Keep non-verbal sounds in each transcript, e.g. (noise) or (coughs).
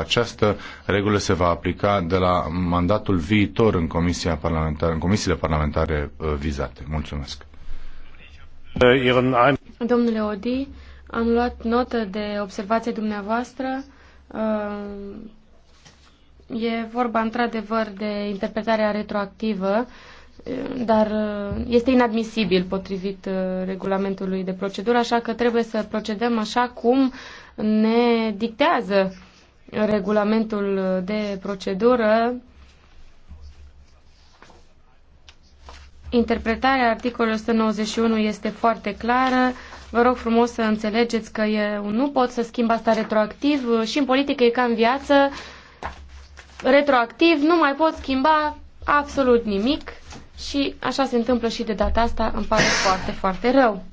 această regulă se va aplica de la mandatul viitor în, comisia parlamentară, în comisiile parlamentare uh, vizate. Mulțumesc. Domnule Odi, am luat notă de observație dumneavoastră. Uh, e vorba într-adevăr de interpretarea retroactivă, uh, dar este inadmisibil potrivit regulamentului de procedură, așa că trebuie să procedăm așa cum ne dictează regulamentul de procedură, interpretarea articolului 191 este foarte clară. Vă rog frumos să înțelegeți că eu nu pot să schimb asta retroactiv și în politică e ca în viață. Retroactiv nu mai pot schimba absolut nimic și așa se întâmplă și de data asta. Îmi pare foarte, foarte rău.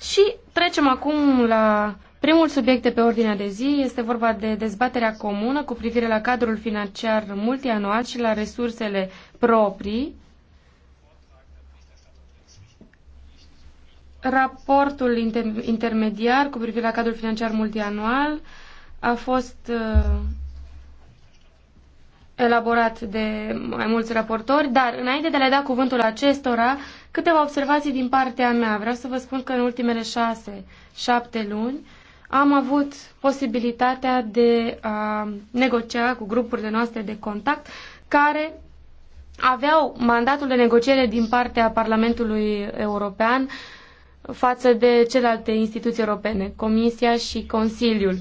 Și Trecem acum la primul subiect de pe ordinea de zi. Este vorba de dezbaterea comună cu privire la cadrul financiar multianual și la resursele proprii. Raportul inter intermediar cu privire la cadrul financiar multianual a fost uh, elaborat de mai mulți raportori, dar înainte de a le da cuvântul acestora, câteva observații din partea mea. Vreau să vă spun că în ultimele șase, șapte luni am avut posibilitatea de a negocia cu grupurile noastre de contact care aveau mandatul de negociere din partea Parlamentului European față de celelalte instituții europene, Comisia și Consiliul.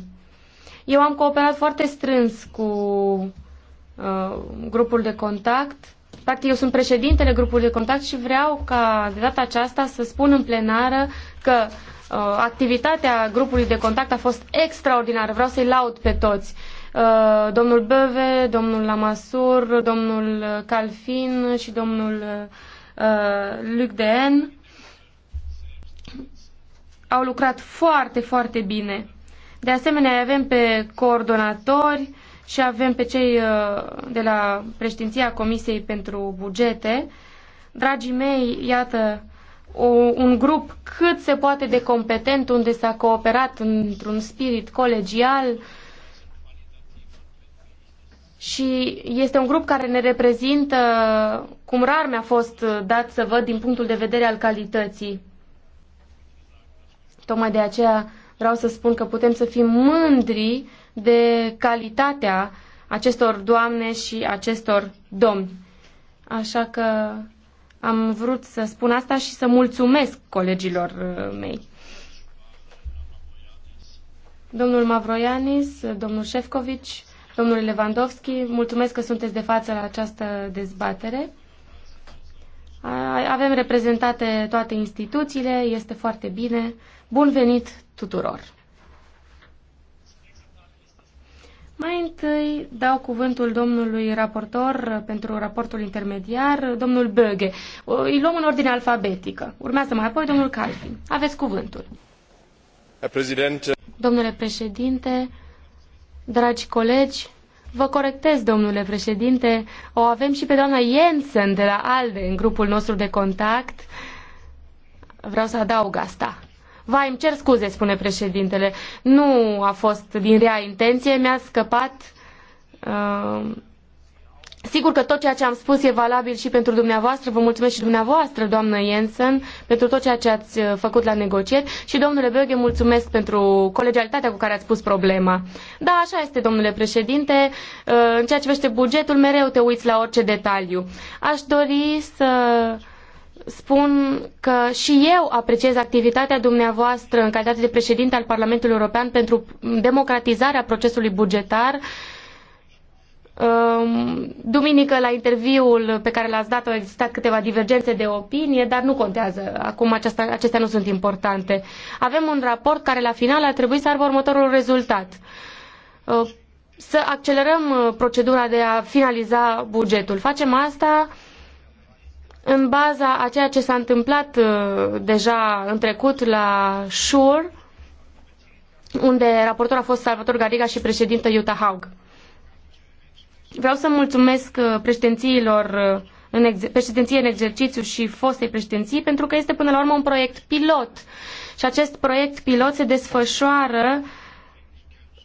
Eu am cooperat foarte strâns cu Uh, grupul de contact. Practic, eu sunt președintele grupului de contact și vreau ca de data aceasta să spun în plenară că uh, activitatea grupului de contact a fost extraordinară. Vreau să-i laud pe toți. Uh, domnul Băve, domnul Lamasur, domnul Calfin și domnul uh, uh Luc Deen au lucrat foarte, foarte bine. De asemenea, avem pe coordonatori, și avem pe cei uh, de la președinția Comisiei pentru Bugete. Dragii mei, iată, o, un grup cât se poate de competent, unde s-a cooperat într-un spirit colegial și este un grup care ne reprezintă, cum rar mi-a fost dat să văd din punctul de vedere al calității. Tocmai de aceea vreau să spun că putem să fim mândri de calitatea acestor doamne și acestor domni. Așa că am vrut să spun asta și să mulțumesc colegilor uh, mei. Domnul Mavroianis, domnul Șefcovici, domnul Lewandowski, mulțumesc că sunteți de față la această dezbatere. Avem reprezentate toate instituțiile, este foarte bine. Bun venit tuturor! Mai întâi dau cuvântul domnului raportor pentru raportul intermediar, domnul Böge. Îi luăm în ordine alfabetică. Urmează mai apoi domnul Calvin. Aveți cuvântul. Domnule președinte, dragi colegi, Vă corectez, domnule președinte, o avem și pe doamna Jensen de la ALDE în grupul nostru de contact. Vreau să adaug asta. Vai, îmi cer scuze, spune președintele. Nu a fost din rea intenție, mi-a scăpat. Uh, sigur că tot ceea ce am spus e valabil și pentru dumneavoastră. Vă mulțumesc și dumneavoastră, doamnă Jensen, pentru tot ceea ce ați uh, făcut la negocieri. Și, domnule Beoghe, mulțumesc pentru colegialitatea cu care ați pus problema. Da, așa este, domnule președinte. Uh, în ceea ce vește bugetul, mereu te uiți la orice detaliu. Aș dori să spun că și eu apreciez activitatea dumneavoastră în calitate de președinte al Parlamentului European pentru democratizarea procesului bugetar. Um, duminică, la interviul pe care l-ați dat, au existat câteva divergențe de opinie, dar nu contează. Acum acestea nu sunt importante. Avem un raport care la final ar trebui să aibă următorul rezultat. Uh, să accelerăm uh, procedura de a finaliza bugetul. Facem asta uh, în baza a ceea ce s-a întâmplat uh, deja în trecut la Shore, unde raportor a fost Salvator Gariga și președintă Jutta Haug. Vreau să mulțumesc uh, președințiilor uh, în ex- președinție în exercițiu și fostei președinții, pentru că este până la urmă un proiect pilot. Și acest proiect pilot se desfășoară uh,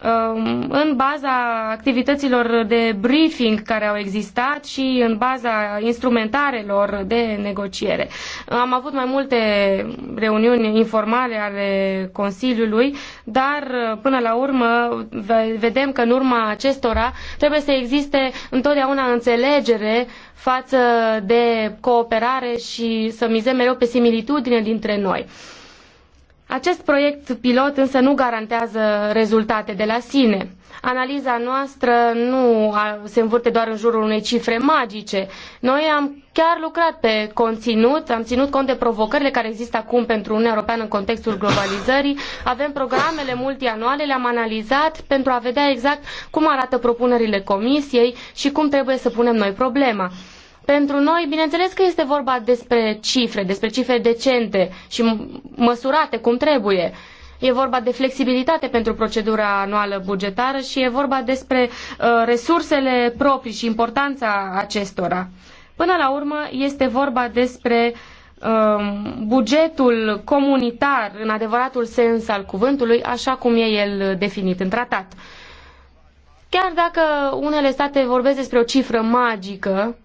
Um, în baza activităților de briefing care au existat și în baza instrumentarelor de negociere. Am avut mai multe reuniuni informale ale Consiliului, dar uh, până la urmă vedem că în urma acestora trebuie să existe întotdeauna înțelegere față de cooperare și să mizăm mereu pe similitudine dintre noi. Acest proiect pilot însă nu garantează rezultate de la sine. Analiza noastră nu se învârte doar în jurul unei cifre magice. Noi am chiar lucrat pe conținut, am ținut cont de provocările care există acum pentru Uniunea Europeană în contextul globalizării. Avem programele multianuale, le-am analizat pentru a vedea exact cum arată propunerile Comisiei și cum trebuie să punem noi problema. Pentru noi, bineînțeles că este vorba despre cifre, despre cifre decente și măsurate cum trebuie. E vorba de flexibilitate pentru procedura anuală bugetară și e vorba despre uh, resursele proprii și importanța acestora. Până la urmă, este vorba despre uh, bugetul comunitar, în adevăratul sens al cuvântului, așa cum e el definit în tratat. Chiar dacă unele state vorbesc despre o cifră magică,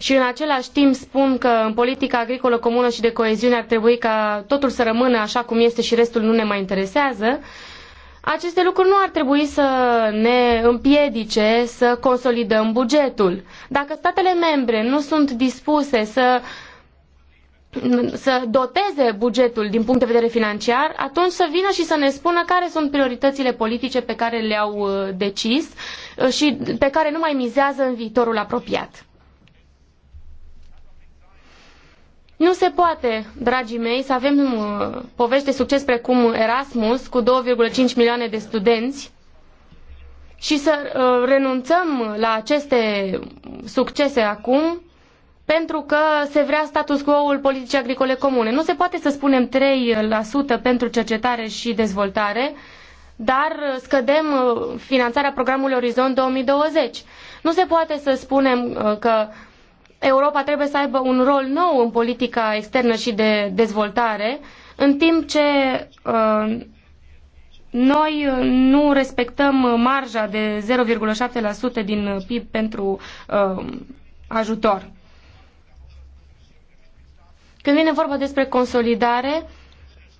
și în același timp spun că în politica agricolă comună și de coeziune ar trebui ca totul să rămână așa cum este și restul nu ne mai interesează, aceste lucruri nu ar trebui să ne împiedice să consolidăm bugetul. Dacă statele membre nu sunt dispuse să să doteze bugetul din punct de vedere financiar, atunci să vină și să ne spună care sunt prioritățile politice pe care le-au uh, decis uh, și pe care nu mai mizează în viitorul apropiat. Nu se poate, dragii mei, să avem uh, povești de succes precum Erasmus cu 2,5 milioane de studenți și să uh, renunțăm la aceste succese acum pentru că se vrea status quo-ul politicii agricole comune. Nu se poate să spunem 3% uh, pentru cercetare și dezvoltare, dar scădem finanțarea programului Orizont 2020. Nu se poate să spunem că Europa trebuie să aibă un rol nou în politica externă și de dezvoltare, în timp ce uh, noi nu respectăm marja de 0,7% din PIB pentru uh, ajutor. Când vine vorba despre consolidare,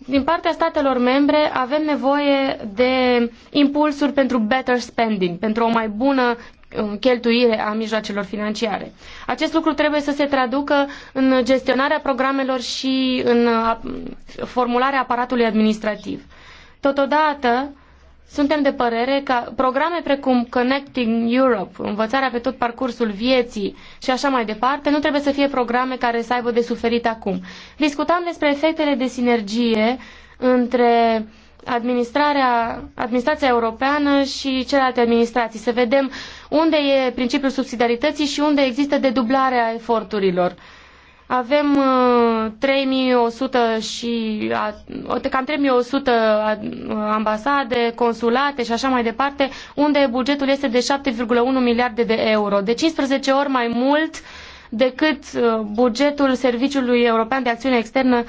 din partea statelor membre avem nevoie de impulsuri pentru better spending, pentru o mai bună cheltuire a mijloacelor financiare. Acest lucru trebuie să se traducă în gestionarea programelor și în formularea aparatului administrativ. Totodată, suntem de părere că programe precum Connecting Europe, învățarea pe tot parcursul vieții și așa mai departe, nu trebuie să fie programe care să aibă de suferit acum. Discutam despre efectele de sinergie între administrarea, administrația europeană și celelalte administrații, să vedem unde e principiul subsidiarității și unde există dedublarea eforturilor. Avem uh, 3100 și uh, cam 3100 ambasade, consulate și așa mai departe, unde bugetul este de 7,1 miliarde de euro, de 15 ori mai mult decât uh, bugetul Serviciului European de Acțiune Externă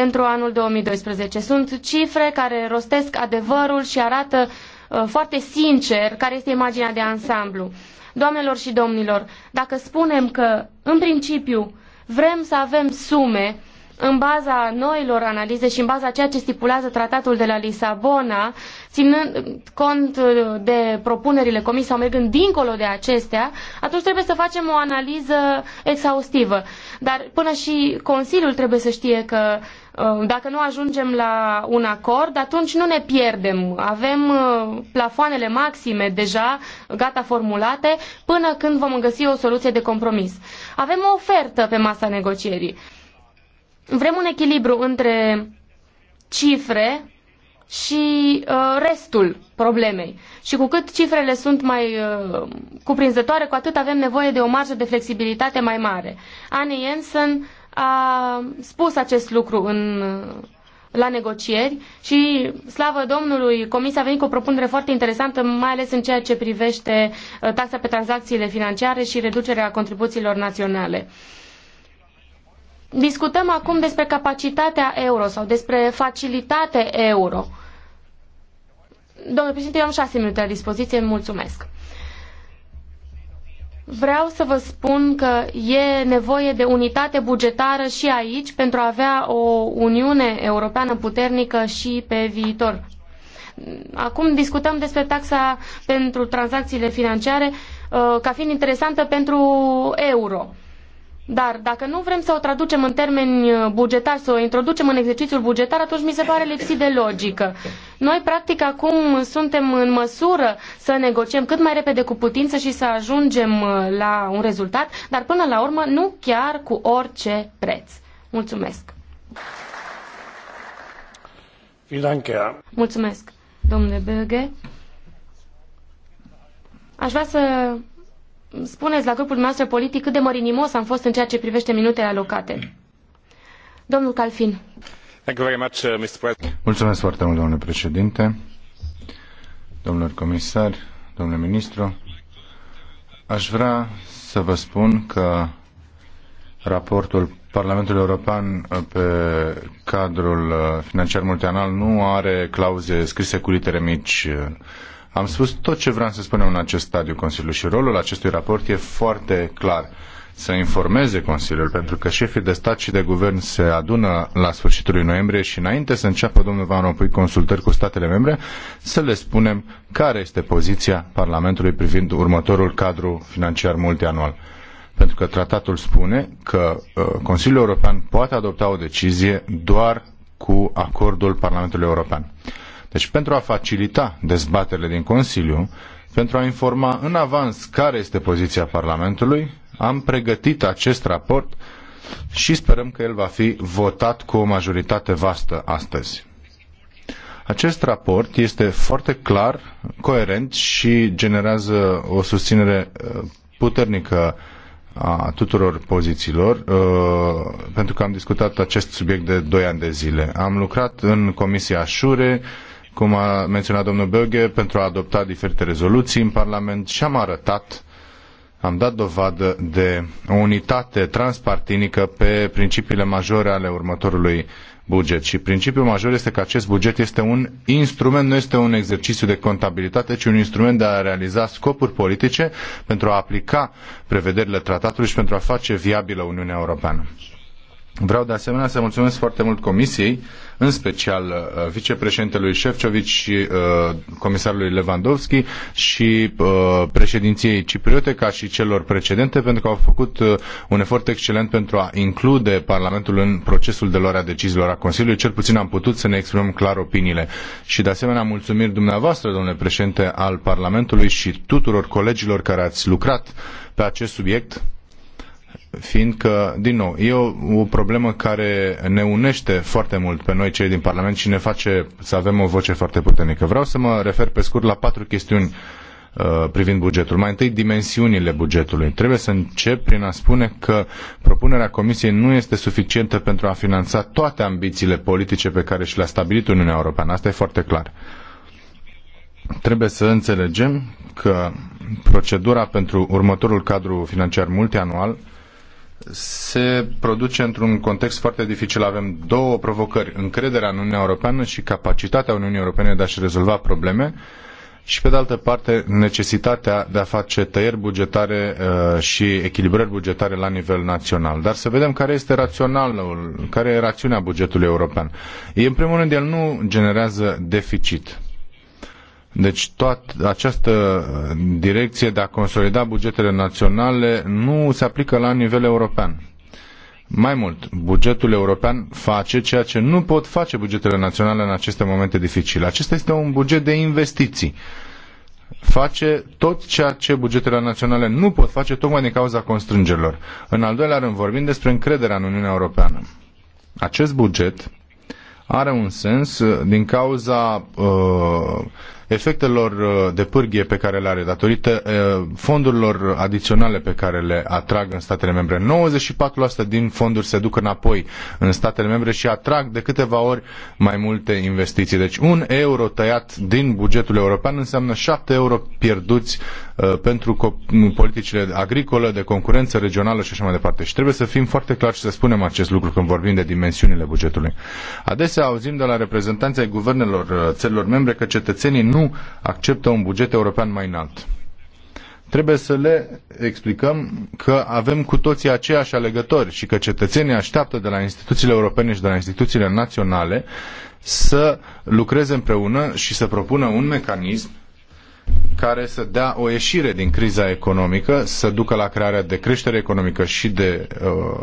pentru anul 2012. Sunt cifre care rostesc adevărul și arată uh, foarte sincer care este imaginea de ansamblu. Doamnelor și domnilor, dacă spunem că, în principiu, vrem să avem sume în baza noilor analize și în baza ceea ce stipulează tratatul de la Lisabona, ținând cont uh, de propunerile comisiei sau mergând dincolo de acestea, atunci trebuie să facem o analiză exhaustivă. Dar până și Consiliul trebuie să știe că Uh, dacă nu ajungem la un acord, atunci nu ne pierdem. Avem uh, plafoanele maxime deja gata formulate până când vom găsi o soluție de compromis. Avem o ofertă pe masa negocierii. Vrem un echilibru între cifre și uh, restul problemei. Și cu cât cifrele sunt mai cuprinzătoare, cu atât avem nevoie de o marjă de flexibilitate mai mare. Anne Jensen a spus acest lucru în, la negocieri și, slavă Domnului, Comisia a venit cu o propunere foarte interesantă, mai ales în ceea ce privește uh, taxa pe tranzacțiile financiare și reducerea contribuțiilor naționale. Discutăm acum despre capacitatea euro sau despre facilitate euro. Domnule președinte, eu am șase minute la dispoziție, mulțumesc. Vreau să vă spun că e nevoie de unitate bugetară și aici pentru a avea o Uniune Europeană puternică și pe viitor. Acum discutăm despre taxa pentru tranzacțiile financiare uh, ca fiind interesantă pentru euro. Dar dacă nu vrem să o traducem în termeni bugetari, să o introducem în exercițiul bugetar, atunci mi se pare lipsit de logică. Noi, practic, acum suntem în măsură să negociem cât mai repede cu putință și să ajungem uh, la un rezultat, dar până la urmă nu chiar cu orice preț. Mulțumesc! Mulțumesc, domnule Berge. Aș vrea să spuneți la grupul noastră politic cât de mărinimos am fost în ceea ce privește minutele alocate. Domnul Calfin. Uh, Mulțumesc foarte mult, domnule președinte, domnilor comisari, domnule ministru. Aș vrea să vă spun că raportul Parlamentului European uh, pe cadrul uh, financiar multianual nu are clauze scrise cu litere mici. Am spus tot ce vreau să spunem în acest stadiu Consiliului și rolul acestui raport e foarte clar să informeze Consiliul, pentru că șefii de stat și de guvern se adună la sfârșitul lui noiembrie și înainte să înceapă domnul Van Rompuy consultări cu statele membre, să le spunem care este poziția Parlamentului privind următorul cadru financiar multianual. Pentru că tratatul spune că uh, Consiliul European poate adopta o decizie doar cu acordul Parlamentului European. Deci pentru a facilita dezbaterile din Consiliu, pentru a informa în avans care este poziția Parlamentului, am pregătit acest raport și sperăm că el va fi votat cu o majoritate vastă astăzi. Acest raport este foarte clar, coerent și generează o susținere uh, puternică a tuturor pozițiilor, uh, pentru că am discutat acest subiect de 2 ani de zile. Am lucrat în Comisia Șure, cum a menționat domnul Böge, pentru a adopta diferite rezoluții în Parlament și am arătat am dat dovadă de o unitate transpartinică pe principiile majore ale următorului buget. Și principiul major este că acest buget este un instrument, nu este un exercițiu de contabilitate, ci un instrument de a realiza scopuri politice pentru a aplica prevederile tratatului și pentru a face viabilă Uniunea Europeană. Vreau de asemenea să mulțumesc foarte mult Comisiei, în special uh, vicepreședintelui Șefcioviș și uh, comisarului Lewandowski și uh, președinției cipriote ca și celor precedente pentru că au făcut un efort excelent pentru a include Parlamentul în procesul de luare a deciziilor a Consiliului. Cel puțin am putut să ne exprimăm clar opiniile. Și de asemenea mulțumiri dumneavoastră, domnule președinte al Parlamentului și tuturor colegilor care ați lucrat pe acest subiect fiindcă, din nou, e o, o problemă care ne unește foarte mult pe noi cei din Parlament și ne face să avem o voce foarte puternică. Vreau să mă refer pe scurt la patru chestiuni uh, privind bugetul. Mai întâi, dimensiunile bugetului. Trebuie să încep prin a spune că propunerea Comisiei nu este suficientă pentru a finanța toate ambițiile politice pe care și le-a stabilit Uniunea Europeană. Asta e foarte clar trebuie să înțelegem că procedura pentru următorul cadru financiar multianual se produce într-un context foarte dificil. Avem două provocări, încrederea în Uniunea Europeană și capacitatea Uniunii Europene de a-și rezolva probleme și, pe de altă parte, necesitatea de a face tăieri bugetare uh, și echilibrări bugetare la nivel național. Dar să vedem care este raționalul, care e rațiunea bugetului european. În primul rând, el nu generează deficit deci toată această uh, direcție de a consolida bugetele naționale nu se aplică la nivel european. Mai mult, bugetul european face ceea ce nu pot face bugetele naționale în aceste momente dificile. Acesta este un buget de investiții. Face tot ceea ce bugetele naționale nu pot face tocmai din cauza constrângerilor. În al doilea rând, vorbim despre încrederea în Uniunea Europeană. Acest buget are un sens uh, din cauza uh, efectelor uh, de pârghie pe care le are datorită uh, fondurilor adiționale pe care le atrag în statele membre. 94% din fonduri se duc înapoi în statele membre și atrag de câteva ori mai multe investiții. Deci un euro tăiat din bugetul european înseamnă 7 euro pierduți Uh, pentru politicile agricole, de concurență regională și așa mai departe. Și trebuie să fim foarte clari și să spunem acest lucru când vorbim de dimensiunile bugetului. Adesea auzim de la reprezentanții ai guvernelor uh, țărilor membre că cetățenii nu acceptă un buget european mai înalt trebuie să le explicăm că avem cu toții aceiași alegători și că cetățenii așteaptă de la instituțiile europene și de la instituțiile naționale să lucreze împreună și să propună un mecanism care să dea o ieșire din criza economică, să ducă la crearea de creștere economică și de uh,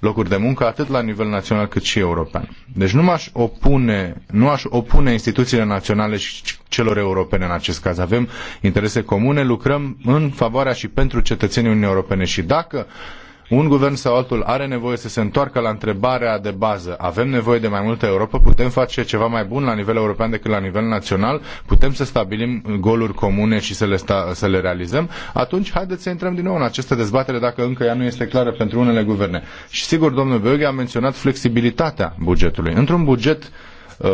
locuri de muncă, atât la nivel național cât și european. Deci nu aș opune, nu aș opune instituțiile naționale și celor europene în acest caz. Avem interese comune, lucrăm în favoarea și pentru cetățenii Uniunii Europene și dacă uh, un guvern sau altul are nevoie să se întoarcă la întrebarea de bază. Avem nevoie de mai multă Europa? Putem face ceva mai bun la nivel european decât la nivel național? Putem să stabilim goluri comune și să le, sta, să le realizăm? Atunci, haideți să intrăm din nou în această dezbatere dacă încă ea nu este clară pentru unele guverne. Și sigur, domnul Böge a menționat flexibilitatea bugetului. Într-un buget uh,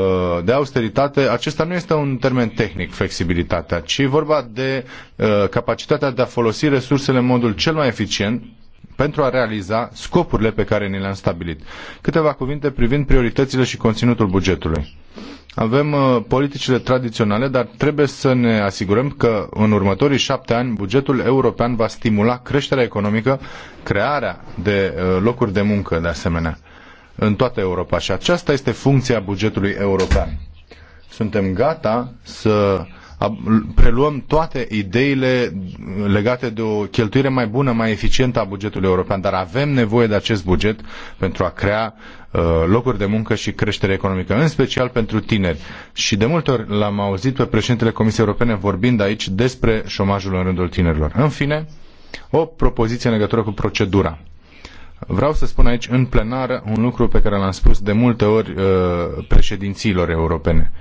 de austeritate, acesta nu este un termen tehnic, flexibilitatea, ci vorba de uh, capacitatea de a folosi resursele în modul cel mai eficient pentru a realiza scopurile pe care ni le-am stabilit. Câteva cuvinte privind prioritățile și conținutul bugetului. Avem uh, politicile tradiționale, dar trebuie să ne asigurăm că în următorii șapte ani bugetul european va stimula creșterea economică, crearea de uh, locuri de muncă, de asemenea, în toată Europa. Și aceasta este funcția bugetului european. Suntem gata să preluăm toate ideile legate de o cheltuire mai bună, mai eficientă a bugetului european, dar avem nevoie de acest buget pentru a crea uh, locuri de muncă și creștere economică, în special pentru tineri. Și de multe ori l-am auzit pe președintele Comisiei Europene vorbind aici despre șomajul în rândul tinerilor. În fine, o propoziție în legătură cu procedura. Vreau să spun aici în plenar un lucru pe care l-am spus de multe ori uh, președințiilor europene.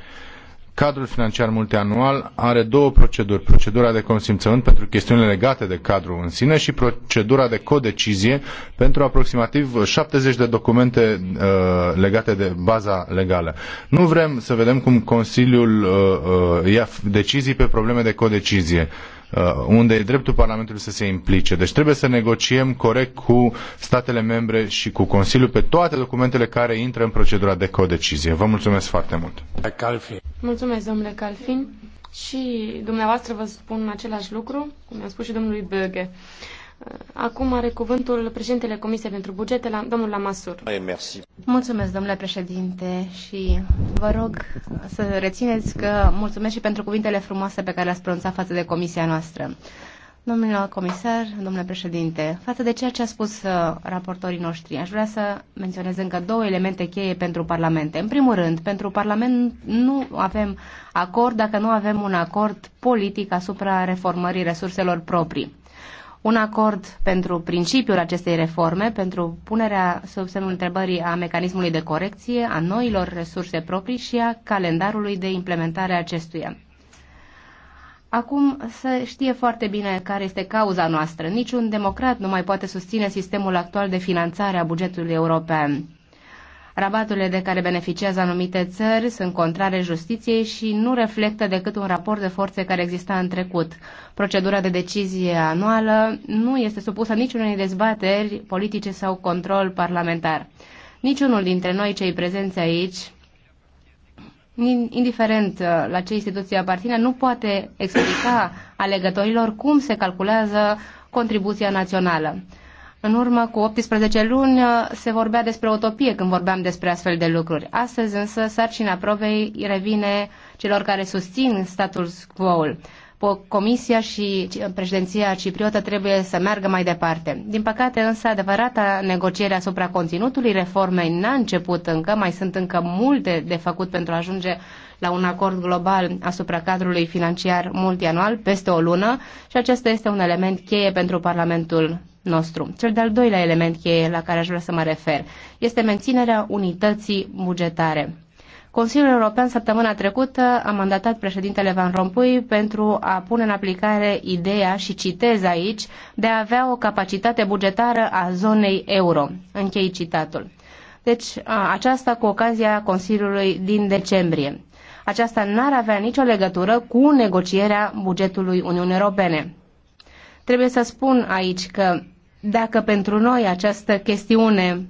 Cadrul financiar multianual are două proceduri. Procedura de consimțământ pentru chestiunile legate de cadru în sine și procedura de codecizie pentru aproximativ 70 de documente uh, legate de baza legală. Nu vrem să vedem cum Consiliul uh, uh, ia decizii pe probleme de codecizie. Uh, Uh, unde e dreptul Parlamentului să se implice. Deci trebuie să negociem corect cu statele membre și cu Consiliul pe toate documentele care intră în procedura de codecizie. Vă mulțumesc foarte mult. Calfin. Mulțumesc, domnule Calfin. Și dumneavoastră vă spun același lucru, cum am spus și domnului Böge. Acum are cuvântul președintele Comisiei pentru Bugete, la, domnul Lamasur. Mulțumesc, domnule președinte, și vă rog să rețineți că mulțumesc și pentru cuvintele frumoase pe care le-ați pronunțat față de comisia noastră. Domnule comisar, domnule președinte, față de ceea ce a spus uh, raportorii noștri, aș vrea să menționez încă două elemente cheie pentru parlamente. În primul rând, pentru parlament nu avem acord dacă nu avem un acord politic asupra reformării resurselor proprii un acord pentru principiul acestei reforme, pentru punerea sub semnul întrebării a mecanismului de corecție, a noilor resurse proprii și a calendarului de implementare a acestuia. Acum se știe foarte bine care este cauza noastră. Niciun democrat nu mai poate susține sistemul actual de finanțare a bugetului european. Rabaturile de care beneficiază anumite țări sunt contrare justiției și nu reflectă decât un raport de forțe care exista în trecut. Procedura de decizie anuală nu este supusă niciunei dezbateri politice sau control parlamentar. Niciunul dintre noi cei prezenți aici indiferent uh, la ce instituție aparține, nu poate explica alegătorilor cum se calculează contribuția națională. În urmă cu 18 luni uh, se vorbea despre utopie când vorbeam despre astfel de lucruri. Astăzi însă sarcina provei revine celor care susțin statul quo-ul. Comisia și uh, președinția cipriotă trebuie să meargă mai departe. Din păcate însă adevărata negociere asupra conținutului reformei n-a început încă, mai sunt încă multe de făcut pentru a ajunge la un acord global asupra cadrului financiar multianual peste o lună și acesta este un element cheie pentru Parlamentul nostru. Cel de-al doilea element cheie la care aș vrea să mă refer este menținerea unității bugetare. Consiliul European săptămâna trecută a mandatat președintele Van Rompuy pentru a pune în aplicare ideea și citez aici de a avea o capacitate bugetară a zonei euro. Închei citatul. Deci aceasta cu ocazia Consiliului din decembrie. Aceasta n-ar avea nicio legătură cu negocierea bugetului Uniunii Europene. Trebuie să spun aici că dacă pentru noi această chestiune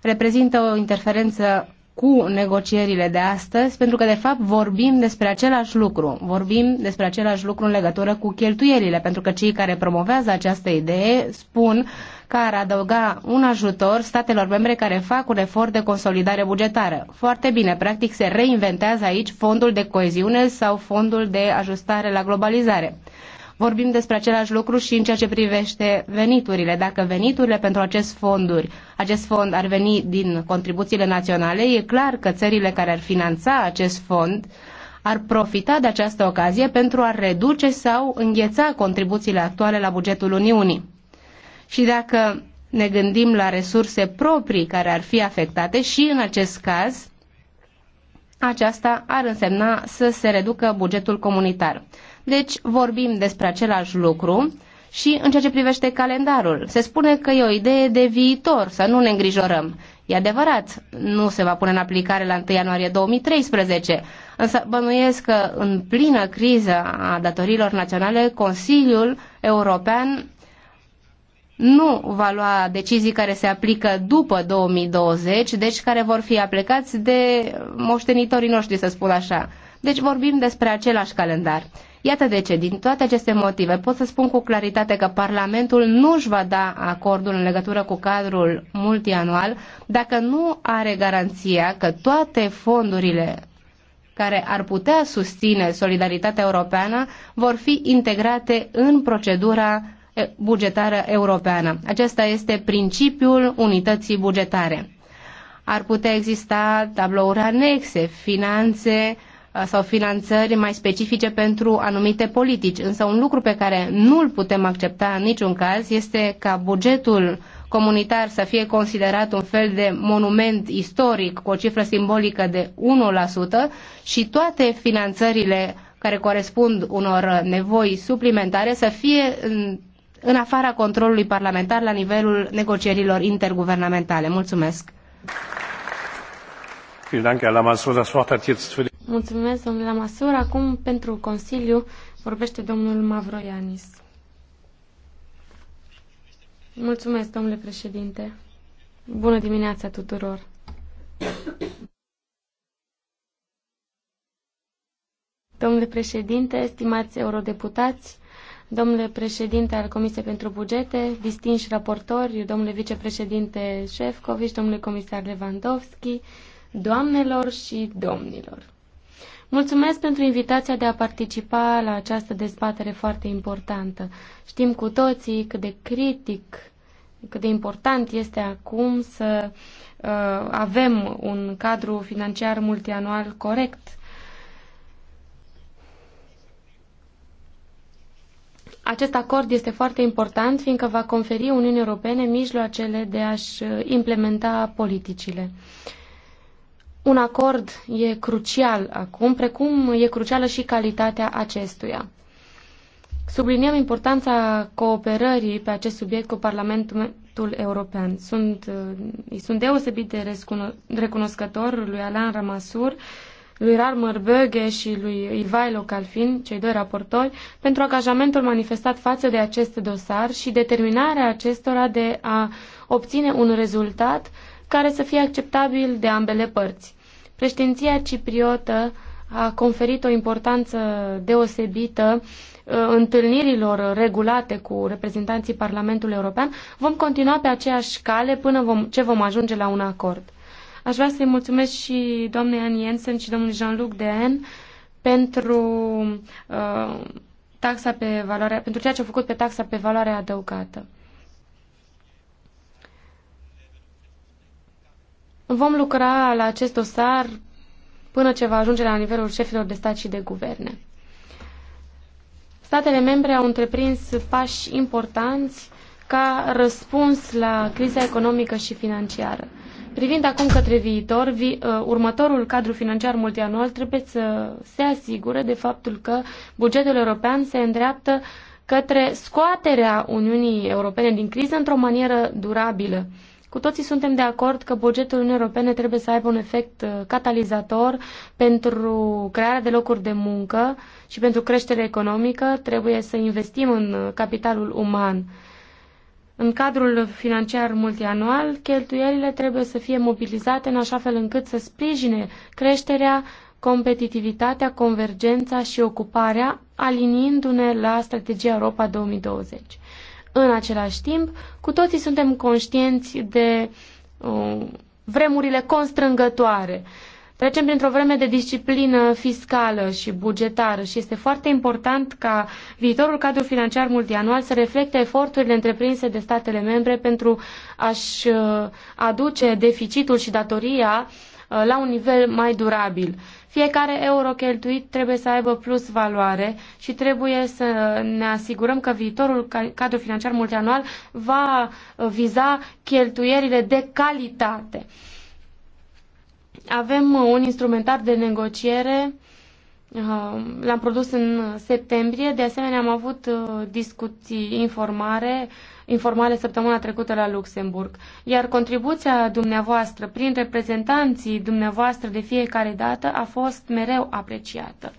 reprezintă o interferență cu negocierile de astăzi, pentru că, de fapt, vorbim despre același lucru. Vorbim despre același lucru în legătură cu cheltuielile, pentru că cei care promovează această idee spun că ar adăuga un ajutor statelor membre care fac un efort de consolidare bugetară. Foarte bine, practic se reinventează aici fondul de coeziune sau fondul de ajustare la globalizare vorbim despre același lucru și în ceea ce privește veniturile. Dacă veniturile pentru acest fonduri, acest fond ar veni din contribuțiile naționale, e clar că țările care ar finanța acest fond ar profita de această ocazie pentru a reduce sau îngheța contribuțiile actuale la bugetul Uniunii. Și dacă ne gândim la resurse proprii care ar fi afectate și în acest caz, aceasta ar însemna să se reducă bugetul comunitar. Deci vorbim despre același lucru și în ceea ce privește calendarul. Se spune că e o idee de viitor, să nu ne îngrijorăm. E adevărat, nu se va pune în aplicare la 1 ianuarie 2013, însă bănuiesc că în plină criză a datorilor naționale, Consiliul European nu va lua decizii care se aplică după 2020, deci care vor fi aplicați de moștenitorii noștri, să spun așa. Deci vorbim despre același calendar. Iată de ce, din toate aceste motive, pot să spun cu claritate că Parlamentul nu își va da acordul în legătură cu cadrul multianual dacă nu are garanția că toate fondurile care ar putea susține solidaritatea europeană vor fi integrate în procedura bugetară europeană. Acesta este principiul unității bugetare. Ar putea exista tablouri anexe, finanțe, Uh, sau finanțări mai specifice pentru anumite politici. Însă un lucru pe care nu îl putem accepta în niciun caz este ca bugetul comunitar să fie considerat un fel de monument istoric cu o cifră simbolică de 1% și toate finanțările care corespund unor nevoi suplimentare să fie în, în afara controlului parlamentar la nivelul negocierilor interguvernamentale. Mulțumesc! Mulțumesc, domnule Masur. Acum, pentru Consiliu, vorbește domnul Mavroianis. Mulțumesc, domnule președinte. Bună dimineața tuturor. Domnule președinte, stimați eurodeputați, domnule președinte al Comisiei pentru Bugete, distinși raportori, domnule vicepreședinte Șefcoviș, domnule comisar Lewandowski, doamnelor și domnilor. Mulțumesc pentru invitația de a participa la această dezbatere foarte importantă. Știm cu toții cât de critic, cât de important este acum să uh, avem un cadru financiar multianual corect. Acest acord este foarte important fiindcă va conferi Uniunii Europene mijloacele de a-și uh, implementa politicile. Uh, un acord e crucial acum, precum e crucială și calitatea acestuia. Subliniem importanța cooperării pe acest subiect cu Parlamentul European. Sunt, îi sunt deosebit de recunoscător lui Alain Ramasur, lui Rarmer Böge și lui Ivailo Calfin, cei doi raportori, pentru angajamentul manifestat față de acest dosar și determinarea acestora de a obține un rezultat care să fie acceptabil de ambele părți. Președinția cipriotă a conferit o importanță deosebită uh, întâlnirilor regulate cu reprezentanții Parlamentului European. Vom continua pe aceeași cale până vom, ce vom ajunge la un acord. Aș vrea să-i mulțumesc și doamnei Annie Jensen și domnului Jean-Luc Dehen pentru uh, taxa pe valoare, pentru ceea ce a făcut pe taxa pe valoare adăugată. Vom lucra la acest dosar până ce va ajunge la nivelul șefilor de stat și de guverne. Statele membre au întreprins pași importanți ca răspuns la criza economică și financiară. Privind acum către viitor, vi, uh, următorul cadru financiar multianual trebuie să se asigure de faptul că bugetul european se îndreaptă către scoaterea Uniunii Europene din criză într-o manieră durabilă. Cu toții suntem de acord că bugetul Uniunii Europene trebuie să aibă un efect uh, catalizator pentru crearea de locuri de muncă și pentru creștere economică. Trebuie să investim în uh, capitalul uman. În cadrul financiar multianual, cheltuielile trebuie să fie mobilizate în așa fel încât să sprijine creșterea, competitivitatea, convergența și ocuparea, aliniindu-ne la strategia Europa 2020. În același timp, cu toții suntem conștienți de uh, vremurile constrângătoare. Trecem printr-o vreme de disciplină fiscală și bugetară și este foarte important ca viitorul cadru financiar multianual să reflecte eforturile întreprinse de statele membre pentru a-și uh, aduce deficitul și datoria uh, la un nivel mai durabil. Fiecare euro cheltuit trebuie să aibă plus valoare și trebuie să ne asigurăm că viitorul cadru financiar multianual va uh, viza cheltuierile de calitate. Avem uh, un instrumentar de negociere uh, l-am produs în septembrie. De asemenea, am avut discuții informare informale săptămâna trecută la Luxemburg. Iar contribuția dumneavoastră prin reprezentanții dumneavoastră de fiecare dată a fost mereu apreciată.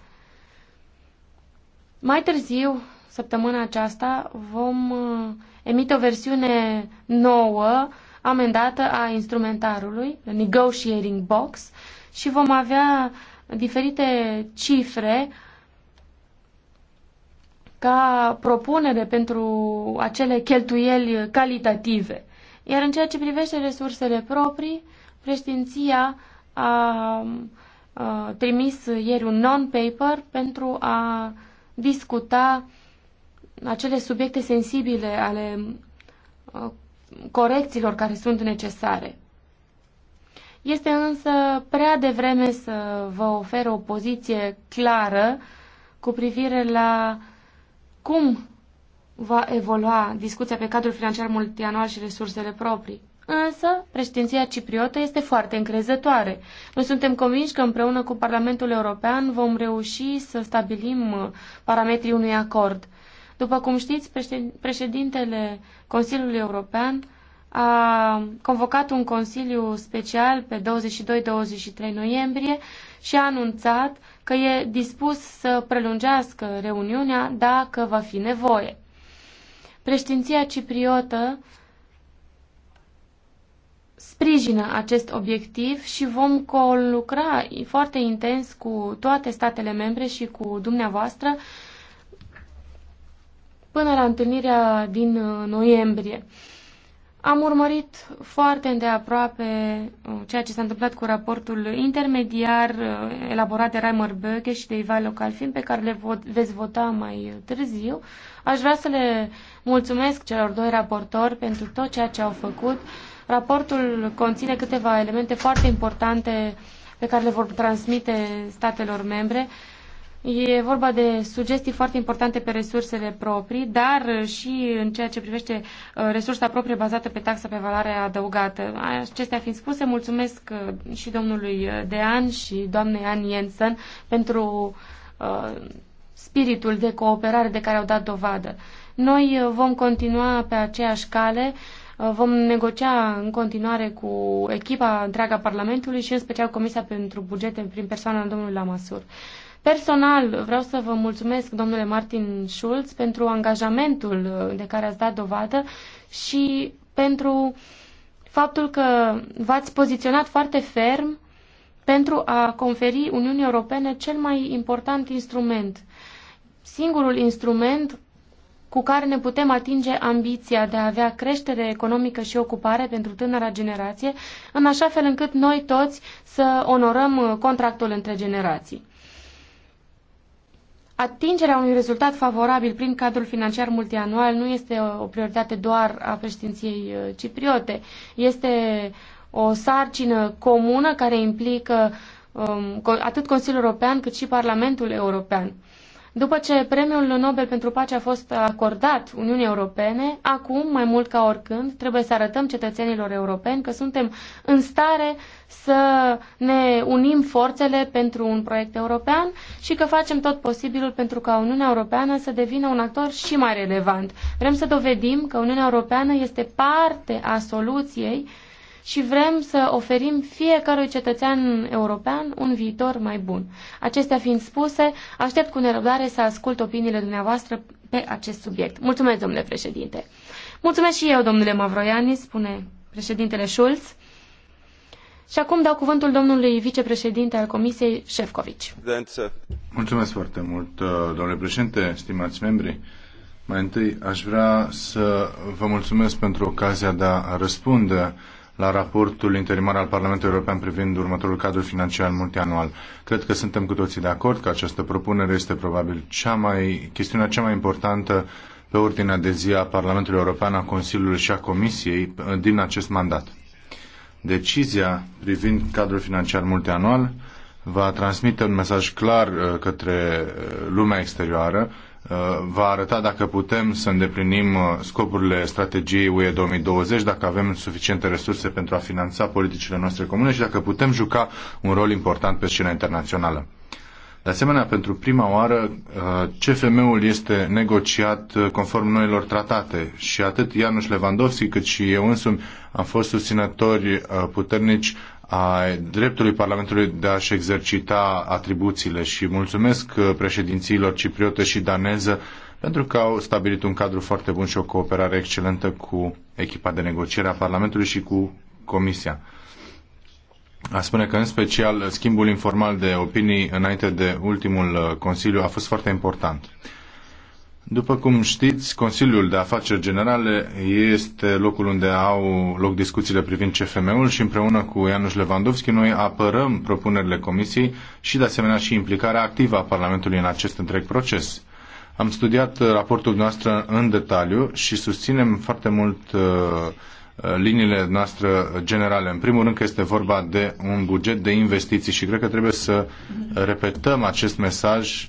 Mai târziu, săptămâna aceasta, vom uh, emite o versiune nouă, amendată a instrumentarului, Negotiating Box, și vom avea diferite cifre ca propunere pentru acele cheltuieli calitative. Iar în ceea ce privește resursele proprii, preștinția a, a trimis ieri un non-paper pentru a discuta acele subiecte sensibile ale a, corecțiilor care sunt necesare. Este însă prea devreme să vă ofer o poziție clară cu privire la cum va evolua discuția pe cadrul financiar multianual și resursele proprii. Însă, președinția cipriotă este foarte încrezătoare. Noi suntem convinși că împreună cu Parlamentul European vom reuși să stabilim uh, parametrii unui acord. După cum știți, președintele Consiliului European a convocat un consiliu special pe 22-23 noiembrie și a anunțat că e dispus să prelungească reuniunea dacă va fi nevoie. Preștinția cipriotă sprijină acest obiectiv și vom colucra foarte intens cu toate statele membre și cu dumneavoastră până la întâlnirea din noiembrie. Am urmărit foarte îndeaproape uh, ceea ce s-a întâmplat cu raportul intermediar uh, elaborat de Reimer Böge și de Ivan Localfin, pe care le vo- veți vota mai uh, târziu. Aș vrea să le mulțumesc celor doi raportori pentru tot ceea ce au făcut. Raportul conține câteva elemente foarte importante pe care le vor transmite statelor membre. Uh, E vorba de sugestii foarte importante pe resursele proprii, dar și în ceea ce privește uh, resursa proprie bazată pe taxa pe valoare adăugată. Acestea fiind spuse, mulțumesc uh, și domnului uh, Dean și doamnei Ann Jensen pentru spiritul de cooperare de care au dat dovadă. Noi vom continua pe aceeași cale, vom negocia în continuare cu echipa întreaga Parlamentului și în special Comisia pentru Bugete prin persoana domnului Lamasur. Personal, vreau să vă mulțumesc, domnule Martin Schulz, pentru angajamentul de care ați dat dovadă și pentru faptul că v-ați poziționat foarte ferm pentru a conferi Uniunii Europene cel mai important instrument. Singurul instrument cu care ne putem atinge ambiția de a avea creștere economică și ocupare pentru tânăra generație, în așa fel încât noi toți să onorăm contractul între generații. Atingerea unui rezultat favorabil prin cadrul financiar multianual nu este o prioritate doar a președinției uh, cipriote. Este o sarcină comună care implică um, atât Consiliul European cât și Parlamentul European. După ce premiul Nobel pentru pace a fost acordat Uniunii Europene, acum, mai mult ca oricând, trebuie să arătăm cetățenilor europeni că suntem în stare să ne unim forțele pentru un proiect european și că facem tot posibilul pentru ca Uniunea Europeană să devină un actor și mai relevant. Vrem să dovedim că Uniunea Europeană este parte a soluției și vrem să oferim fiecărui cetățean european un viitor mai bun. Acestea fiind spuse, aștept cu nerăbdare să ascult opiniile dumneavoastră pe acest subiect. Mulțumesc, domnule președinte. Mulțumesc și eu, domnule Mavroiani, spune președintele Schulz. Și acum dau cuvântul domnului vicepreședinte al Comisiei, Șefcovici. Mulțumesc foarte mult, uh, domnule președinte, stimați membri. Mai întâi aș vrea să vă mulțumesc pentru ocazia de a răspunde la raportul interimar al Parlamentului European privind următorul cadru financiar multianual. Cred că suntem cu toții de acord că această propunere este probabil cea mai, chestiunea cea mai importantă pe ordinea de zi a Parlamentului European, a Consiliului și a Comisiei uh, din acest mandat. Decizia privind cadrul financiar multianual va transmite un mesaj clar uh, către uh, lumea exterioară Uh, va arăta dacă putem să îndeplinim uh, scopurile strategiei UE 2020, dacă avem suficiente resurse pentru a finanța politicile noastre comune și dacă putem juca un rol important pe scena internațională. De asemenea, pentru prima oară, uh, CFM-ul este negociat conform noilor tratate și atât Ianuș Lewandowski cât și eu însumi am fost susținători puternici a dreptului Parlamentului de a-și exercita atribuțiile și mulțumesc uh, președințiilor cipriotă și daneză pentru că au stabilit un cadru foarte bun și o cooperare excelentă cu echipa de negociere a Parlamentului și cu Comisia. A spune că, în special, schimbul informal de opinii înainte de ultimul uh, Consiliu a fost foarte important. După cum știți, Consiliul de Afaceri Generale este locul unde au loc discuțiile privind CFM-ul și împreună cu Ianuș Lewandowski noi apărăm propunerile Comisiei și de asemenea și implicarea activă a Parlamentului în acest întreg proces. Am studiat uh, raportul noastră în detaliu și susținem foarte mult uh, uh, liniile noastre generale. În primul rând că este vorba de un buget de investiții și cred că trebuie să repetăm acest mesaj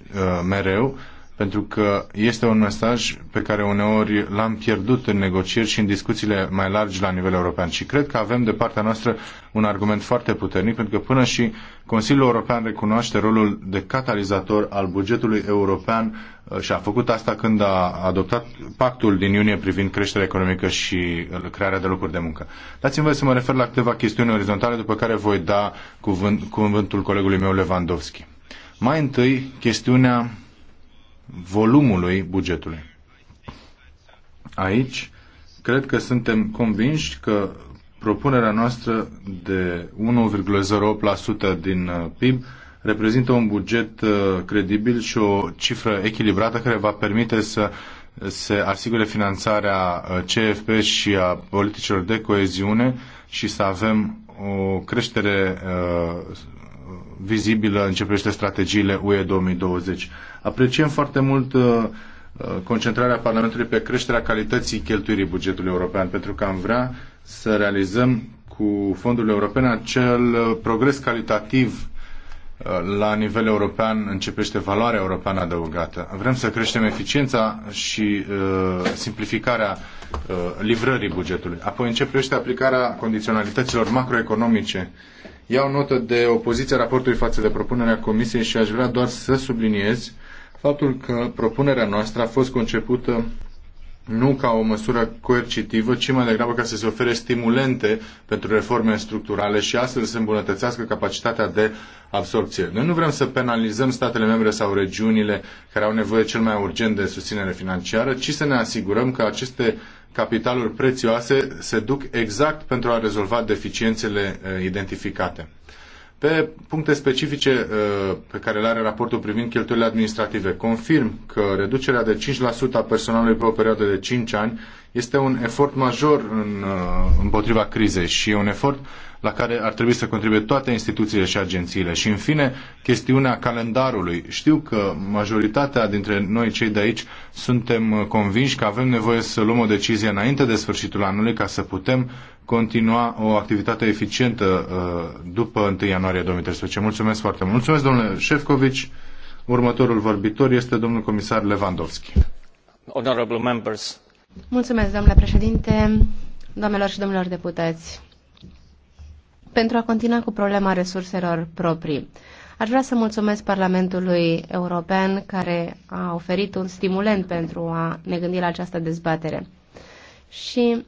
mereu pentru că este un mesaj pe care uneori l-am pierdut în negocieri și în discuțiile mai largi la nivel european. Și cred că avem de partea noastră un argument foarte puternic, pentru că până și Consiliul European recunoaște rolul de catalizator al bugetului european uh, și a făcut asta când a adoptat pactul din iunie privind creșterea economică și uh, crearea de locuri de muncă. Dați-mi voi să mă refer la câteva chestiuni orizontale, după care voi da cuvânt, cuvântul colegului meu Lewandowski. Mai întâi, chestiunea volumului bugetului. Aici, cred că suntem convinși că propunerea noastră de 1,08% din uh, PIB reprezintă un buget uh, credibil și o cifră echilibrată care va permite să se asigure finanțarea uh, CFP și a politicilor de coeziune și să avem o creștere uh, vizibilă în ce privește strategiile UE 2020. Apreciem foarte mult uh, uh, concentrarea Parlamentului pe creșterea calității cheltuirii bugetului european, pentru că am vrea să realizăm cu fondurile europene acel uh, progres calitativ la nivel european începește valoarea europeană adăugată. Vrem să creștem eficiența și uh, simplificarea uh, livrării bugetului. Apoi începește aplicarea condiționalităților macroeconomice. Iau notă de opoziția raportului față de propunerea Comisiei și aș vrea doar să subliniez uh, faptul că propunerea noastră a fost concepută nu ca o măsură coercitivă, ci mai degrabă ca să se ofere stimulente pentru reforme structurale și astfel să îmbunătățească capacitatea de absorpție. Noi nu vrem să penalizăm statele membre sau regiunile care au nevoie cel mai urgent de susținere financiară, ci să ne asigurăm că aceste capitaluri prețioase se duc exact pentru a rezolva deficiențele eh, identificate. Pe puncte specifice uh, pe care le are raportul privind cheltuielile administrative, confirm că reducerea de 5% a personalului pe o perioadă de 5 ani este un efort major în, uh, împotriva crizei și un efort la care ar trebui să contribuie toate instituțiile și agențiile. Și, în fine, chestiunea calendarului. Știu că majoritatea dintre noi, cei de aici, suntem convinși că avem nevoie să luăm o decizie înainte de sfârșitul anului ca să putem continua o activitate eficientă uh, după 1 ianuarie 2013. Mulțumesc foarte mult. Mulțumesc, domnule Șefcovici. Următorul vorbitor este domnul comisar Lewandowski. Honorable members. Mulțumesc, domnule președinte, doamnelor și domnilor deputați pentru a continua cu problema resurselor proprii. Aș vrea să mulțumesc Parlamentului European care a oferit un stimulent pentru a ne gândi la această dezbatere. Și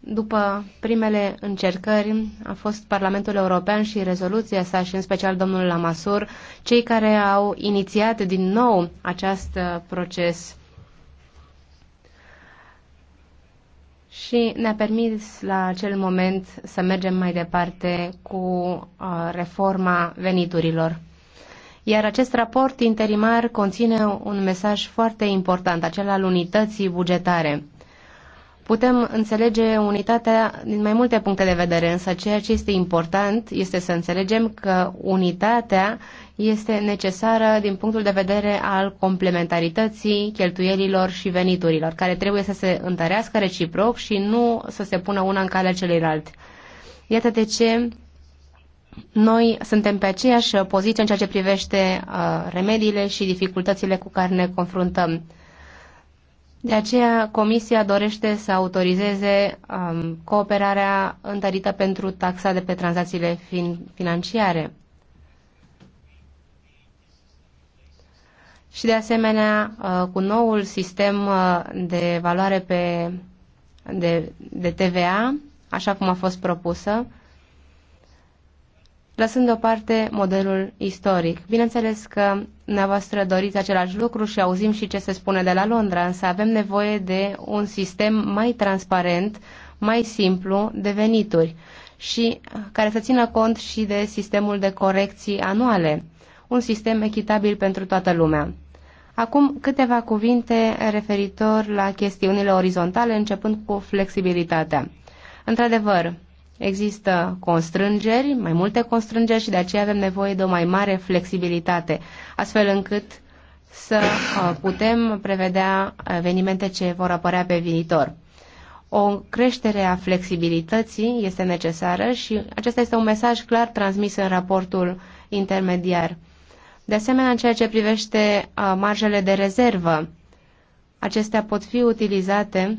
după primele încercări a fost Parlamentul European și rezoluția sa și în special domnul Lamasur cei care au inițiat din nou acest proces și ne-a permis la acel moment să mergem mai departe cu uh, reforma veniturilor. Iar acest raport interimar conține un mesaj foarte important, acela al unității bugetare. Putem înțelege unitatea din mai multe puncte de vedere, însă ceea ce este important este să înțelegem că unitatea este necesară din punctul de vedere al complementarității cheltuielilor și veniturilor, care trebuie să se întărească reciproc și nu să se pună una în calea celuilalt. Iată de ce noi suntem pe aceeași poziție în ceea ce privește uh, remediile și dificultățile cu care ne confruntăm. De aceea, Comisia dorește să autorizeze um, cooperarea întărită pentru taxa de pe tranzacțiile fin- financiare. Și, de asemenea, uh, cu noul sistem uh, de valoare pe, de, de TVA, așa cum a fost propusă, uh, lăsând deoparte modelul istoric. Bineînțeles că dumneavoastră doriți același lucru și auzim și ce se spune de la Londra, însă avem nevoie de un sistem mai transparent, mai simplu de venituri și uh, care să țină cont și de sistemul de corecții anuale, un sistem echitabil pentru toată lumea. Acum câteva cuvinte referitor la chestiunile orizontale, începând cu flexibilitatea. Într-adevăr, Există constrângeri, mai multe constrângeri și de aceea avem nevoie de o mai mare flexibilitate, astfel încât să uh, putem prevedea evenimente ce vor apărea pe viitor. O creștere a flexibilității este necesară și acesta este un mesaj clar transmis în raportul intermediar. De asemenea, în ceea ce privește uh, marjele de rezervă, acestea pot fi utilizate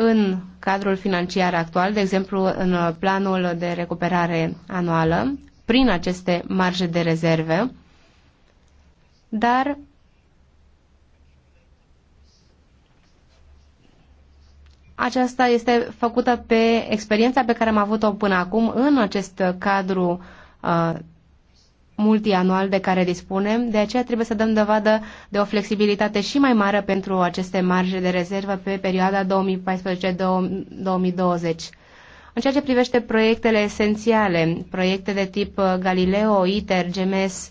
în cadrul financiar actual, de exemplu în uh, planul de recuperare anuală, prin aceste marje de rezerve, dar aceasta este făcută pe experiența pe care am avut-o până acum în acest cadru uh, multianual de care dispunem, de aceea trebuie să dăm dovadă de o flexibilitate și mai mare pentru aceste marje de rezervă pe perioada 2014-2020. În ceea ce privește proiectele esențiale, proiecte de tip uh, Galileo, ITER, GMS,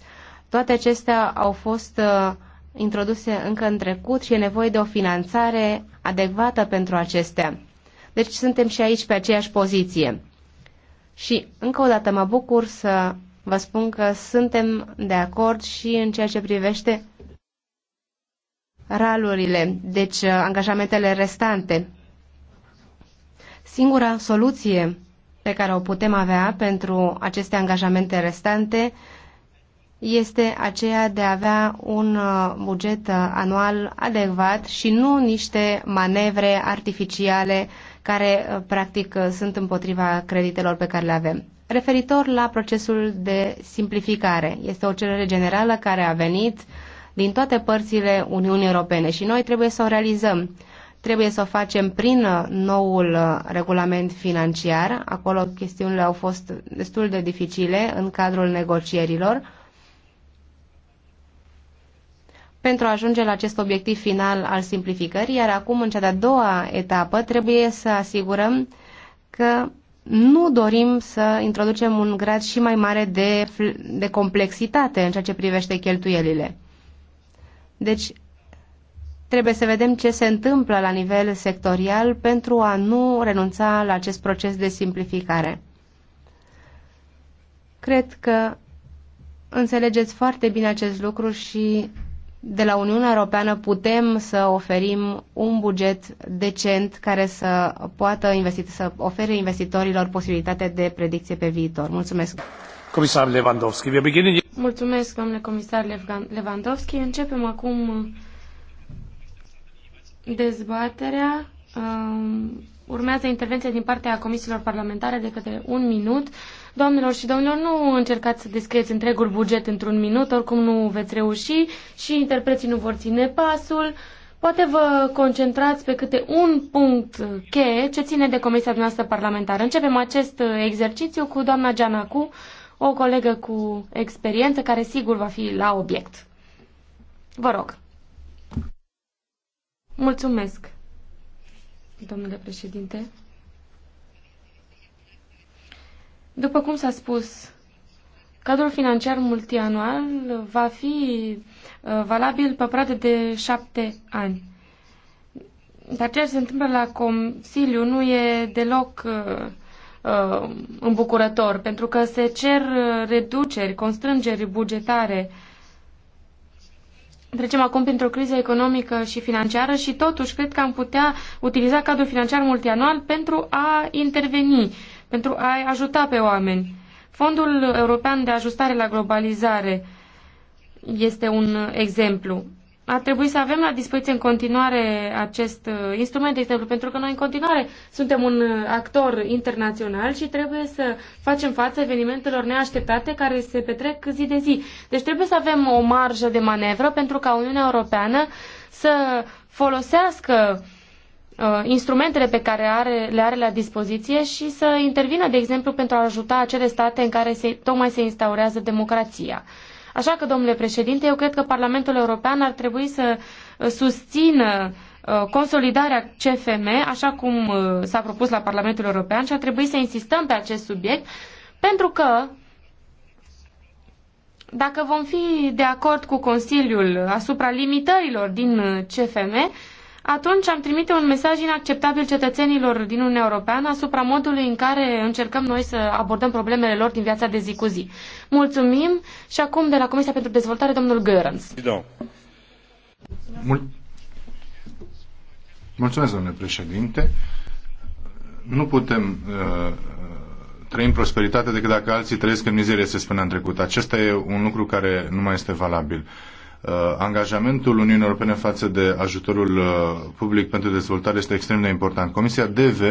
toate acestea au fost uh, introduse încă în trecut și e nevoie de o finanțare adecvată pentru acestea. Deci suntem și aici pe aceeași poziție. Și încă o dată mă bucur să Vă spun că suntem de acord și în ceea ce privește ralurile, deci uh, angajamentele restante. Singura soluție pe care o putem avea pentru aceste angajamente restante este aceea de a avea un uh, buget uh, anual adecvat și nu niște manevre artificiale care practic sunt împotriva creditelor pe care le avem. Referitor la procesul de simplificare, este o cerere generală care a venit din toate părțile Uniunii Europene și noi trebuie să o realizăm. Trebuie să o facem prin noul regulament financiar. Acolo chestiunile au fost destul de dificile în cadrul negocierilor. pentru a ajunge la acest obiectiv final al simplificării, iar acum, în cea de-a doua etapă, trebuie să asigurăm că nu dorim să introducem un grad și mai mare de, de complexitate în ceea ce privește cheltuielile. Deci, trebuie să vedem ce se întâmplă la nivel sectorial pentru a nu renunța la acest proces de simplificare. Cred că înțelegeți foarte bine acest lucru și de la Uniunea Europeană putem să oferim un buget decent care să poată investi, să ofere investitorilor posibilitatea de predicție pe viitor. Mulțumesc. Comisar Lewandowski, we beginning... Mulțumesc, domnule comisar Lewandowski. Începem acum dezbaterea. Um, urmează intervenția din partea comisiilor parlamentare de către un minut. Doamnelor și domnilor, nu încercați să descrieți întregul buget într-un minut, oricum nu veți reuși și interpreții nu vor ține pasul. Poate vă concentrați pe câte un punct cheie ce ține de Comisia noastră parlamentară. Începem acest exercițiu cu doamna Cu, o colegă cu experiență care sigur va fi la obiect. Vă rog. Mulțumesc, domnule președinte. După cum s-a spus, cadrul financiar multianual va fi uh, valabil pe perioadă de șapte ani. Dar ceea ce se întâmplă la Consiliu nu e deloc uh, uh îmbucurător, pentru că se cer uh, reduceri, constrângeri bugetare. Trecem acum printr-o criză economică și financiară și totuși cred că am putea utiliza cadrul financiar multianual pentru a interveni pentru a-i ajuta pe oameni. Fondul European de Ajustare la Globalizare este un exemplu. Ar trebui să avem la dispoziție în continuare acest uh, instrument, de exemplu, pentru că noi în continuare suntem un uh, actor internațional și trebuie să facem față evenimentelor neașteptate care se petrec zi de zi. Deci trebuie să avem o marjă de manevră pentru ca Uniunea Europeană să folosească uh, Uh, instrumentele pe care are, le are la dispoziție și să intervină, de exemplu, pentru a ajuta acele state în care se, tocmai se instaurează democrația. Așa că, domnule președinte, eu cred că Parlamentul European ar trebui să uh, susțină uh, consolidarea CFM, așa cum s-a propus la Parlamentul European și ar trebui să insistăm pe acest subiect, pentru că dacă vom fi de acord cu Consiliul asupra limitărilor din CFM, atunci am trimite un mesaj inacceptabil cetățenilor din Uniunea Europeană asupra modului în care încercăm noi să abordăm problemele lor din viața de zi cu zi. Mulțumim și acum de la Comisia pentru Dezvoltare, domnul Görans. Mul- Mulțumesc, domnule președinte. Nu putem uh, în prosperitate decât dacă alții trăiesc în mizerie, se spunea în trecut. Acesta e un lucru care nu mai este valabil. Uh, Uh, angajamentul Uniunii Europene față de ajutorul uh, public pentru dezvoltare este extrem de important. Comisia DV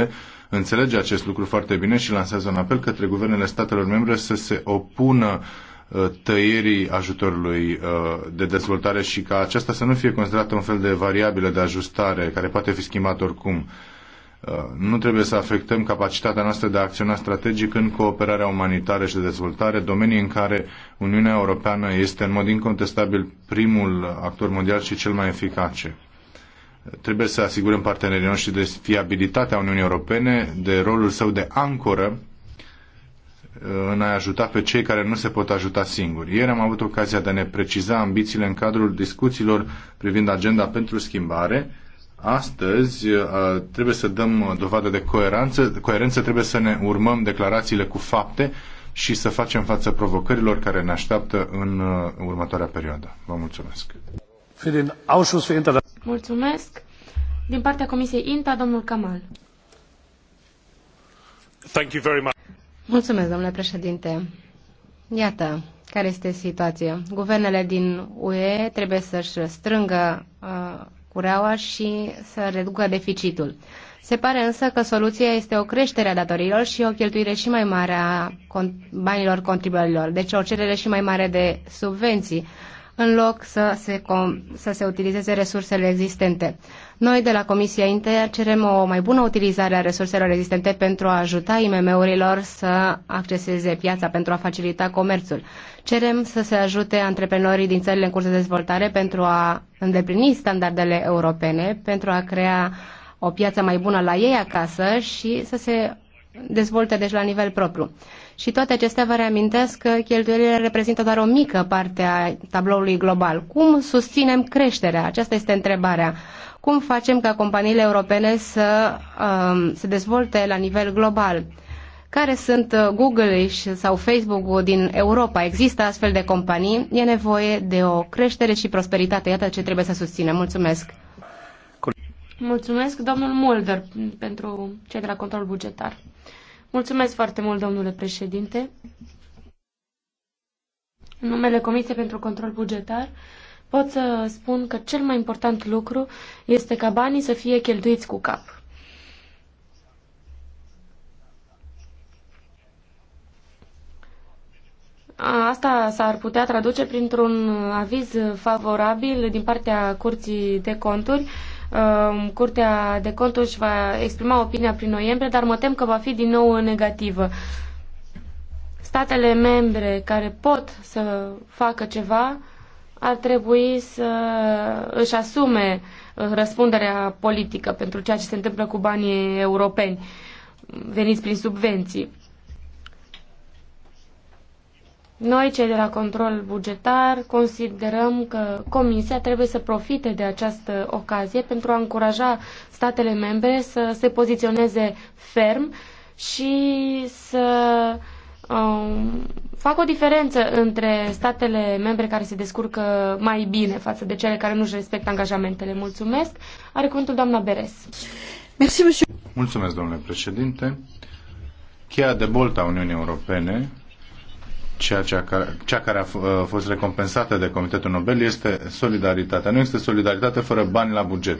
înțelege acest lucru foarte bine și lansează un apel către guvernele statelor membre să se opună uh, tăierii ajutorului de dezvoltare și ca aceasta să nu fie considerată un fel de variabilă de ajustare care poate fi schimbat oricum. Uh, nu trebuie să afectăm capacitatea noastră de a acționa strategic în cooperarea umanitară și de dezvoltare, domenii în care Uniunea Europeană este în mod incontestabil primul actor mondial și cel mai eficace. Trebuie să asigurăm partenerii noștri de fiabilitatea Uniunii Europene, de rolul său de ancoră uh, în a ajuta pe cei care nu se pot ajuta singuri. Ieri am avut ocazia de a ne preciza ambițiile în cadrul discuțiilor privind agenda pentru schimbare, astăzi uh, trebuie să dăm uh, dovadă de coerență, coerență, trebuie să ne urmăm declarațiile cu fapte și să facem față provocărilor care ne așteaptă în uh, următoarea perioadă. Vă mulțumesc! Mulțumesc! Din partea Comisiei INTA, domnul Kamal. Thank you very much. Mulțumesc, domnule președinte. Iată, care este situația. Guvernele din UE trebuie să-și strângă uh, cureaua și să reducă deficitul. Se pare însă că soluția este o creștere a datorilor și o cheltuire și mai mare a banilor contribuabililor, deci o cerere și mai mare de subvenții în loc să se, să se utilizeze resursele existente. Noi de la Comisia Inter cerem o mai bună utilizare a resurselor existente pentru a ajuta IMM-urilor să acceseze piața, pentru a facilita comerțul. Cerem să se ajute antreprenorii din țările în curs de dezvoltare pentru a îndeplini standardele europene, pentru a crea o piață mai bună la ei acasă și să se dezvolte deci la nivel propriu. Și toate acestea vă reamintesc că cheltuielile reprezintă doar o mică parte a tabloului global. Cum susținem creșterea? Aceasta este întrebarea. Cum facem ca companiile europene să um, se dezvolte la nivel global? care sunt uh, Google sau facebook din Europa. Există astfel de companii, e nevoie de o creștere și prosperitate. Iată ce trebuie să susținem. Mulțumesc! Mulțumesc, domnul Mulder, pentru cei de la control bugetar. Mulțumesc foarte mult, domnule președinte. În numele Comisiei pentru Control Bugetar, pot să spun că cel mai important lucru este ca banii să fie cheltuiți cu cap. Asta s-ar putea traduce printr-un aviz favorabil din partea Curții de Conturi Um, Curtea de Conturi își va exprima opinia prin noiembrie, dar mă tem că va fi din nou negativă. Statele membre care pot să facă ceva ar trebui să își asume uh, răspunderea politică pentru ceea ce se întâmplă cu banii europeni veniți prin subvenții. Noi, cei de la control bugetar, considerăm că Comisia trebuie să profite de această ocazie pentru a încuraja statele membre să se poziționeze ferm și să um, facă o diferență între statele membre care se descurcă mai bine față de cele care nu-și respectă angajamentele. Mulțumesc. Are cuvântul doamna Beres. Mulțumesc, domnule președinte. Cheia de bolta Uniunii Europene ceea ce a, cea care a fost recompensată de Comitetul Nobel este solidaritatea. Nu există solidaritate fără bani la buget.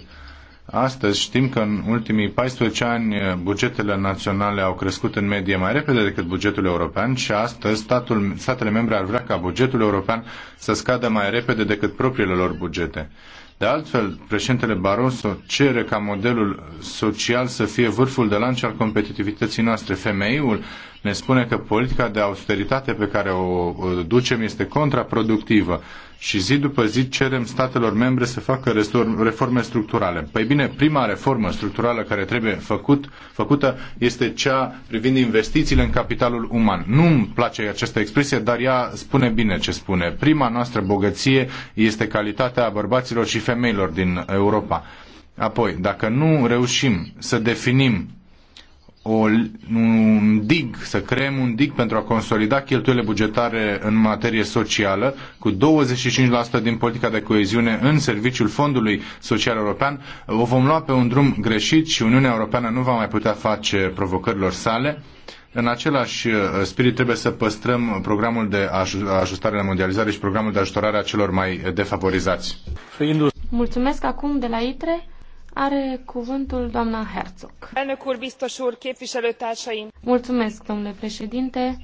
Astăzi știm că în ultimii 14 ani eh, bugetele naționale au crescut în medie mai repede decât bugetul european și astăzi statul, statele membre ar vrea ca bugetul european să scadă mai repede decât propriile lor bugete. De altfel, președintele Barroso cere ca modelul social să fie vârful de lanț al competitivității noastre. Femeiul ne spune că politica de austeritate pe care o ducem este contraproductivă și zi după zi cerem statelor membre să facă reforme structurale. Păi bine, prima reformă structurală care trebuie făcut, făcută este cea privind investițiile în capitalul uman. Nu-mi place această expresie, dar ea spune bine ce spune. Prima noastră bogăție este calitatea bărbaților și femeilor din Europa. Apoi, dacă nu reușim să definim o, un dig, să creăm un dig pentru a consolida cheltuielile bugetare în materie socială cu 25% din politica de coeziune în serviciul Fondului Social European, o vom lua pe un drum greșit și Uniunea Europeană nu va mai putea face provocărilor sale. În același uh, spirit trebuie să păstrăm programul de ajustare la mondializare și programul de ajutorare a celor mai defavorizați. Mulțumesc acum de la ITRE. Are cuvântul doamna Herzog. Mulțumesc, domnule președinte,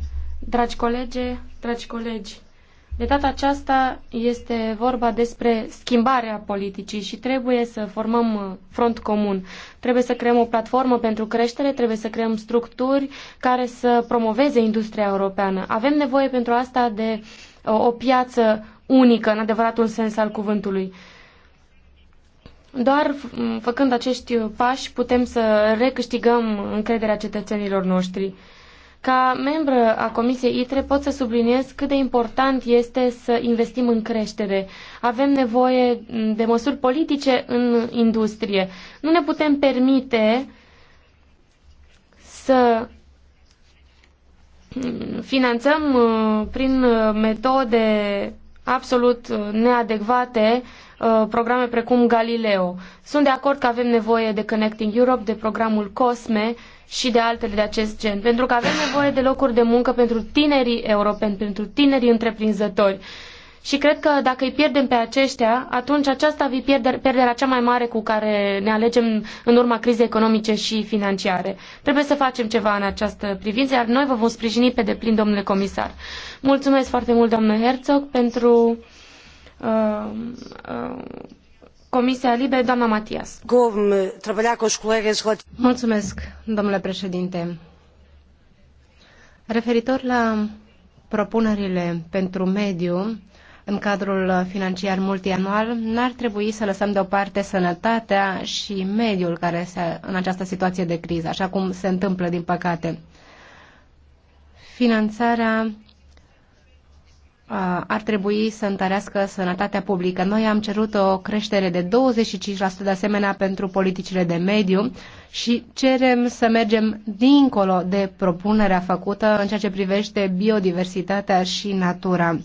dragi colege, dragi colegi. De data aceasta este vorba despre schimbarea politicii și trebuie să formăm front comun. Trebuie să creăm o platformă pentru creștere, trebuie să creăm structuri care să promoveze industria europeană. Avem nevoie pentru asta de o, uh, o piață unică, în adevăratul sens al cuvântului. Doar făcând acești pași putem să recâștigăm încrederea cetățenilor noștri. Ca membră a Comisiei ITRE pot să subliniez cât de important este să investim în creștere. Avem nevoie de măsuri politice în industrie. Nu ne putem permite să finanțăm prin metode absolut uh, neadecvate Uh, programe precum Galileo. Sunt de acord că avem nevoie de Connecting Europe, de programul COSME și de altele de acest gen, pentru că avem nevoie de locuri de muncă pentru tinerii europeni, pentru tinerii întreprinzători. Și cred că dacă îi pierdem pe aceștia, atunci aceasta vi pierde, pierderea cea mai mare cu care ne alegem în urma crizei economice și financiare. Trebuie să facem ceva în această privință, iar noi vă vom sprijini pe deplin, domnule comisar. Mulțumesc foarte mult, doamnă Herzog, pentru Comisia Libe, doamna Matias. Mulțumesc, domnule președinte. Referitor la propunerile pentru mediu în cadrul financiar multianual, n-ar trebui să lăsăm deoparte sănătatea și mediul care se, în această situație de criză, așa cum se întâmplă, din păcate. Finanțarea ar trebui să întărească sănătatea publică. Noi am cerut o creștere de 25% de asemenea pentru politicile de mediu și cerem să mergem dincolo de propunerea făcută în ceea ce privește biodiversitatea și natura.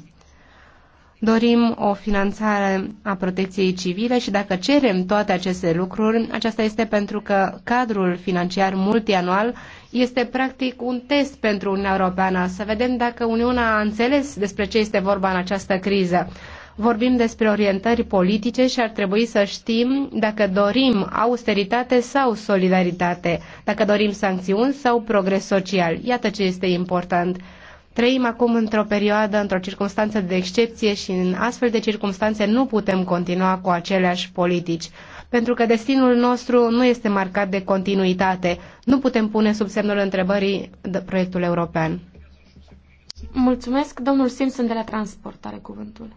Dorim o finanțare a protecției civile și dacă cerem toate aceste lucruri, aceasta este pentru că cadrul financiar multianual este practic un test pentru Uniunea Europeană, să vedem dacă Uniunea a înțeles despre ce este vorba în această criză. Vorbim despre orientări politice și ar trebui să știm dacă dorim austeritate sau solidaritate, dacă dorim sancțiuni sau progres social. Iată ce este important. Trăim acum într-o perioadă, într-o circunstanță de excepție și în astfel de circunstanțe nu putem continua cu aceleași politici pentru că destinul nostru nu este marcat de continuitate. Nu putem pune sub semnul întrebării de proiectul european. Mulțumesc. Domnul Simpson de la Transport are cuvântul.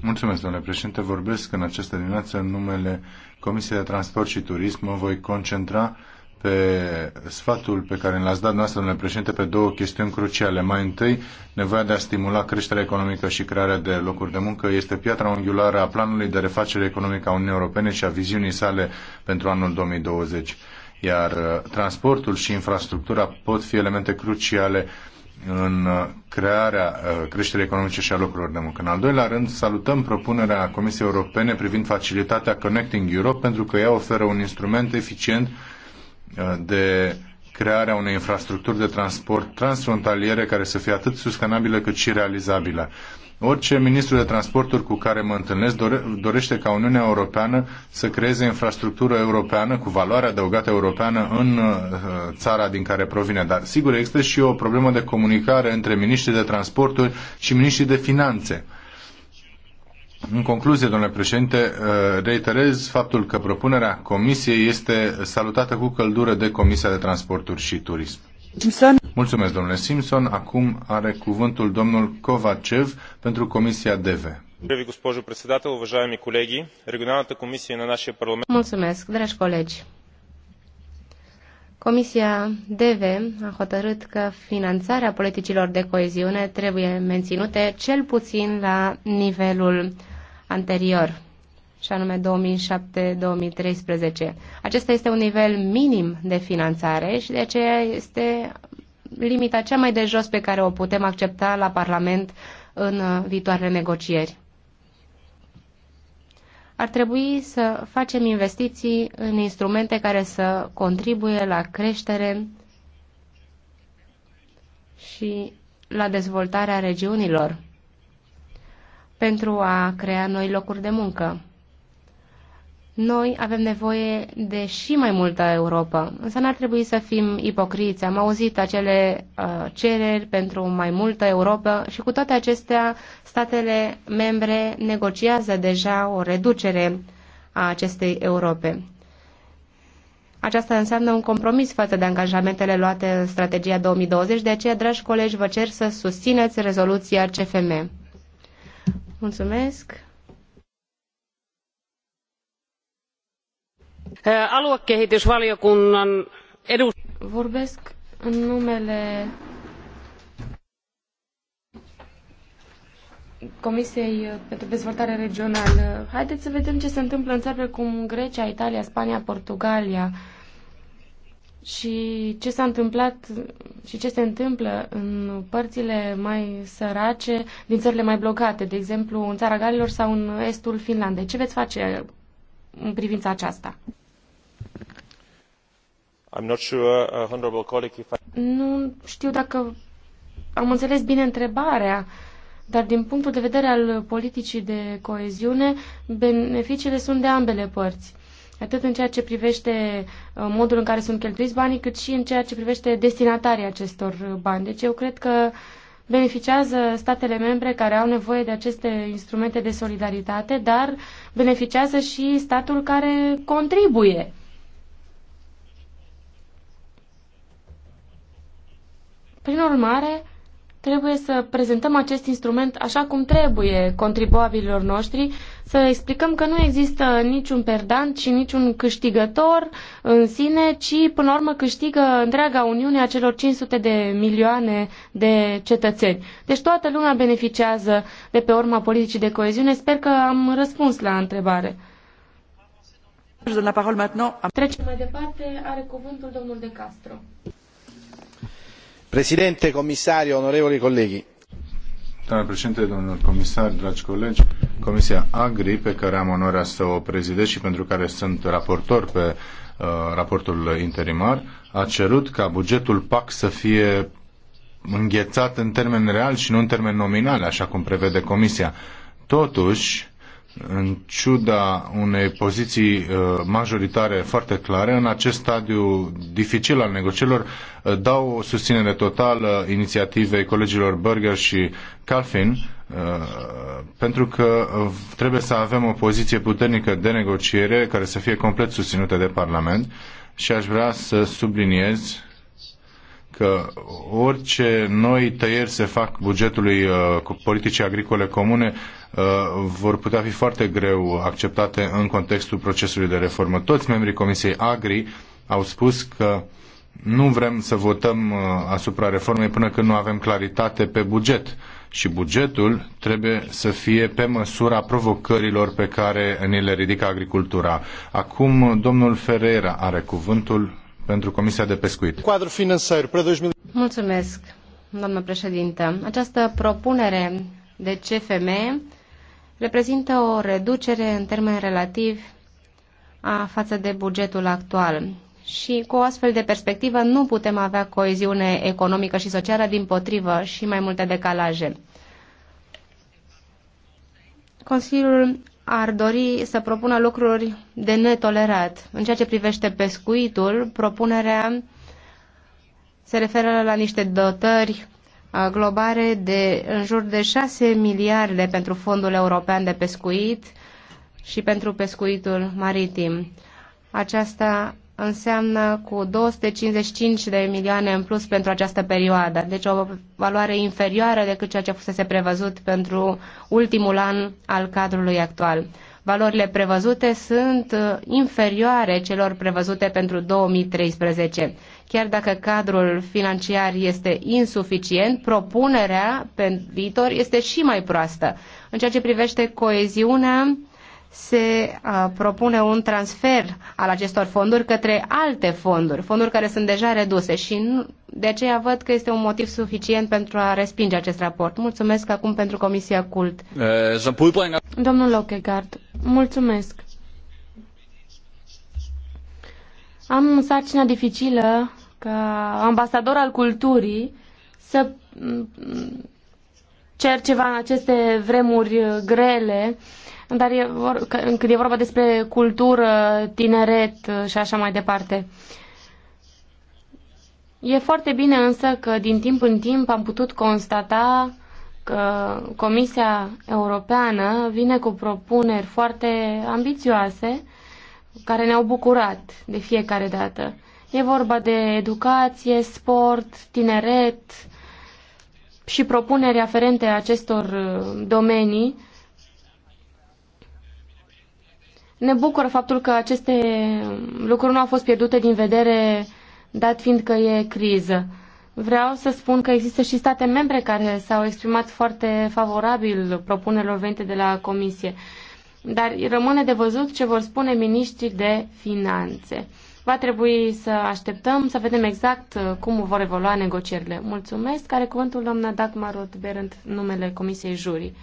Mulțumesc, domnule președinte. Vorbesc în această dimineață în numele Comisiei de Transport și Turism. Mă voi concentra pe sfatul pe care l-ați dat noastră, domnule președinte, pe două chestiuni cruciale. Mai întâi, nevoia de a stimula creșterea economică și crearea de locuri de muncă este piatra unghiulară a planului de refacere economică a Uniunii Europene și a viziunii sale pentru anul 2020. Iar uh, transportul și infrastructura pot fi elemente cruciale în uh, crearea uh, creșterii economice și a locurilor de muncă. În al doilea rând, salutăm propunerea Comisiei Europene privind facilitatea Connecting Europe pentru că ea oferă un instrument eficient de crearea unei infrastructuri de transport transfrontaliere care să fie atât sustenabilă cât și realizabilă. Orice ministru de transporturi cu care mă întâlnesc dorește ca Uniunea Europeană să creeze infrastructură europeană cu valoare adăugată europeană în uh, țara din care provine. Dar sigur există și o problemă de comunicare între miniștrii de transporturi și miniștrii de finanțe în concluzie, domnule președinte, uh, reiterez faptul că propunerea Comisiei este salutată cu căldură de Comisia de Transporturi și Turism. Simpson. Mulțumesc, domnule Simpson. Acum are cuvântul domnul Kovacev pentru Comisia DEVE. Mulțumesc, dragi colegi. Comisia DV a hotărât că finanțarea politicilor de coeziune trebuie menținute cel puțin la nivelul anterior, și anume 2007-2013. Acesta este un nivel minim de finanțare și de aceea este limita cea mai de jos pe care o putem accepta la Parlament în viitoarele negocieri. Ar trebui să facem investiții în instrumente care să contribuie la creștere și la dezvoltarea regiunilor pentru a crea noi locuri de muncă. Noi avem nevoie de și mai multă Europa, însă n-ar trebui să fim ipocriți. Am auzit acele uh, cereri pentru mai multă Europa și cu toate acestea statele membre negociază deja o reducere a acestei Europe. Aceasta înseamnă un compromis față de angajamentele luate în strategia 2020, de aceea, dragi colegi, vă cer să susțineți rezoluția CFM. Mulțumesc. Aluekehitysvaliokunnan edustaja. Vorbesc în numele Comisiei pentru Dezvoltare Regională. Haideți să vedem ce se întâmplă în țări precum Grecia, Italia, Spania, Portugalia și ce s-a întâmplat și ce se întâmplă în părțile mai sărace din țările mai blocate, de exemplu în țara Galilor sau în estul Finlandei. Ce veți face în privința aceasta? I'm not sure, uh, honorable colleague, if I... Nu știu dacă am înțeles bine întrebarea, dar din punctul de vedere al politicii de coeziune, beneficiile sunt de ambele părți atât în ceea ce privește uh, modul în care sunt cheltuiți banii, cât și în ceea ce privește destinatarii acestor uh, bani. Deci eu cred că beneficiază statele membre care au nevoie de aceste instrumente de solidaritate, dar beneficiază și statul care contribuie. Prin urmare, Trebuie să prezentăm acest instrument așa cum trebuie contribuabililor noștri, să explicăm că nu există niciun perdant și niciun câștigător în sine, ci până la urmă câștigă întreaga Uniune a celor 500 de milioane de cetățeni. Deci toată lumea beneficiază de pe urma politicii de coeziune. Sper că am răspuns la întrebare. Trecem mai departe, are cuvântul domnul De Castro președinte comisario onorevoli colegi. Doamna președinte, domnul comisar, dragi colegi, Comisia Agri, pe care am onoarea să o prezidez și pentru care sunt raportor pe uh, raportul interimar, a cerut ca bugetul PAC să fie înghețat în termen real și nu în termen nominal, așa cum prevede Comisia. Totuși, în ciuda unei poziții uh, majoritare foarte clare, în acest stadiu dificil al negocierilor, uh, dau o susținere totală inițiativei colegilor Berger și Calfin, uh, pentru că trebuie să avem o poziție puternică de negociere care să fie complet susținută de Parlament și aș vrea să subliniez că orice noi tăieri se fac bugetului uh, politicii agricole comune Uh, vor putea fi foarte greu acceptate în contextul procesului de reformă. Toți membrii Comisiei Agri au spus că nu vrem să votăm uh, asupra reformei până când nu avem claritate pe buget și bugetul trebuie să fie pe măsura provocărilor pe care ni le ridică agricultura. Acum domnul Ferreira are cuvântul pentru Comisia de Pescuit. Cuadru financiar pre 2000... Mulțumesc, doamnă președintă. Această propunere de CFM reprezintă o reducere în termen relativ a față de bugetul actual. Și cu o astfel de perspectivă nu putem avea coeziune economică și socială din potrivă și mai multe decalaje. Consiliul ar dori să propună lucruri de netolerat. În ceea ce privește pescuitul, propunerea se referă la niște dotări globare de în jur de 6 miliarde pentru Fondul European de Pescuit și pentru pescuitul maritim. Aceasta înseamnă cu 255 de milioane în plus pentru această perioadă, deci o valoare inferioară decât ceea ce fusese prevăzut pentru ultimul an al cadrului actual. Valorile prevăzute sunt uh, inferioare celor prevăzute pentru 2013. Chiar dacă cadrul financiar este insuficient, propunerea pentru viitor este și mai proastă. În ceea ce privește coeziunea, se uh, propune un transfer al acestor fonduri către alte fonduri, fonduri care sunt deja reduse și nu, de aceea văd că este un motiv suficient pentru a respinge acest raport. Mulțumesc acum pentru Comisia Cult. Eh, Domnul Lockegaard, mulțumesc. Am sarcina dificilă ca ambasador al culturii, să cer ceva în aceste vremuri grele, dar e vor, când e vorba despre cultură, tineret și așa mai departe. E foarte bine însă că din timp în timp am putut constata că Comisia Europeană vine cu propuneri foarte ambițioase care ne-au bucurat de fiecare dată. E vorba de educație, sport, tineret și propuneri aferente acestor uh, domenii. Ne bucură faptul că aceste lucruri nu au fost pierdute din vedere, dat fiind că e criză. Vreau să spun că există și state membre care s-au exprimat foarte favorabil propunerilor venite de la Comisie. Dar rămâne de văzut ce vor spune miniștrii de finanțe. Va trebui să așteptăm să vedem exact uh, cum vor evolua negocierile. Mulțumesc. Care cuvântul doamna Dagmar Berend, numele Comisiei Jurii.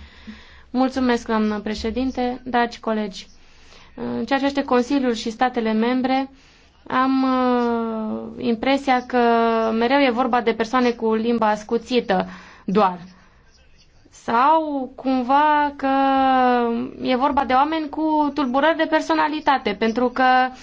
Mulțumesc, doamnă președinte, dragi colegi. În ceea ce este Consiliul și statele membre, am uh, impresia că mereu e vorba de persoane cu limba ascuțită doar. Sau cumva că e vorba de oameni cu tulburări de personalitate, pentru că uh,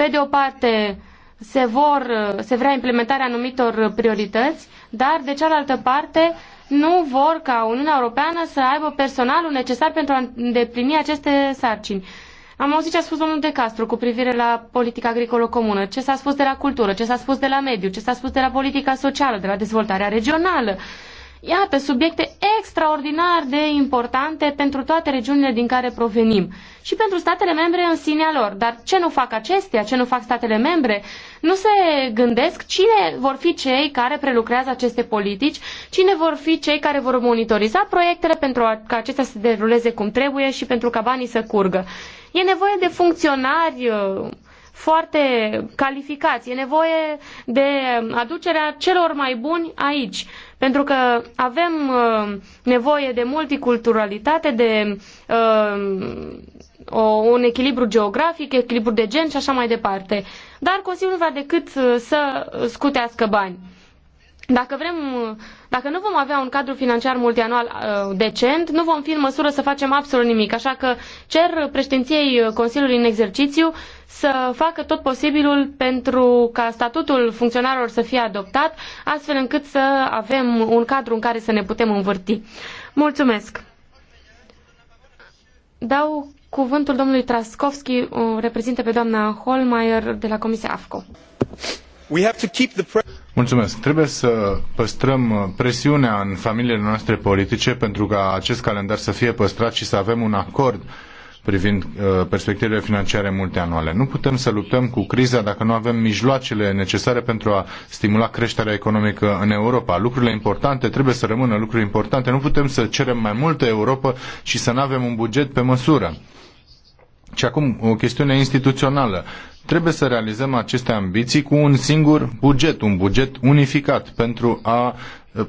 pe de o parte, se, vor, se vrea implementarea anumitor priorități, dar de cealaltă parte nu vor ca Uniunea Europeană să aibă personalul necesar pentru a îndeplini aceste sarcini. Am auzit ce a spus domnul De Castro cu privire la politica agricolă comună, ce s-a spus de la cultură, ce s-a spus de la mediu, ce s-a spus de la politica socială, de la dezvoltarea regională. Uh, Iată, subiecte extraordinar de importante pentru toate regiunile din care provenim și pentru statele membre în sinea lor. Dar ce nu fac acestea, ce nu fac statele membre? Nu se gândesc cine vor fi cei care prelucrează aceste politici, cine vor fi cei care vor monitoriza proiectele pentru ca acestea să se deruleze cum trebuie și pentru ca banii să curgă. E nevoie de funcționari uh, foarte calificați. E nevoie de aducerea celor mai buni aici, pentru că avem uh, nevoie de multiculturalitate, de uh, o, un echilibru geografic, echilibru de gen și așa mai departe. Dar Consiliul nu va decât uh, să scutească bani. Dacă, vrem, dacă nu vom avea un cadru financiar multianual uh, decent, nu vom fi în măsură să facem absolut nimic. Așa că cer președinției Consiliului în exercițiu să facă tot posibilul pentru ca statutul funcționarilor să fie adoptat, astfel încât să avem un cadru în care să ne putem învârti. Mulțumesc! Dau cuvântul domnului Traskovski, uh, reprezintă pe doamna Holmeier de la Comisia AFCO. We have to keep the Mulțumesc. Trebuie să păstrăm uh, presiunea în familiile noastre politice pentru ca acest calendar să fie păstrat și să avem un acord privind uh, perspectivele financiare multianuale. Nu putem să luptăm cu criza dacă nu avem mijloacele necesare pentru a stimula creșterea economică în Europa. Lucrurile importante trebuie să rămână lucruri importante. Nu putem să cerem mai multă Europa și să nu avem un buget pe măsură. Și acum o chestiune instituțională. Trebuie să realizăm aceste ambiții cu un singur buget, un buget unificat pentru a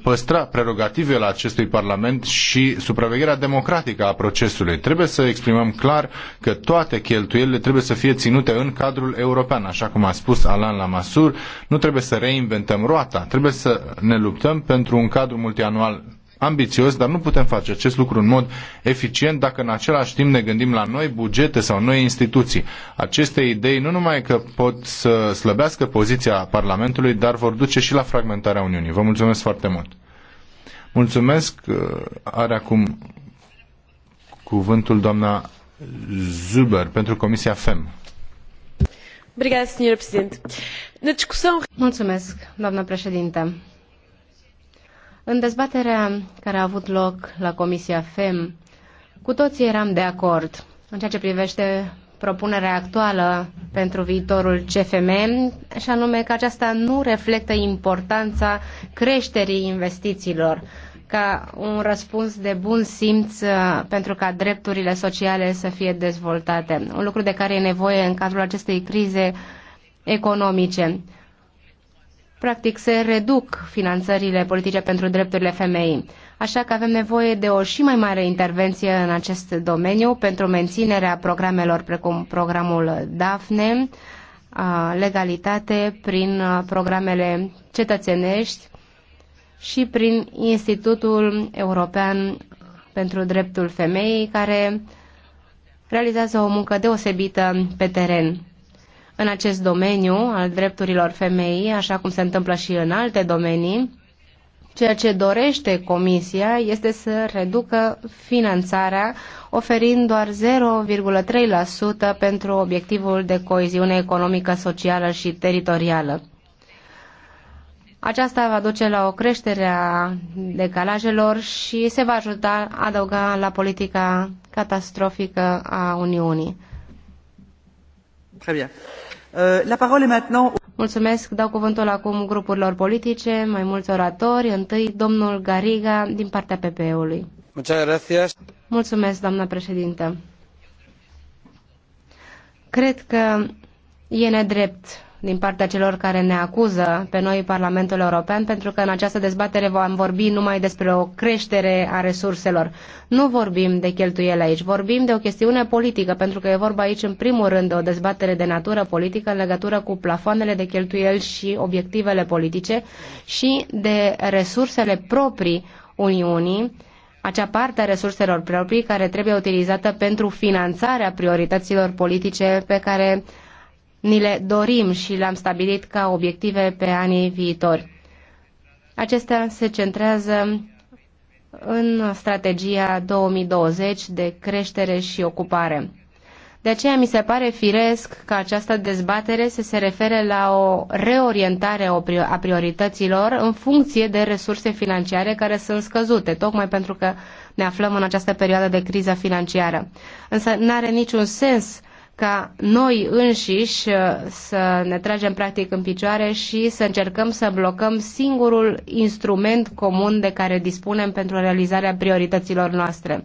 păstra prerogativele acestui Parlament și supravegherea democratică a procesului. Trebuie să exprimăm clar că toate cheltuielile trebuie să fie ținute în cadrul european, așa cum a spus Alan Lamassur. Nu trebuie să reinventăm roata, trebuie să ne luptăm pentru un cadru multianual ambițios, dar nu putem face acest lucru în mod eficient dacă în același timp ne gândim la noi bugete sau noi instituții. Aceste idei nu numai că pot să slăbească poziția Parlamentului, dar vor duce și la fragmentarea Uniunii. Vă mulțumesc foarte mult. Mulțumesc. Are acum cuvântul doamna Zuber pentru Comisia FEM. Mulțumesc, doamna președinte în dezbaterea care a avut loc la Comisia FEM, cu toții eram de acord în ceea ce privește propunerea actuală pentru viitorul CFM, și anume că aceasta nu reflectă importanța creșterii investițiilor ca un răspuns de bun simț uh, pentru ca drepturile sociale să fie dezvoltate. Un lucru de care e nevoie în cadrul acestei crize economice practic se reduc finanțările politice pentru drepturile femeii. Așa că avem nevoie de o și mai mare intervenție în acest domeniu pentru menținerea programelor precum programul DAFNE, legalitate prin programele cetățenești și prin Institutul European pentru Dreptul Femeii, care realizează o muncă deosebită pe teren în acest domeniu al drepturilor femeii, așa cum se întâmplă și în alte domenii. Ceea ce dorește Comisia este să reducă finanțarea, oferind doar 0,3% pentru obiectivul de coeziune economică, socială și teritorială. Aceasta va duce la o creștere a decalajelor și se va ajuta adăuga la politica catastrofică a Uniunii. Très bien. Euh, la Mulțumesc, dau cuvântul acum grupurilor politice, mai mulți oratori. Întâi, domnul Gariga, din partea PPE-ului. Mulțumesc, Mulțumesc doamna președintă. Cred că e nedrept din partea celor care ne acuză pe noi Parlamentul European, pentru că în această dezbatere vom vorbi numai despre o creștere a resurselor. Nu vorbim de cheltuieli aici, vorbim de o chestiune politică, pentru că e vorba aici în primul rând de o dezbatere de natură politică în legătură cu plafoanele de cheltuieli și obiectivele politice și de resursele proprii Uniunii, acea parte a resurselor proprii care trebuie utilizată pentru finanțarea priorităților politice pe care ni le dorim și le-am stabilit ca obiective pe anii viitori. Acestea se centrează în strategia 2020 de creștere și ocupare. De aceea mi se pare firesc că această dezbatere să se refere la o reorientare a priorităților în funcție de resurse financiare care sunt scăzute, tocmai pentru că ne aflăm în această perioadă de criză financiară. Însă nu are niciun sens ca noi înșiși uh, să ne tragem practic în picioare și să încercăm să blocăm singurul instrument comun de care dispunem pentru realizarea priorităților noastre.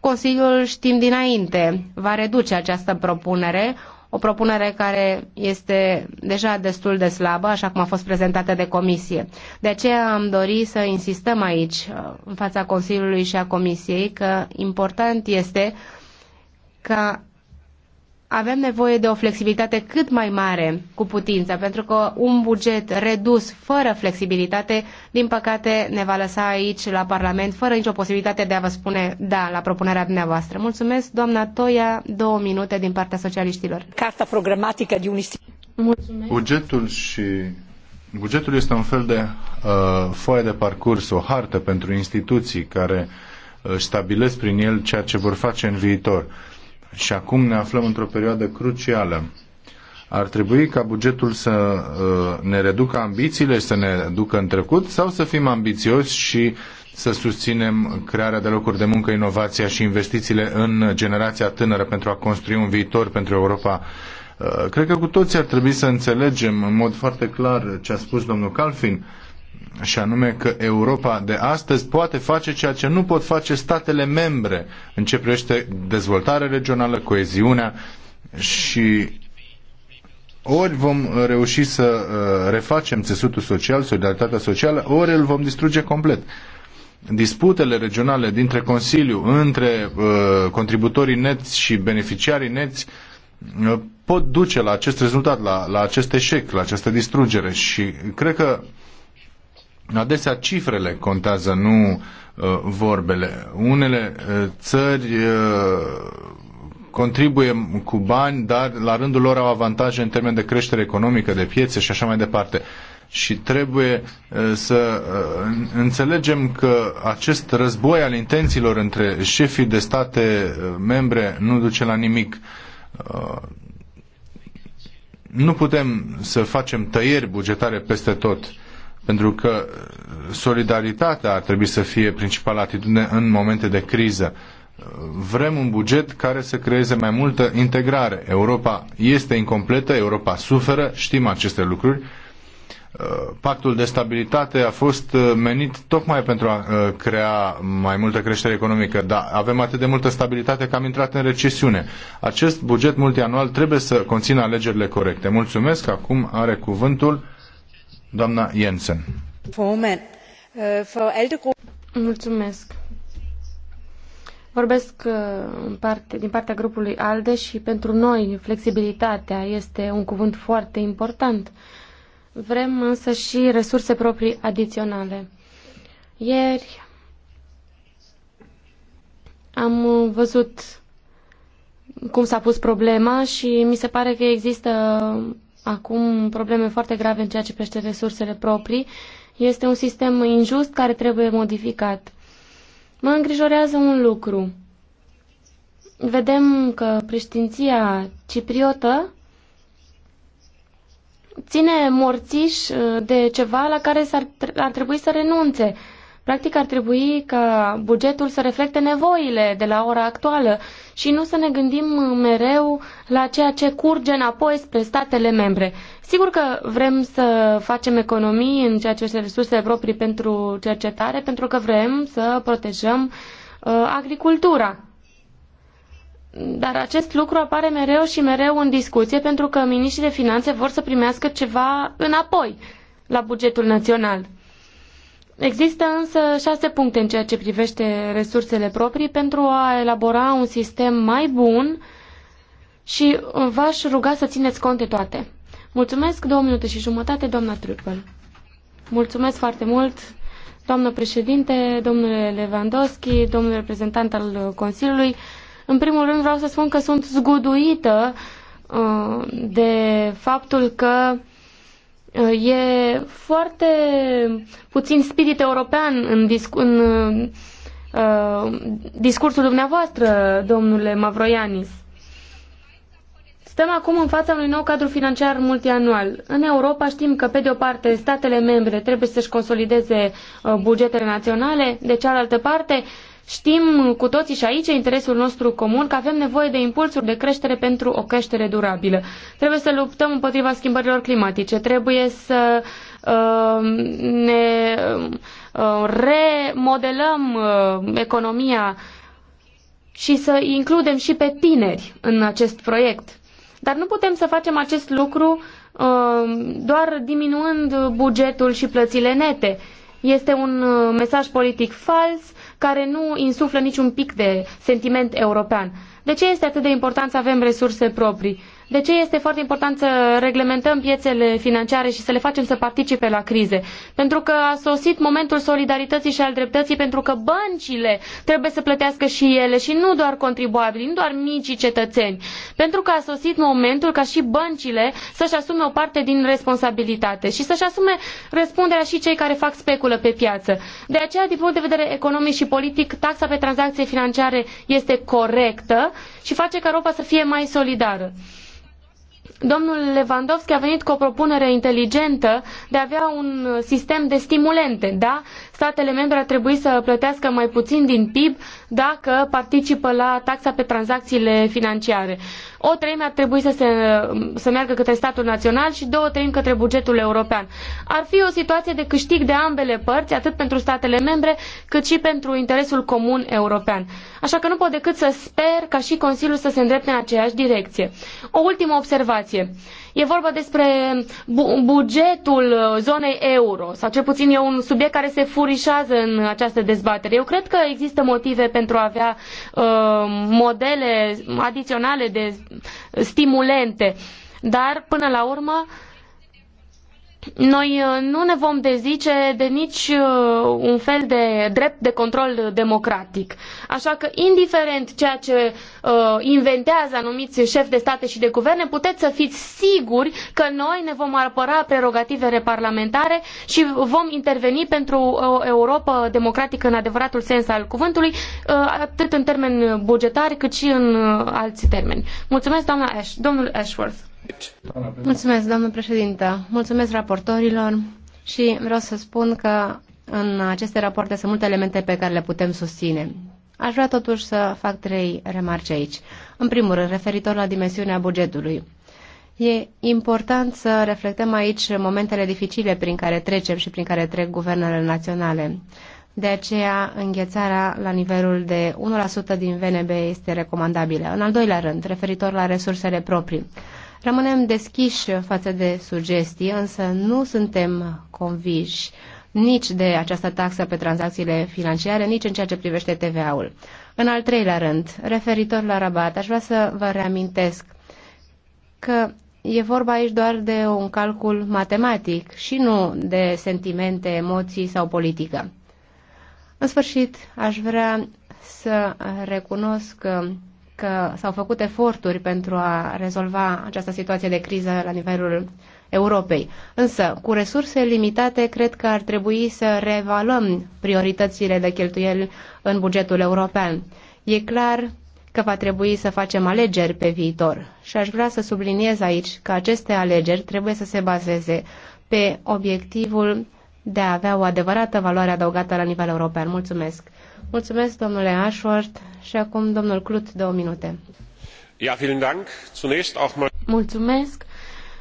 Consiliul, știm dinainte, va reduce această propunere, o propunere care este deja destul de slabă, așa cum a fost prezentată de comisie. De aceea am dorit să insistăm aici, uh, în fața Consiliului și a Comisiei, că important este ca avem nevoie de o flexibilitate cât mai mare cu putință, pentru că un buget redus fără flexibilitate, din păcate, ne va lăsa aici la Parlament fără nicio posibilitate de a vă spune da la propunerea dumneavoastră. Mulțumesc, doamna Toia, două minute din partea socialiștilor. Carta programatică de unii... Mulțumesc. Bugetul și Bugetul este un fel de uh, foaie de parcurs, o hartă pentru instituții care uh, stabilesc prin el ceea ce vor face în viitor. Uh, și acum ne aflăm într-o perioadă crucială. Ar trebui ca bugetul să uh, ne reducă ambițiile și să ne ducă în trecut sau să fim ambițioși și să susținem crearea de locuri de muncă, inovația și investițiile în generația tânără pentru a construi un viitor pentru Europa uh, Cred că cu toții ar trebui să înțelegem în mod foarte clar ce a spus domnul Calfin și anume că Europa de astăzi poate face ceea ce nu pot face statele membre în ce privește dezvoltarea regională, coeziunea și ori vom reuși să uh, refacem țesutul social, solidaritatea socială, ori îl vom distruge complet. Disputele regionale dintre Consiliu, între uh, contributorii neți și beneficiarii neți uh, pot duce la acest rezultat, la, la acest eșec, la această distrugere și cred că uh, Adesea cifrele contează, nu uh, vorbele. Unele uh, țări uh, contribuie cu bani, dar la rândul lor au avantaje în termen de creștere economică, de piețe și așa mai departe. Și trebuie uh, să uh, înțelegem că acest război al intențiilor între șefii de state uh, membre nu duce la nimic. Nu putem să facem tăieri bugetare peste tot pentru că solidaritatea ar trebui să fie principala atitudine în momente de criză. Vrem un buget care să creeze mai multă integrare. Europa este incompletă, Europa suferă, știm aceste lucruri. Uh, pactul de stabilitate a fost uh, menit tocmai pentru a uh, crea mai multă creștere economică, dar avem atât de multă stabilitate că am intrat în recesiune. Acest buget multianual trebuie să conțină alegerile corecte. Mulțumesc, acum are cuvântul Doamna Jensen. Uh, Vorbesc uh, din partea grupului ALDE și pentru noi flexibilitatea este un cuvânt foarte important. Vrem însă și resurse proprii adiționale. Ieri am văzut cum s-a pus problema și mi se pare că există acum probleme foarte grave în ceea ce prește resursele proprii. Este un sistem injust care trebuie modificat. Mă îngrijorează un lucru. Vedem că preștinția cipriotă ține morțiș uh, de ceva la care s-ar, ar trebui să renunțe. Practic ar trebui ca bugetul să reflecte nevoile de la ora actuală și nu să ne gândim mereu la ceea ce curge înapoi spre statele membre. Sigur că vrem să facem economii în ceea ce este resursele proprii pentru cercetare, pentru că vrem să protejăm uh, agricultura. Dar acest lucru apare mereu și mereu în discuție pentru că miniștrii de finanțe vor să primească ceva înapoi la bugetul național. Există însă șase puncte în ceea ce privește resursele proprii pentru a elabora un sistem mai bun și uh, v-aș ruga să țineți cont de toate. Mulțumesc, două minute și jumătate, doamna Trupel. Mulțumesc foarte mult, doamnă președinte, domnule Lewandowski, domnul reprezentant al uh, Consiliului. În primul rând vreau să spun că sunt zguduită uh, de faptul că Uh, e foarte puțin spirit european în, discu- în uh, discursul dumneavoastră, domnule Mavroianis. Stăm acum în fața unui nou cadru financiar multianual. În Europa știm că, pe de o parte, statele membre trebuie să-și consolideze uh, bugetele naționale, de cealaltă parte, Știm cu toții și aici interesul nostru comun că avem nevoie de impulsuri de creștere pentru o creștere durabilă. Trebuie să luptăm împotriva schimbărilor climatice, trebuie să uh, ne uh, remodelăm uh, economia și să includem și pe tineri în acest proiect. Dar nu putem să facem acest lucru uh, doar diminuând bugetul și plățile nete. Este un uh, mesaj politic fals care nu insuflă niciun pic de sentiment european. De ce este atât de important să avem resurse proprii? De ce este foarte important să reglementăm piețele financiare și să le facem să participe la crize? Pentru că a sosit momentul solidarității și al dreptății, pentru că băncile trebuie să plătească și ele și nu doar contribuabili, nu doar micii cetățeni. Pentru că a sosit momentul ca și băncile să-și asume o parte din responsabilitate și să-și asume răspunderea și cei care fac speculă pe piață. De aceea, din punct de vedere economic și politic, taxa pe tranzacție financiare este corectă și face ca Europa să fie mai solidară. Domnul Lewandowski a venit cu o propunere inteligentă de a avea un sistem de stimulente, da? Statele membre ar trebui să plătească mai puțin din PIB dacă participă la taxa pe tranzacțiile financiare. O treime ar trebui să, se, să meargă către statul național și două treimi către bugetul european. Ar fi o situație de câștig de ambele părți, atât pentru statele membre, cât și pentru interesul comun european. Așa că nu pot decât să sper ca și Consiliul să se îndrepte în aceeași direcție. O ultimă observație. E vorba despre bu bugetul zonei euro, sau cel puțin e un subiect care se furișează în această dezbatere. Eu cred că există motive pentru pentru a avea uh, modele adiționale de stimulente. Dar, până la urmă, noi uh, nu ne vom dezice de nici uh, un fel de drept de control democratic. Așa că, indiferent ceea ce uh, inventează anumiți șefi de state și de guverne, puteți să fiți siguri că noi ne vom apăra prerogativele parlamentare și vom interveni pentru o Europa democratică în adevăratul sens al cuvântului, atât în termeni bugetari cât și în alți termeni. Mulțumesc, doamna Ash, domnul Ashworth. Mulțumesc, doamnă președintă. Mulțumesc raportorilor și vreau să spun că în aceste rapoarte sunt multe elemente pe care le putem susține. Aș vrea totuși să fac trei remarci aici. În primul rând, referitor la dimensiunea bugetului. E important să reflectăm aici momentele dificile prin care trecem și prin care trec guvernele naționale. De aceea, înghețarea la nivelul de 1% din VNB este recomandabilă. În al doilea rând, referitor la resursele proprii. Rămânem deschiși față de sugestii, însă nu suntem conviși nici de această taxă pe tranzacțiile financiare, nici în ceea ce privește TVA-ul. În al treilea rând, referitor la rabat, aș vrea să vă reamintesc că e vorba aici doar de un calcul matematic și nu de sentimente, emoții sau politică. În sfârșit, aș vrea să recunosc că s-au făcut eforturi pentru a rezolva această situație de criză la nivelul Europei. Însă, cu resurse limitate, cred că ar trebui să reevaluăm prioritățile de cheltuieli în bugetul european. E clar că va trebui să facem alegeri pe viitor și aș vrea să subliniez aici că aceste alegeri trebuie să se bazeze pe obiectivul de a avea o adevărată valoare adăugată la nivel european. Mulțumesc! Mulțumesc, domnule Ashworth. Și acum, domnul Clut, două minute. Ja, vielen Dank. Zunächst auch mal... Mulțumesc.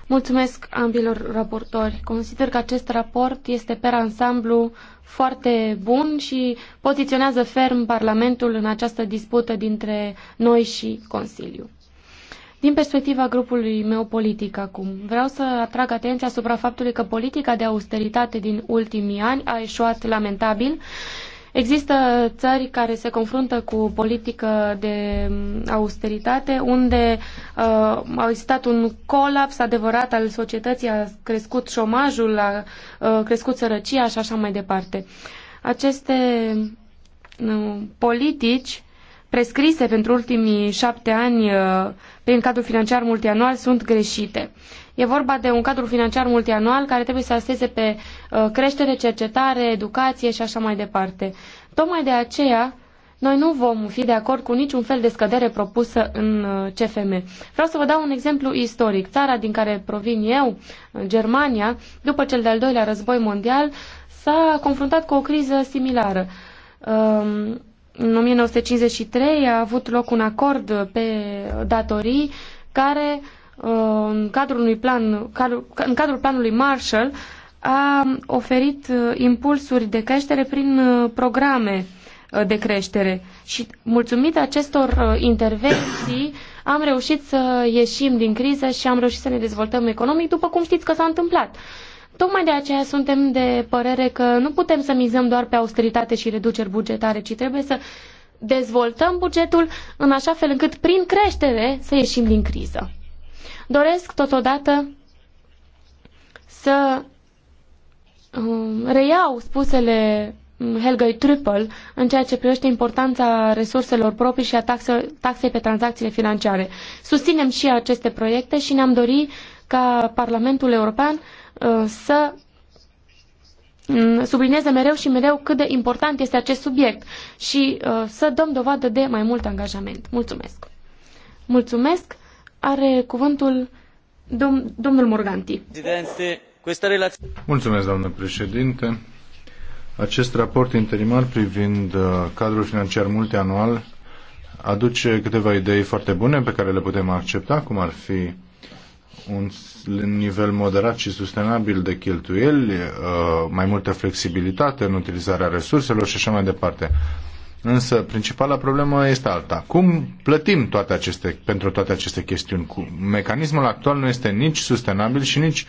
Mulțumesc ambilor raportori. Consider că acest raport este per ansamblu foarte bun și poziționează ferm Parlamentul în această dispută dintre noi și Consiliu. Din perspectiva grupului meu politic acum, vreau să atrag atenția asupra faptului că politica de austeritate din ultimii ani a eșuat lamentabil Există țări care se confruntă cu politică de austeritate, unde uh, a existat un colaps adevărat al societății, a crescut șomajul, a uh, crescut sărăcia și așa mai departe. Aceste uh, politici prescrise pentru ultimii șapte ani uh, prin cadrul financiar multianual sunt greșite. Uh, E vorba de un cadru financiar multianual care trebuie să asteze pe uh, creștere, cercetare, educație și așa mai departe. Tocmai de aceea, noi nu vom fi de acord cu niciun fel de scădere propusă în uh, CFM. Vreau să vă dau un exemplu istoric. Țara din care provin eu, uh, Germania, după cel de-al doilea război mondial, s-a confruntat cu o criză similară. Um, în 1953 a avut loc un acord pe datorii care Uh, în cadrul, unui plan, în cadrul planului Marshall a oferit uh, impulsuri de creștere prin uh, programe de creștere și mulțumită acestor intervenții am reușit să ieșim din criză și am reușit să ne dezvoltăm economic, după cum știți că s-a întâmplat. Tocmai de aceea suntem de părere că nu putem să mizăm doar pe austeritate și reduceri bugetare, ci trebuie să dezvoltăm bugetul în așa fel încât prin creștere să ieșim din criză. Doresc totodată să um, reiau spusele um, Helgei Triple în ceea ce privește importanța resurselor proprii și a taxei pe tranzacțiile financiare. Susținem și aceste proiecte și ne-am dorit ca Parlamentul European uh, să mm, sublinieze mereu și mereu cât de important este acest subiect și uh, să dăm dovadă de mai mult angajament. Mulțumesc! Mulțumesc! Are cuvântul dom domnul Morganti. Mulțumesc, doamnă președinte. Acest raport interimar privind uh, cadrul financiar multianual aduce câteva idei foarte bune pe care le putem accepta, cum ar fi un nivel moderat și sustenabil de cheltuieli, uh, mai multă flexibilitate în utilizarea resurselor și așa mai departe. Însă principala problemă este alta. Cum plătim toate aceste, pentru toate aceste chestiuni? Cu, mecanismul actual nu este nici sustenabil și nici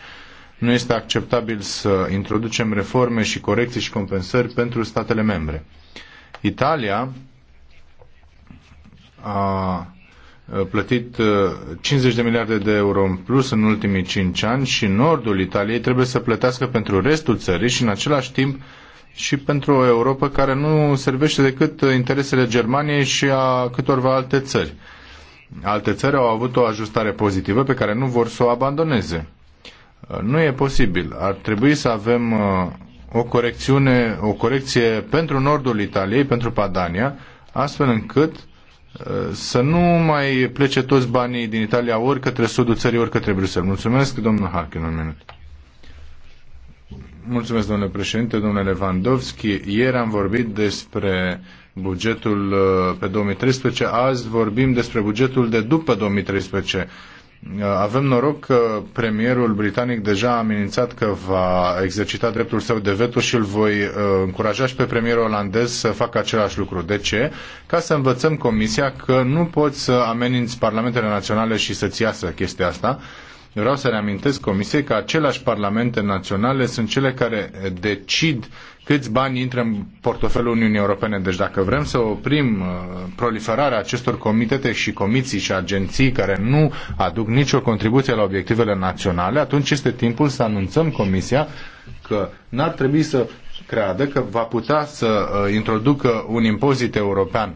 nu este acceptabil să introducem reforme și corecții și compensări pentru statele membre. Italia a plătit 50 uh, de miliarde de euro în plus în ultimii 5 ani și nordul Italiei trebuie să plătească pentru restul țării și în același timp și pentru o Europa care nu servește decât interesele Germaniei și a câtorva alte țări. Alte țări au avut o ajustare pozitivă pe care nu vor să o abandoneze. Nu e posibil. Ar trebui să avem uh, o corecțiune, o corecție pentru nordul Italiei, pentru Padania, astfel încât uh, să nu mai plece toți banii din Italia ori către sudul țării, ori către Bruxelles. Mulțumesc, domnul Harkin, un minut. Mulțumesc, domnule președinte, domnule Lewandowski. Ieri am vorbit despre bugetul uh, pe 2013, azi vorbim despre bugetul de după 2013. Uh, avem noroc că premierul britanic deja a amenințat că va exercita dreptul său de veto și îl voi uh, încuraja și pe premierul olandez să facă același lucru. De ce? Ca să învățăm Comisia că nu poți să ameninți parlamentele naționale și să-ți iasă chestia asta eu vreau să reamintesc Comisiei că aceleași parlamente naționale sunt cele care decid câți bani intră în portofelul Uniunii Europene. Deci dacă vrem să oprim uh, proliferarea acestor comitete și comisii și agenții care nu aduc nicio contribuție la obiectivele naționale, atunci este timpul să anunțăm Comisia că n-ar trebui să creadă că va putea să uh, introducă un impozit european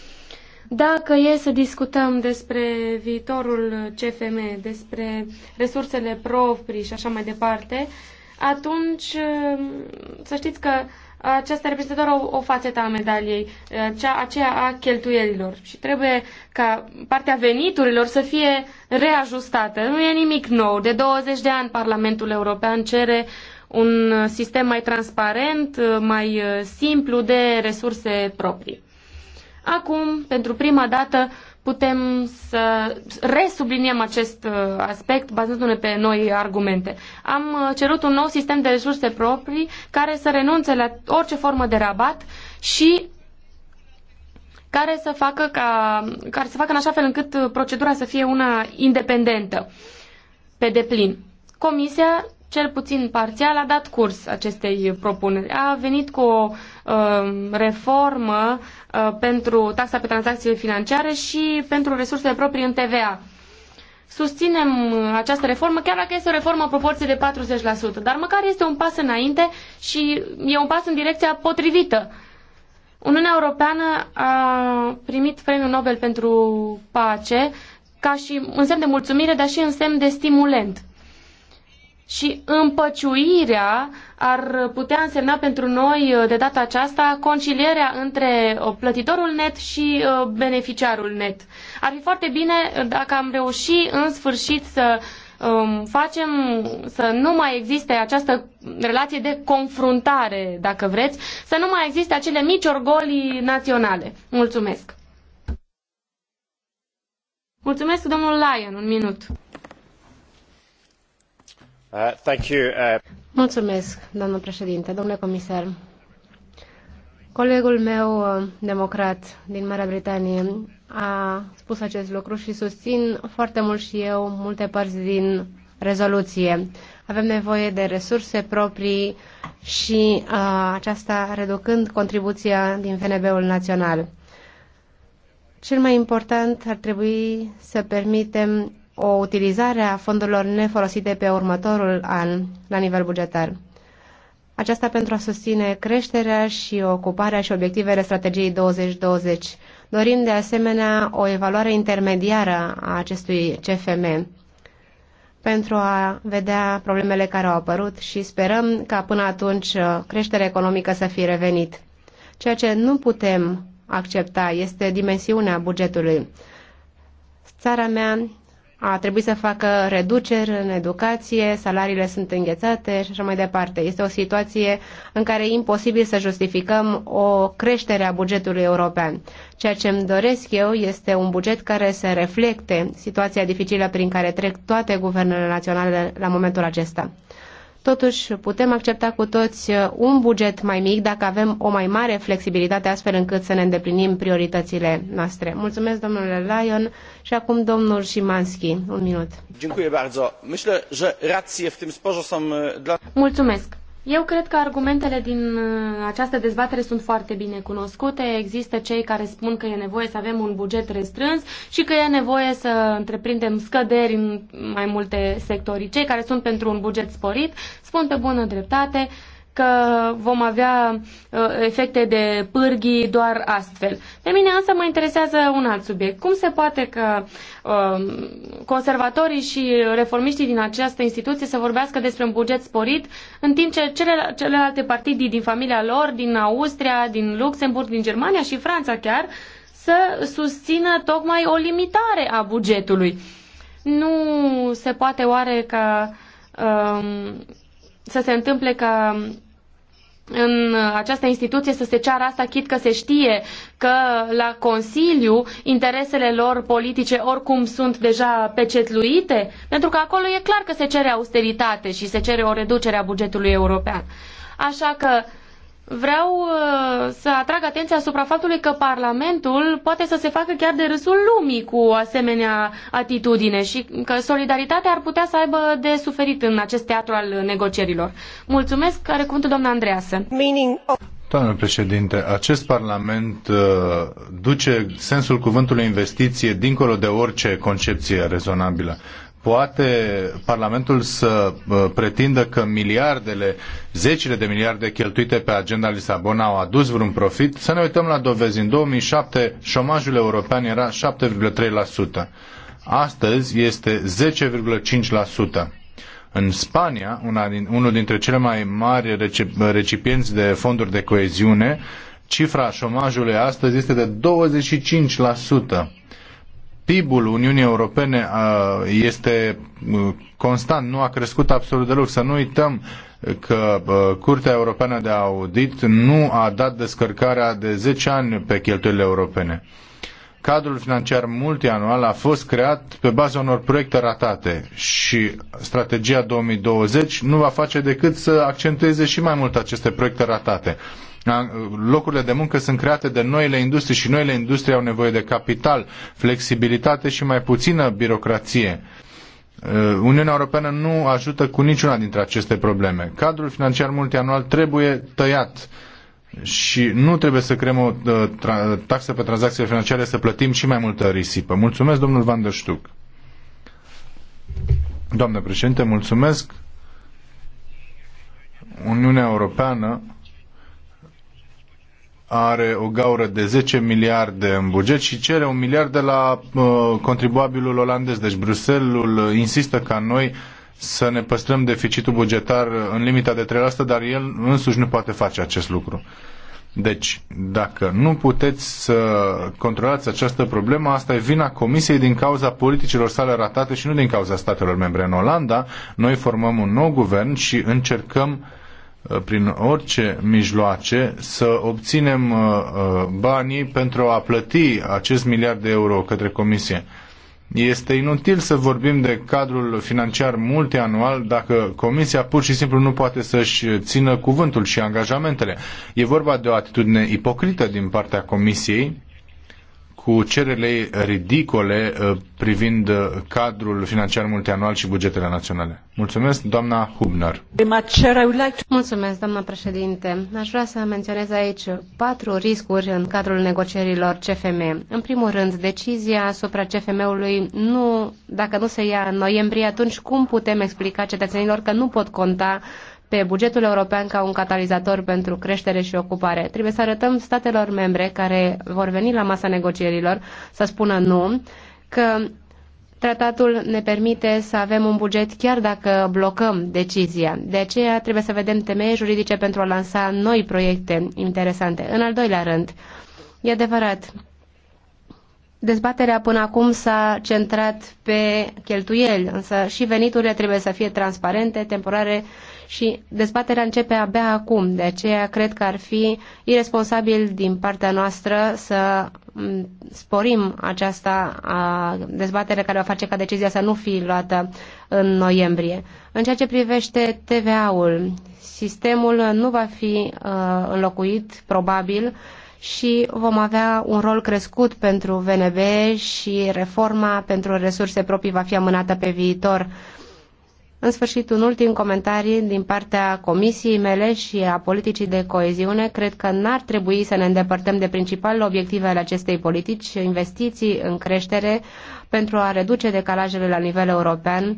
dacă e să discutăm despre viitorul CFM, despre resursele proprii și așa mai departe, atunci să știți că aceasta reprezintă doar o, o fațetă a medaliei, cea, aceea a cheltuielilor. Și trebuie ca partea veniturilor să fie reajustată. Nu e nimic nou. De 20 de ani Parlamentul European cere un sistem mai transparent, mai simplu de resurse proprii. Acum, pentru prima dată, putem să resubliniem acest uh, aspect bazându-ne pe noi argumente. Am uh, cerut un nou sistem de resurse proprii care să renunțe la orice formă de rabat și care să facă, ca, care să facă în așa fel încât uh, procedura să fie una independentă pe deplin. Comisia cel puțin parțial, a dat curs acestei propuneri. A venit cu o um, reformă uh, pentru taxa pe tranzacțiile financiare și pentru resursele proprii în TVA. Susținem această reformă, chiar dacă este o reformă în proporție de 40%, dar măcar este un pas înainte și e un pas în direcția potrivită. Uniunea Europeană a primit premiul Nobel pentru pace ca și în semn de mulțumire, dar și în semn de stimulent și împăciuirea ar putea însemna pentru noi uh, de data aceasta concilierea între uh, plătitorul net și uh, beneficiarul net. Ar fi foarte bine dacă am reușit în sfârșit să um, facem să nu mai existe această relație de confruntare, dacă vreți, să nu mai existe acele mici orgolii naționale. Mulțumesc! Mulțumesc, domnul Lyon, un minut. Uh, uh, Mulțumesc, doamnă președinte, domnule comisar. Colegul meu uh, democrat din Marea Britanie a spus acest lucru și susțin foarte mult și eu multe părți din rezoluție. Avem nevoie de resurse proprii și a, aceasta reducând contribuția din VNB-ul național. Cel mai important ar trebui să permitem o utilizare a fondurilor nefolosite pe următorul an la nivel bugetar. Aceasta pentru a susține creșterea și ocuparea și obiectivele strategiei 2020. Dorim de asemenea o evaluare intermediară a acestui CFM pentru a vedea problemele care au apărut și sperăm ca până atunci uh, creșterea economică să fie revenit. Ceea ce nu putem accepta este dimensiunea bugetului. Țara mea a trebuit să facă reduceri în educație, salariile sunt înghețate și așa mai departe. Este o situație în care e imposibil să justificăm o creștere a bugetului european. Ceea ce îmi doresc eu este un buget care să reflecte situația dificilă prin care trec toate guvernele naționale la momentul acesta. Totuși, putem accepta cu toți uh, un buget mai mic dacă avem o mai mare flexibilitate astfel încât să ne îndeplinim prioritățile noastre. Mulțumesc, domnule Lyon, și acum domnul Șimanski. Un minut. Mulțumesc. Eu cred că argumentele din uh, această dezbatere sunt foarte bine cunoscute. Există cei care spun că e nevoie să avem un buget restrâns și că e nevoie să întreprindem scăderi în mai multe sectorii. Cei care sunt pentru un buget sporit spun pe bună dreptate că vom avea uh, efecte de pârghii doar astfel. Pe mine însă mă interesează un alt subiect. Cum se poate că um, conservatorii și reformiștii din această instituție să vorbească despre un buget sporit, în timp ce celelalte partidii din familia lor, din Austria, din Luxemburg, din Germania și Franța chiar, să susțină tocmai o limitare a bugetului. Nu se poate oare ca uh, să se întâmple ca în această instituție să se ceară asta, chit că se știe că la Consiliu interesele lor politice oricum sunt deja pecetluite, pentru că acolo e clar că se cere austeritate și se cere o reducere a bugetului european. Așa că vreau uh, să atrag atenția asupra faptului că Parlamentul poate să se facă chiar de râsul lumii cu o asemenea atitudine și că solidaritatea ar putea să aibă de suferit în acest teatru al negocierilor. Mulțumesc, are cuvântul doamna Andreasă. Doamnă președinte, acest Parlament uh, duce sensul cuvântului investiție dincolo de orice concepție rezonabilă poate Parlamentul să uh, pretindă că miliardele, zecile de miliarde cheltuite pe agenda Lisabona au adus vreun profit? Să ne uităm la dovezi. În 2007 șomajul european era 7,3%. Astăzi este 10,5%. În Spania, una din, unul dintre cele mai mari recipienți de fonduri de coeziune, cifra șomajului astăzi este de 25%. PIB-ul Uniunii Europene este constant, nu a crescut absolut deloc. Să nu uităm că Curtea Europeană de Audit nu a dat descărcarea de 10 ani pe cheltuielile europene. Cadrul financiar multianual a fost creat pe baza unor proiecte ratate și strategia 2020 nu va face decât să accentueze și mai mult aceste proiecte ratate. Da? Locurile de muncă sunt create de noile industrie și noile industrie au nevoie de capital, flexibilitate și mai puțină birocrație. Uh, Uniunea Europeană nu ajută cu niciuna dintre aceste probleme. Cadrul financiar multianual trebuie tăiat și nu trebuie să creăm o uh, taxă pe tranzacțiile financiare să plătim și mai multă risipă. Mulțumesc, domnul Van der Stuck. Doamne președinte, mulțumesc. Uniunea Europeană are o gaură de 10 miliarde în buget și cere un miliard de la uh, contribuabilul olandez. Deci Bruselul insistă ca noi să ne păstrăm deficitul bugetar în limita de 3%, dar el însuși nu poate face acest lucru. Deci, dacă nu puteți să controlați această problemă, asta e vina Comisiei din cauza politicilor sale ratate și nu din cauza statelor membre. În Olanda, noi formăm un nou guvern și încercăm uh, Uh, prin orice mijloace să obținem uh, uh, banii pentru a plăti acest miliard de euro către Comisie. Este inutil să vorbim de cadrul financiar multianual dacă Comisia pur și simplu nu poate să-și țină cuvântul și angajamentele. E vorba de o atitudine ipocrită din partea Comisiei cu cererile ridicole uh, privind uh, cadrul financiar multianual și bugetele naționale. Mulțumesc, doamna Hubner. Mulțumesc, doamna președinte. Aș vrea să menționez aici patru riscuri în cadrul negocierilor CFM. În primul rând, decizia asupra CFM-ului nu, dacă nu se ia în noiembrie, atunci cum putem explica cetățenilor că nu pot conta pe bugetul european ca un catalizator pentru creștere și ocupare. Trebuie să arătăm statelor membre care vor veni la masa negocierilor să spună nu, că tratatul ne permite să avem un buget chiar dacă blocăm decizia. De aceea trebuie să vedem temeie juridice pentru a lansa noi proiecte interesante. În al doilea rând, e adevărat, Dezbaterea până acum s-a centrat pe cheltuieli, însă și veniturile trebuie să fie transparente, temporare și dezbaterea începe abia acum. De aceea cred că ar fi irresponsabil din partea noastră să sporim această dezbatere care va face ca decizia să nu fie luată în noiembrie. În ceea ce privește TVA-ul, sistemul nu va fi uh, înlocuit, probabil, și vom avea un rol crescut pentru VNB și reforma pentru resurse proprii va fi amânată pe viitor. În sfârșit, un ultim comentariu din partea comisiei mele și a politicii de coeziune. Cred că n-ar trebui să ne îndepărtăm de principalele obiective ale acestei politici, investiții în creștere pentru a reduce decalajele la nivel european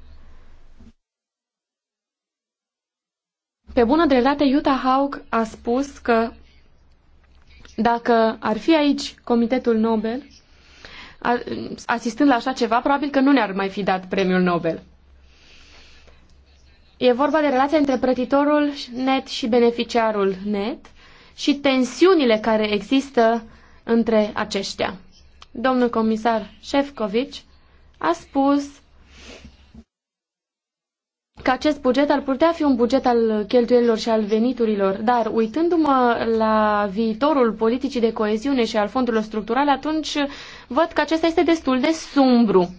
Pe bună dreptate, Utah Hawk a spus că dacă ar fi aici Comitetul Nobel, asistând la așa ceva, probabil că nu ne-ar mai fi dat premiul Nobel. E vorba de relația între prătitorul net și beneficiarul net și tensiunile care există între aceștia. Domnul comisar Șefcovici a spus că acest buget ar putea fi un buget al cheltuielilor și al veniturilor, dar uitându-mă la viitorul politicii de coeziune și al fondurilor structurale, atunci văd că acesta este destul de sumbru.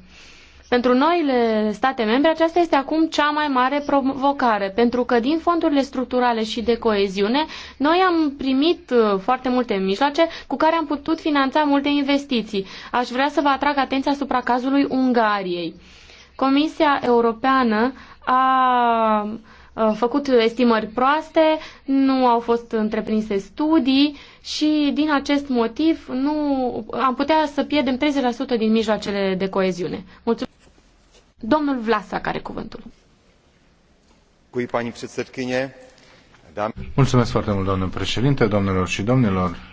Pentru noile state membre, aceasta este acum cea mai mare provocare, pentru că din fondurile structurale și de coeziune, noi am primit uh, foarte multe mijloace cu care am putut finanța multe investiții. Aș vrea să vă atrag atenția asupra cazului Ungariei. Comisia Europeană a făcut estimări proaste, nu au fost întreprinse studii și din acest motiv nu am putea să pierdem 30% din mijloacele de coeziune. Mulțumesc. Domnul Vlasa care cuvântul. Mulțumesc foarte mult, domnul președinte, domnilor și domnilor.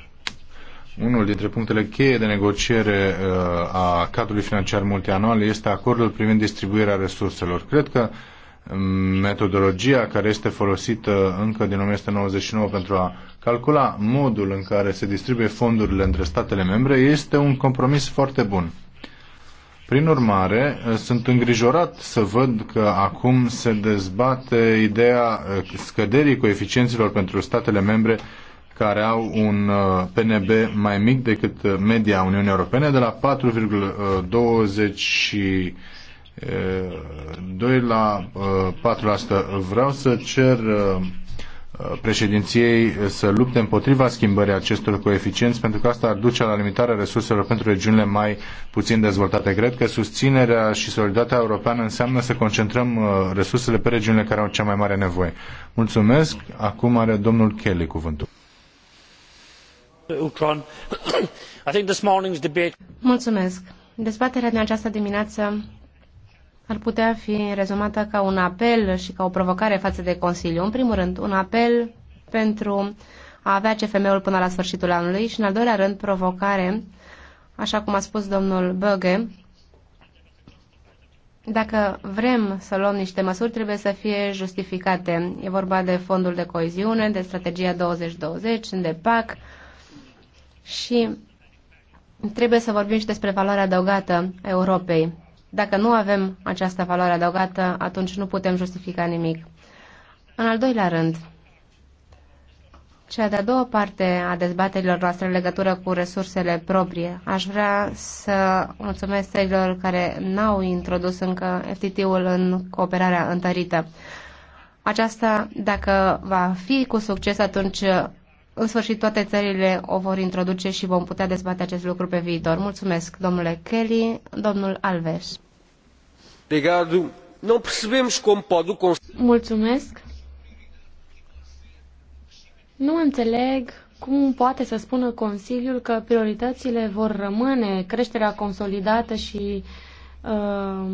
Unul dintre punctele cheie de negociere uh, a cadrului financiar multianual este acordul privind distribuirea resurselor. Cred că um, metodologia care este folosită încă din 1999 pentru a calcula modul în care se distribuie fondurile între statele membre este un compromis foarte bun. Prin urmare, uh, sunt îngrijorat să văd că acum se dezbate ideea uh, scăderii coeficienților pentru statele membre care au un uh, PNB mai mic decât uh, media Uniunii Europene, de la 4,22 uh, la 4%. Vreau să cer președinției să lupte împotriva schimbării acestor coeficienți, pentru că asta ar duce la limitarea resurselor pentru regiunile mai puțin dezvoltate. Cred că susținerea și solidaritatea europeană înseamnă să concentrăm resursele pe regiunile care au cea mai mare nevoie. Mulțumesc. Acum are domnul Kelly cuvântul. (coughs) Mulțumesc. Dezbaterea din această dimineață ar putea fi rezumată ca un apel și ca o provocare față de Consiliu. În primul rând, un apel pentru a avea CFM-ul până la sfârșitul anului și, în al doilea rând, provocare, așa cum a spus domnul Böge, dacă vrem să luăm niște măsuri, trebuie să fie justificate. E vorba de fondul de coeziune, de strategia 2020, de PAC, și trebuie să vorbim și despre valoarea adăugată a Europei. Dacă nu avem această valoare adăugată, atunci nu putem justifica nimic. În al doilea rând, cea de-a doua parte a dezbaterilor noastre în legătură cu resursele proprie. Aș vrea să mulțumesc țărilor care n-au introdus încă FTT-ul în cooperarea întărită. Aceasta, dacă va fi cu succes, atunci în sfârșit toate țările o vor introduce și vom putea dezbate acest lucru pe viitor. Mulțumesc, domnule Kelly, domnul Alves. Obrigado. Não percebemos como pode o Mulțumesc. Nu înțeleg cum poate să spună Consiliul că prioritățile vor rămâne creșterea consolidată și uh,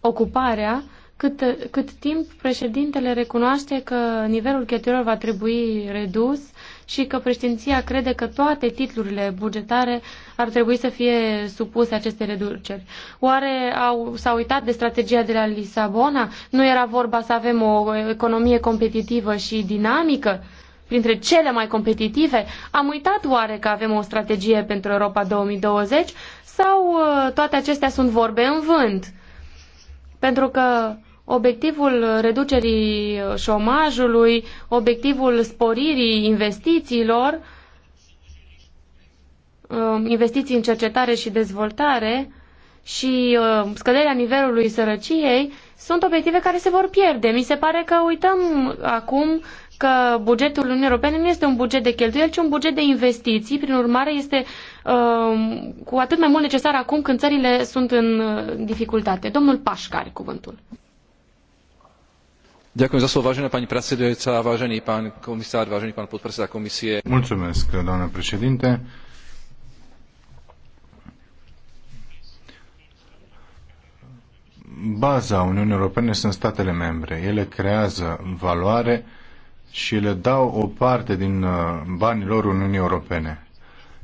ocuparea cât, cât timp președintele recunoaște că nivelul cheltuielor va trebui redus și că președinția crede că toate titlurile bugetare ar trebui să fie supuse aceste reduceri. Oare au, s-a uitat de strategia de la Lisabona? Nu era vorba să avem o economie competitivă și dinamică? printre cele mai competitive? Am uitat oare că avem o strategie pentru Europa 2020 sau uh, toate acestea sunt vorbe în vânt? Pentru că obiectivul reducerii șomajului, obiectivul sporirii investițiilor, um, investiții în cercetare și dezvoltare și um, scăderea nivelului sărăciei sunt obiective care se vor pierde. Mi se pare că uităm acum că bugetul Uniunii Europene nu este un buget de cheltuieli, ci un buget de investiții. Prin urmare, este uh, cu atât mai mult necesar acum când țările sunt în uh, dificultate. Domnul Pașcar, cuvântul. Mulțumesc, doamnă președinte. Baza Uniunii Europene sunt statele membre. Ele creează valoare și le dau o parte din uh, banii lor Uniunii Europene.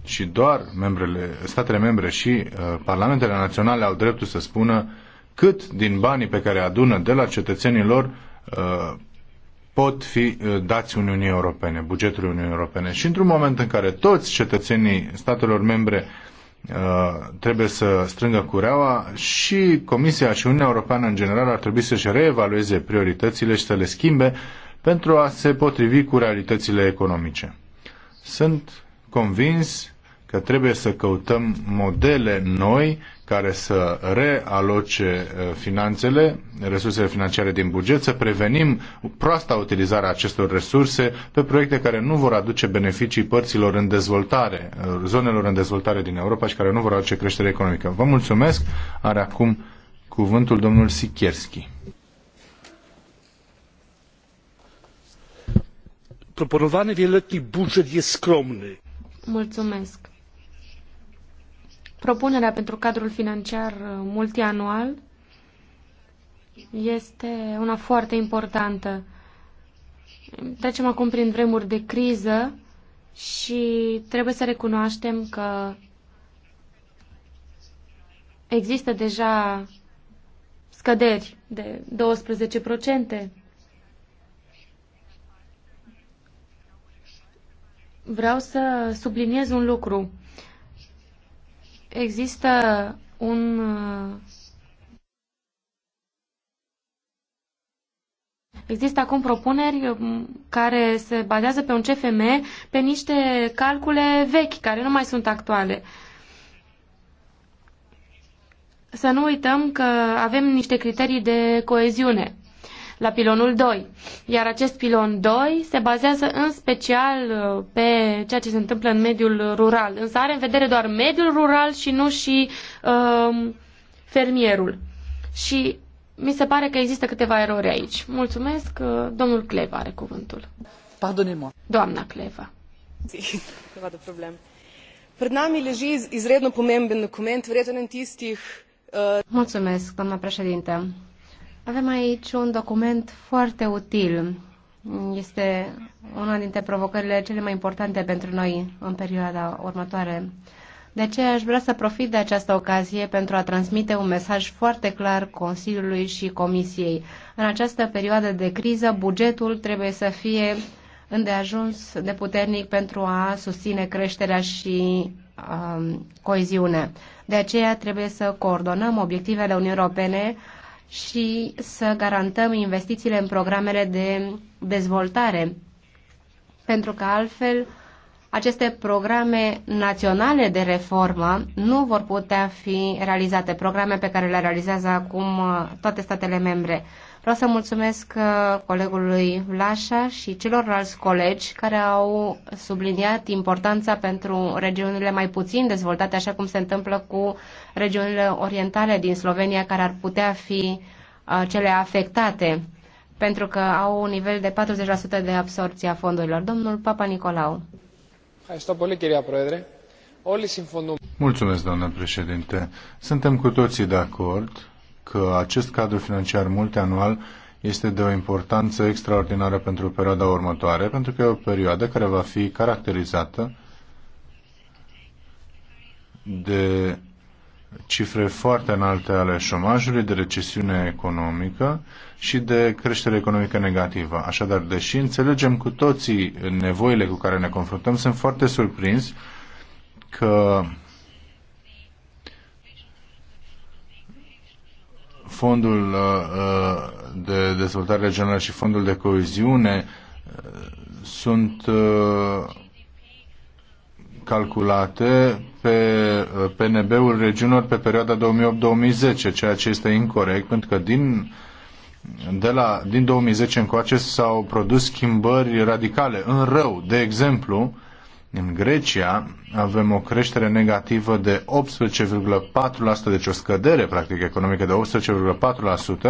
Și doar membrele, statele membre și uh, parlamentele naționale au dreptul să spună cât din banii pe care adună de la cetățenii lor Uh, pot fi uh, dați Uniunii Europene, bugetul Uniunii Europene. Și într-un moment în care toți cetățenii statelor membre uh, trebuie să strângă cureaua și Comisia și Uniunea Europeană în general ar trebui să-și reevalueze prioritățile și să le schimbe pentru a se potrivi cu realitățile economice. Sunt convins că trebuie să căutăm modele noi care să realoce uh, finanțele, resursele financiare din buget, să prevenim proasta utilizare a acestor resurse pe proiecte care nu vor aduce beneficii părților în dezvoltare, uh, zonelor în dezvoltare din Europa și care nu vor aduce creștere economică. Vă mulțumesc. Are acum cuvântul domnul Sikierski. Proponowany wieloletni budżet jest skromny. Mulțumesc propunerea pentru cadrul financiar uh, multianual este una foarte importantă. Trecem acum prin vremuri de criză și trebuie să recunoaștem că există deja scăderi de 12%. Vreau să subliniez un lucru există un Există acum propuneri care se bazează pe un CFM, pe niște calcule vechi, care nu mai sunt actuale. Să nu uităm că avem niște criterii de coeziune la pilonul 2. Iar acest pilon 2 se bazează în special uh, pe ceea ce se întâmplă în mediul rural. Însă are în vedere doar mediul rural și nu și uh, fermierul. Și mi se pare că există câteva erori aici. Mulțumesc. Uh, domnul Cleva are cuvântul. pardonez o Doamna Cleva. Câteva de problem. Pred nami leži izredno pomemben dokument, vreden en tistih. Uh... Mulțumesc, doamna președinte. Avem aici un document foarte util. Este una dintre provocările cele mai importante pentru noi în perioada următoare. De aceea aș vrea să profit de această ocazie pentru a transmite un mesaj foarte clar Consiliului și Comisiei. În această perioadă de criză, bugetul trebuie să fie îndeajuns de puternic pentru a susține creșterea și um, coeziunea. De aceea trebuie să coordonăm obiectivele Uniunii Europene și să garantăm investițiile în programele de dezvoltare, pentru că altfel aceste programe naționale de reformă nu vor putea fi realizate, programe pe care le realizează acum uh, toate statele membre. Vreau să mulțumesc uh, colegului Vlașa și celorlalți colegi care au subliniat importanța pentru regiunile mai puțin dezvoltate, așa cum se întâmplă cu regiunile orientale din Slovenia, care ar putea fi uh, cele afectate pentru că au un nivel de 40% de absorție a fondurilor. Domnul Papa Nicolau. Mulțumesc, doamnă președinte. Suntem cu toții de acord că acest cadru financiar multianual este de o importanță extraordinară pentru perioada următoare, pentru că e o perioadă care va fi caracterizată de cifre foarte înalte ale șomajului, de recesiune economică și de creștere economică negativă. Așadar, deși înțelegem cu toții nevoile cu care ne confruntăm, sunt foarte surprins că fondul uh, uh, de dezvoltare regională și fondul de coeziune uh, sunt calculate pe PNB-ul regiunilor pe perioada 2008-2010, ceea ce este incorrect, pentru că din, de la, din 2010 încoace s-au produs schimbări radicale în rău. De exemplu, în Grecia avem o creștere negativă de 18,4%, deci o scădere practic economică de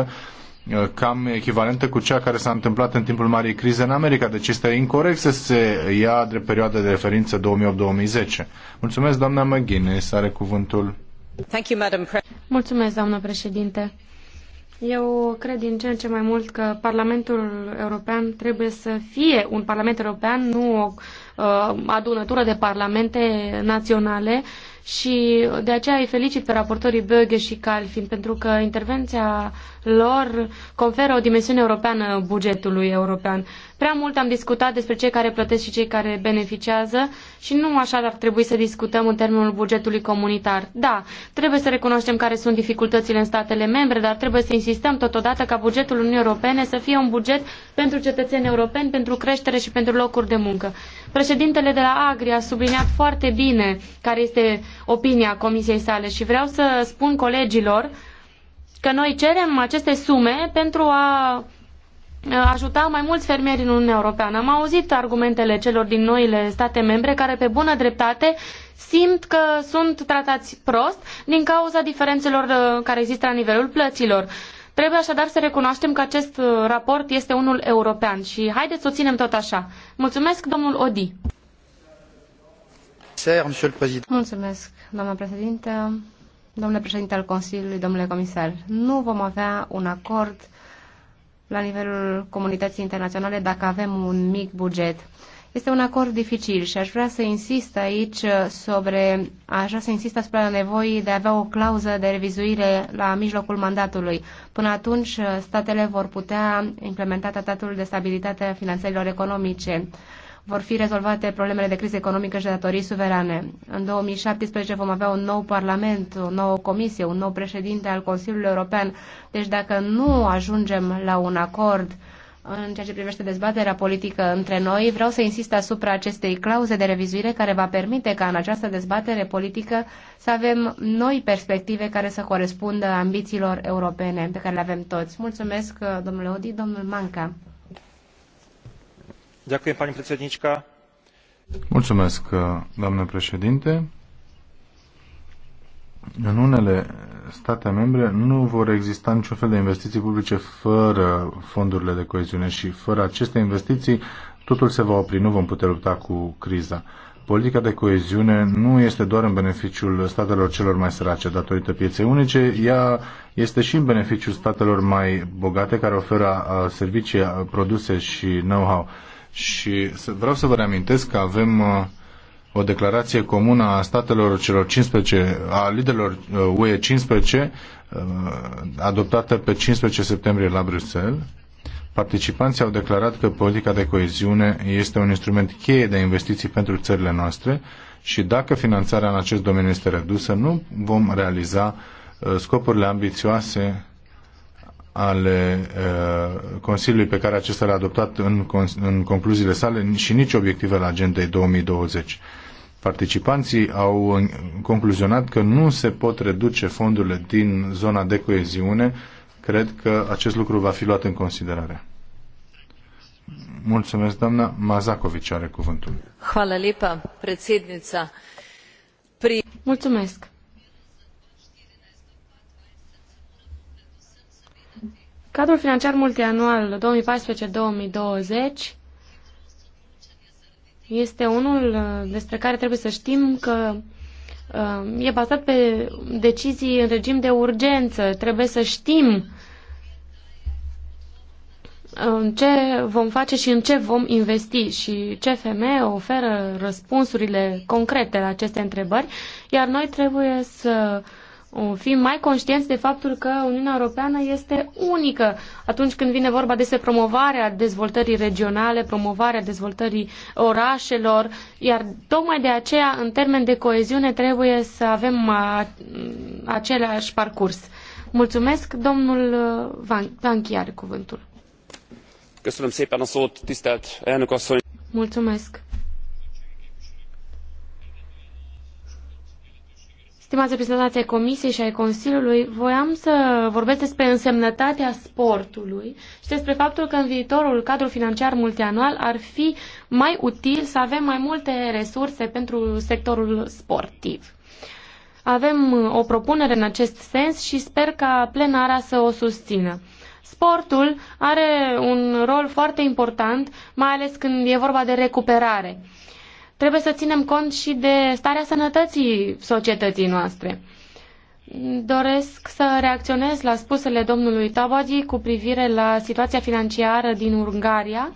18,4%, cam echivalentă cu cea care s-a întâmplat în timpul marii crize în America. Deci este incorrect să se ia de perioada de referință 2008-2010. Mulțumesc, doamna McGuinness. Are cuvântul. Mulțumesc, doamnă președinte. Eu cred din ce în ce mai mult că Parlamentul European trebuie să fie un Parlament European, nu o Uh, adunătură de parlamente naționale și de aceea îi felicit pe raportorii Böge și Calfin pentru că intervenția lor conferă o dimensiune europeană bugetului european. Prea mult am discutat despre cei care plătesc și cei care beneficiază și nu așa ar trebui să discutăm în termenul bugetului comunitar. Da, trebuie să recunoaștem care sunt dificultățile în statele membre, dar trebuie să insistăm totodată ca bugetul Uniunii Europene să fie un buget pentru cetățeni europeni, pentru creștere și pentru locuri de muncă. Președintele de la Agri a subliniat foarte bine care este opinia comisiei sale și vreau să spun colegilor că noi cerem aceste sume pentru a ajuta mai mulți fermieri în Uniunea Europeană. Am auzit argumentele celor din noile state membre care, pe bună dreptate, simt că sunt tratați prost din cauza diferențelor uh, care există la nivelul plăților. Trebuie așadar să recunoaștem că acest uh, raport este unul european și haideți să o ținem tot așa. Mulțumesc, domnul Odi. Mulțumesc, președintă, domnule președinte al Consiliului, domnule comisar. Nu vom avea un acord la nivelul comunității internaționale dacă avem un mic buget. Este un acord dificil și aș vrea să insist aici sobre, aș vrea să insist asupra nevoii de a avea o clauză de revizuire la mijlocul mandatului. Până atunci, statele vor putea implementa tratatul de stabilitate a finanțărilor economice vor fi rezolvate problemele de criză economică și de datorii suverane. În 2017 vom avea un nou Parlament, o nouă Comisie, un nou președinte al Consiliului European. Deci dacă nu ajungem la un acord în ceea ce privește dezbaterea politică între noi, vreau să insist asupra acestei clauze de revizuire care va permite ca în această dezbatere politică să avem noi perspective care să corespundă ambițiilor europene pe care le avem toți. Mulțumesc, domnule Odi, domnul Manca. Mulțumesc, uh, doamnă președinte. În unele state membre nu vor exista niciun fel de investiții publice fără fondurile de coeziune și fără aceste investiții totul se va opri, nu vom putea lupta cu criza. Politica de coeziune nu este doar în beneficiul statelor celor mai sărace datorită pieței unice, ea este și în beneficiul statelor mai bogate care oferă uh, servicii, uh, produse și know-how și vreau să vă reamintesc că avem uh, o declarație comună a statelor celor 15, a liderilor uh, UE 15, uh, adoptată pe 15 septembrie la Bruxelles. Participanții au declarat că politica de coeziune este un instrument cheie de investiții pentru țările noastre și dacă finanțarea în acest domeniu este redusă, nu vom realiza scopurile ambițioase ale uh, Consiliului pe care acesta le-a adoptat în, în concluziile sale și nici obiectivele agendei 2020. Participanții au concluzionat că nu se pot reduce fondurile din zona de coeziune. Cred că acest lucru va fi luat în considerare. Mulțumesc, doamna Mazakovici are cuvântul. Hvala lipa, Pri... Mulțumesc. Cadrul financiar multianual 2014-2020 este unul uh, despre care trebuie să știm că uh, e bazat pe decizii în regim de urgență. Trebuie să știm uh, ce vom face și în ce vom investi și CFM oferă răspunsurile concrete la aceste întrebări, iar noi trebuie să uh, fim mai conștienți de faptul că Uniunea Europeană este unică atunci când vine vorba despre promovarea dezvoltării regionale, promovarea dezvoltării orașelor, iar tocmai de aceea, în termen de coeziune, trebuie să avem același parcurs. Mulțumesc, domnul uh, Van, Vanchi are cuvântul. Mulțumesc. Stimați reprezentanți ai Comisiei și ai Consiliului, voiam să vorbesc despre însemnătatea sportului și despre faptul că în viitorul cadru financiar multianual ar fi mai util să avem mai multe resurse pentru sectorul sportiv. Avem uh, o propunere în acest sens și sper ca plenara să o susțină. Sportul are un rol foarte important, mai ales când e vorba de recuperare trebuie să ținem cont și de starea sănătății societății noastre. Doresc să reacționez la spusele domnului Tabagi cu privire la situația financiară din Ungaria.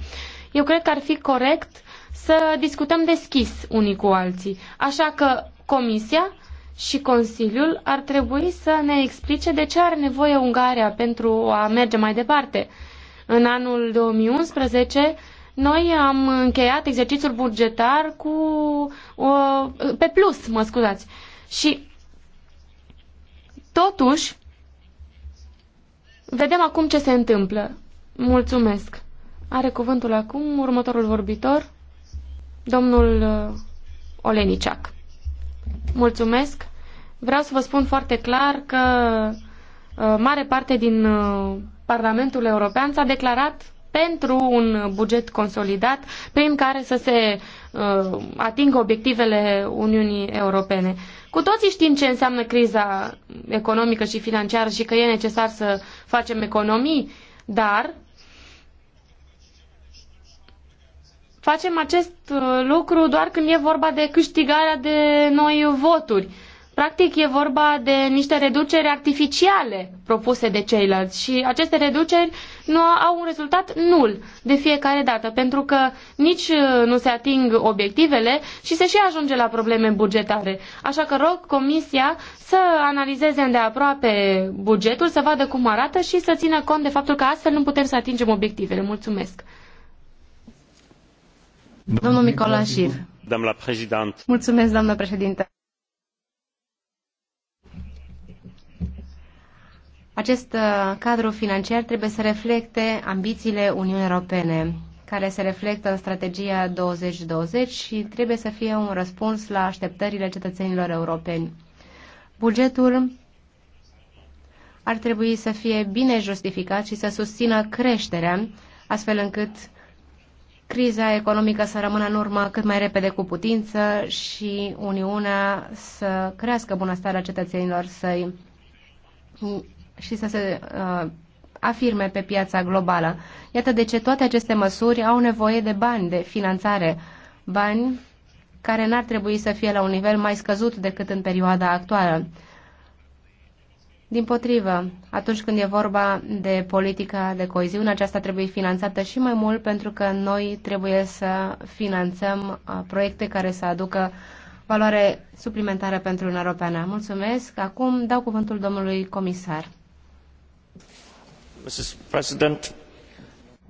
Eu cred că ar fi corect să discutăm deschis unii cu alții. Așa că Comisia și Consiliul ar trebui să ne explice de ce are nevoie Ungaria pentru a merge mai departe. În anul 2011 noi am încheiat exercițiul bugetar cu o, pe plus, mă scuzați. Și totuși vedem acum ce se întâmplă. Mulțumesc. Are cuvântul acum următorul vorbitor, domnul uh, Oleniciac. Mulțumesc. Vreau să vă spun foarte clar că uh, mare parte din uh, Parlamentul European s-a declarat pentru un buget consolidat prin care să se uh, atingă obiectivele Uniunii Europene. Cu toții știm ce înseamnă criza economică și financiară și că e necesar să facem economii, dar facem acest uh, lucru doar când e vorba de câștigarea de noi voturi. Uh, Practic e vorba de niște reduceri artificiale propuse de ceilalți și aceste reduceri nu au un rezultat nul de fiecare dată, pentru că nici uh, nu se ating obiectivele și se și ajunge la probleme bugetare. Așa că rog Comisia să analizeze îndeaproape bugetul, să vadă cum arată și să țină cont de faptul că astfel nu putem să atingem obiectivele. Mulțumesc. Domnul Micolașiv. Doamna președinte. Mulțumesc, doamnă președinte. Acest uh, cadru financiar trebuie să reflecte ambițiile Uniunii Europene, care se reflectă în strategia 2020 și trebuie să fie un răspuns la așteptările cetățenilor europeni. Bugetul ar trebui să fie bine justificat și să susțină creșterea, astfel încât criza economică să rămână în urmă cât mai repede cu putință și Uniunea să crească bunăstarea cetățenilor săi și să se uh, afirme pe piața globală. Iată de ce toate aceste măsuri au nevoie de bani, de finanțare, bani care n-ar trebui să fie la un nivel mai scăzut decât în perioada actuală. Din potrivă, atunci când e vorba de politica de coeziune, aceasta trebuie finanțată și mai mult pentru că noi trebuie să finanțăm uh, proiecte care să aducă valoare suplimentară pentru Uniunea Europeană. Mulțumesc. Acum dau cuvântul domnului comisar.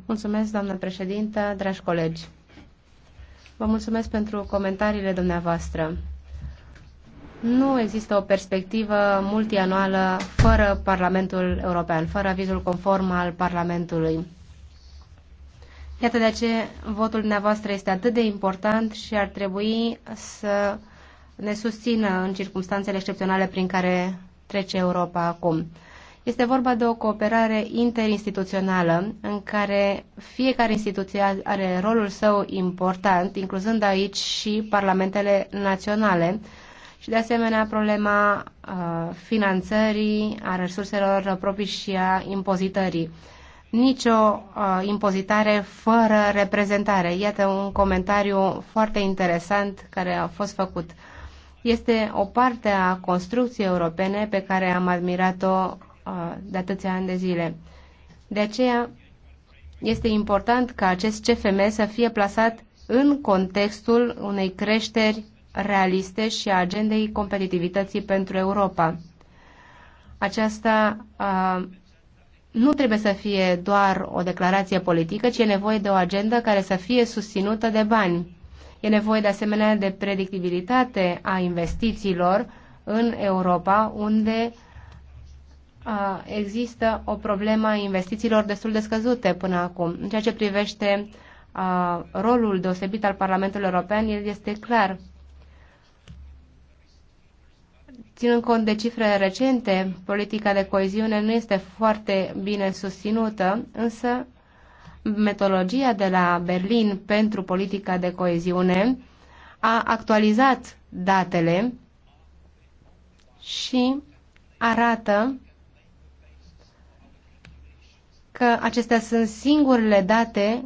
Mulțumesc, dragi colegi. Vă mulțumesc pentru comentariile dumneavoastră. Nu există o perspectivă multianuală fără Parlamentul European, fără avizul conform al Parlamentului. Iată de ce votul dumneavoastră este atât de important și ar trebui să ne susțină în circunstanțele excepționale prin care trece Europa acum. Este vorba de o cooperare interinstituțională în care fiecare instituție are rolul său important, incluzând aici și parlamentele naționale și de asemenea problema uh, finanțării, a resurselor proprii și a impozitării. Nicio uh, impozitare fără reprezentare. Iată un comentariu foarte interesant care a fost făcut. Este o parte a construcției europene pe care am admirat-o de atâția ani de zile. De aceea este important ca acest CFM să fie plasat în contextul unei creșteri realiste și a agendei competitivității pentru Europa. Aceasta a, nu trebuie să fie doar o declarație politică, ci e nevoie de o agendă care să fie susținută de bani. E nevoie de asemenea de predictibilitate a investițiilor în Europa, unde există o problemă a investițiilor destul de scăzute până acum. În ceea ce privește rolul deosebit al Parlamentului European, el este clar. Ținând cont de cifre recente, politica de coeziune nu este foarte bine susținută, însă metodologia de la Berlin pentru politica de coeziune a actualizat datele și arată că acestea sunt singurele date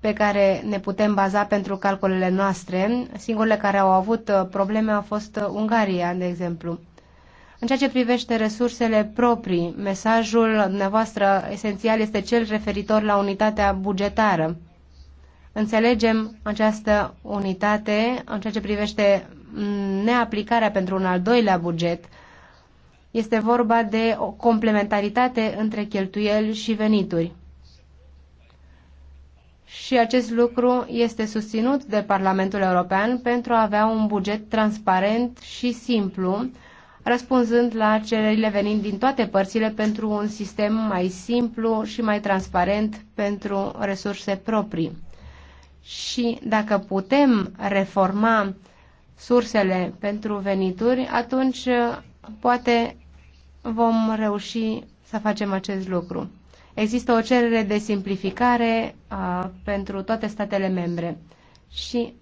pe care ne putem baza pentru calculele noastre. Singurele care au avut uh, probleme au fost uh, Ungaria, de exemplu. În ceea ce privește resursele proprii, mesajul dumneavoastră esențial este cel referitor la unitatea bugetară. Înțelegem această unitate în ceea ce privește mm, neaplicarea pentru un al doilea buget, este vorba de o complementaritate între cheltuieli și venituri. Și acest lucru este susținut de Parlamentul European pentru a avea un buget transparent și simplu, răspunzând la cererile venind din toate părțile pentru un sistem mai simplu și mai transparent pentru resurse proprii. Și dacă putem reforma sursele pentru venituri, atunci poate vom reuși să facem acest lucru. Există o cerere de simplificare a, uh, pentru toate statele membre și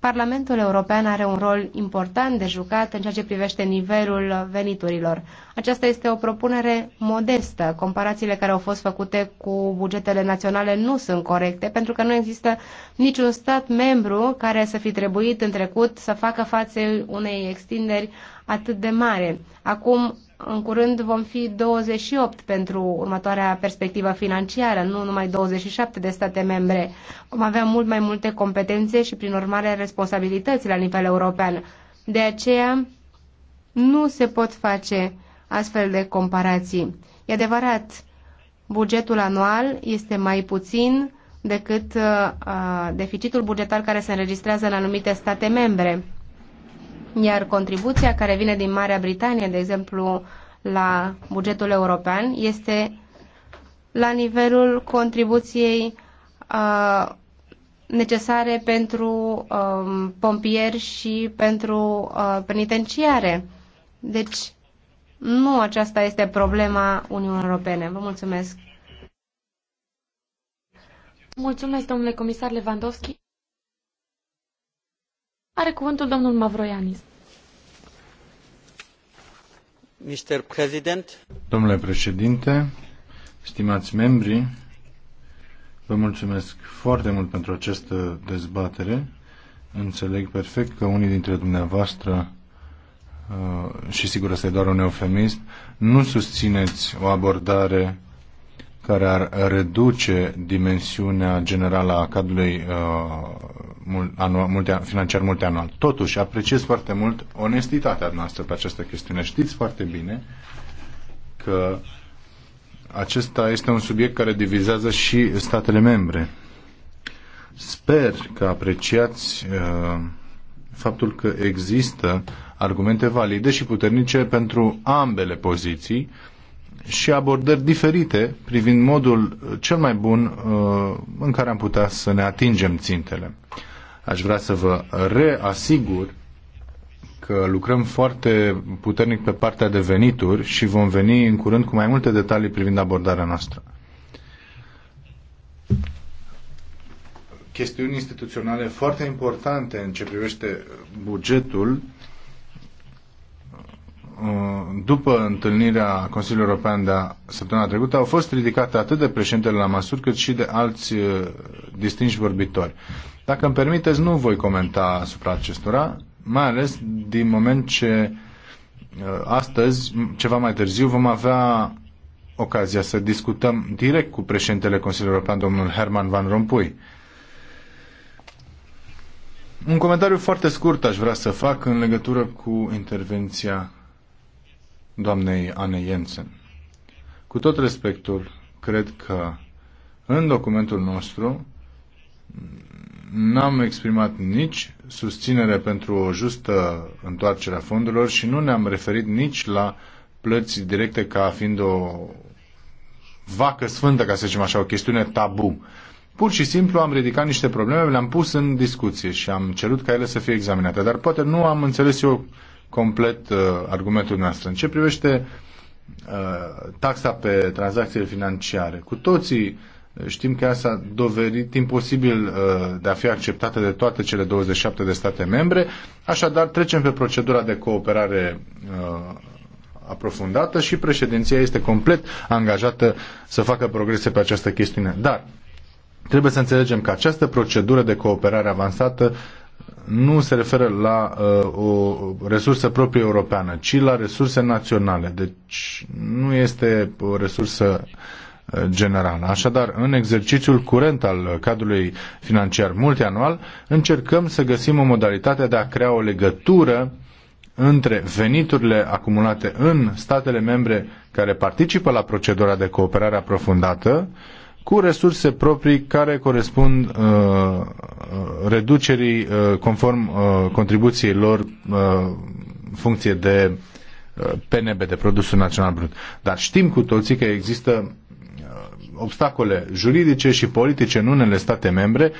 Parlamentul European are un rol important de jucat în ceea ce privește nivelul veniturilor. Aceasta este o propunere modestă. Comparațiile care au fost făcute cu bugetele naționale nu sunt corecte, pentru că nu există niciun stat membru care să fi trebuit în trecut să facă față unei extinderi atât de mare. Acum în curând vom fi 28 pentru următoarea perspectivă financiară, nu numai 27 de state membre. Vom avea mult mai multe competențe și, prin urmare, responsabilități la nivel european. De aceea, nu se pot face astfel de comparații. E adevărat, bugetul anual este mai puțin decât uh, deficitul bugetar care se înregistrează în anumite state membre iar contribuția care vine din Marea Britanie, de exemplu, la bugetul european, este la nivelul contribuției uh, necesare pentru uh, pompieri și pentru uh, penitenciare. Deci, nu aceasta este problema Uniunii Europene. Vă mulțumesc. Mulțumesc, domnule comisar Lewandowski. Are cuvântul domnul Mavroianis. Mr. President. Domnule președinte, stimați membri, vă mulțumesc foarte mult pentru această dezbatere. Înțeleg perfect că unii dintre dumneavoastră uh, și sigur să e doar un eufemism, nu susțineți o abordare care ar reduce dimensiunea generală a cadrului uh, financiar multianual. Totuși, apreciez foarte mult onestitatea noastră pe această chestiune. Știți foarte bine că acesta este un subiect care divizează și statele membre. Sper că apreciați uh, faptul că există argumente valide și puternice pentru ambele poziții și abordări diferite privind modul cel mai bun uh, în care am putea să ne atingem țintele. Aș vrea să vă reasigur că lucrăm foarte puternic pe partea de venituri și vom veni în curând cu mai multe detalii privind abordarea noastră. Chestiuni instituționale foarte importante în ce privește bugetul Uh, după întâlnirea Consiliului European de săptămâna trecută, au fost ridicate atât de președintele la Masur cât și de alți uh, distinși vorbitori. Dacă îmi permiteți, nu voi comenta asupra acestora, mai ales din moment ce uh, astăzi, ceva mai târziu, vom avea ocazia să discutăm direct cu președintele Consiliului European, domnul Herman Van Rompuy. Un comentariu foarte scurt aș vrea să fac în legătură cu intervenția doamnei Anne Jensen. Cu tot respectul, cred că în documentul nostru n-am exprimat nici susținere pentru o justă întoarcere a fondurilor și nu ne-am referit nici la plăți directe ca fiind o vacă sfântă, ca să zicem așa, o chestiune tabu. Pur și simplu am ridicat niște probleme, le-am pus în discuție și am cerut ca ele să fie examinate, dar poate nu am înțeles eu complet uh, argumentul noastră. În ce privește uh, taxa pe tranzacțiile financiare, cu toții uh, știm că ea s-a dovedit imposibil uh, de a fi acceptată de toate cele 27 de state membre, așadar trecem pe procedura de cooperare uh, aprofundată și președinția este complet angajată să facă progrese pe această chestiune. Dar trebuie să înțelegem că această procedură de cooperare avansată nu se referă la uh, o resursă proprie europeană, ci la resurse naționale. Deci nu este o resursă general. Uh, generală. Așadar, în exercițiul curent al cadrului financiar multianual, încercăm să găsim o modalitate de a crea o legătură între veniturile acumulate în statele membre care participă la procedura de cooperare aprofundată uh, cu resurse proprii care corespund uh, reducerii uh, conform uh, contribuției lor uh, funcție de uh, PNB, de produsul național brut. Dar știm cu toții că există uh, obstacole juridice și politice în unele state membre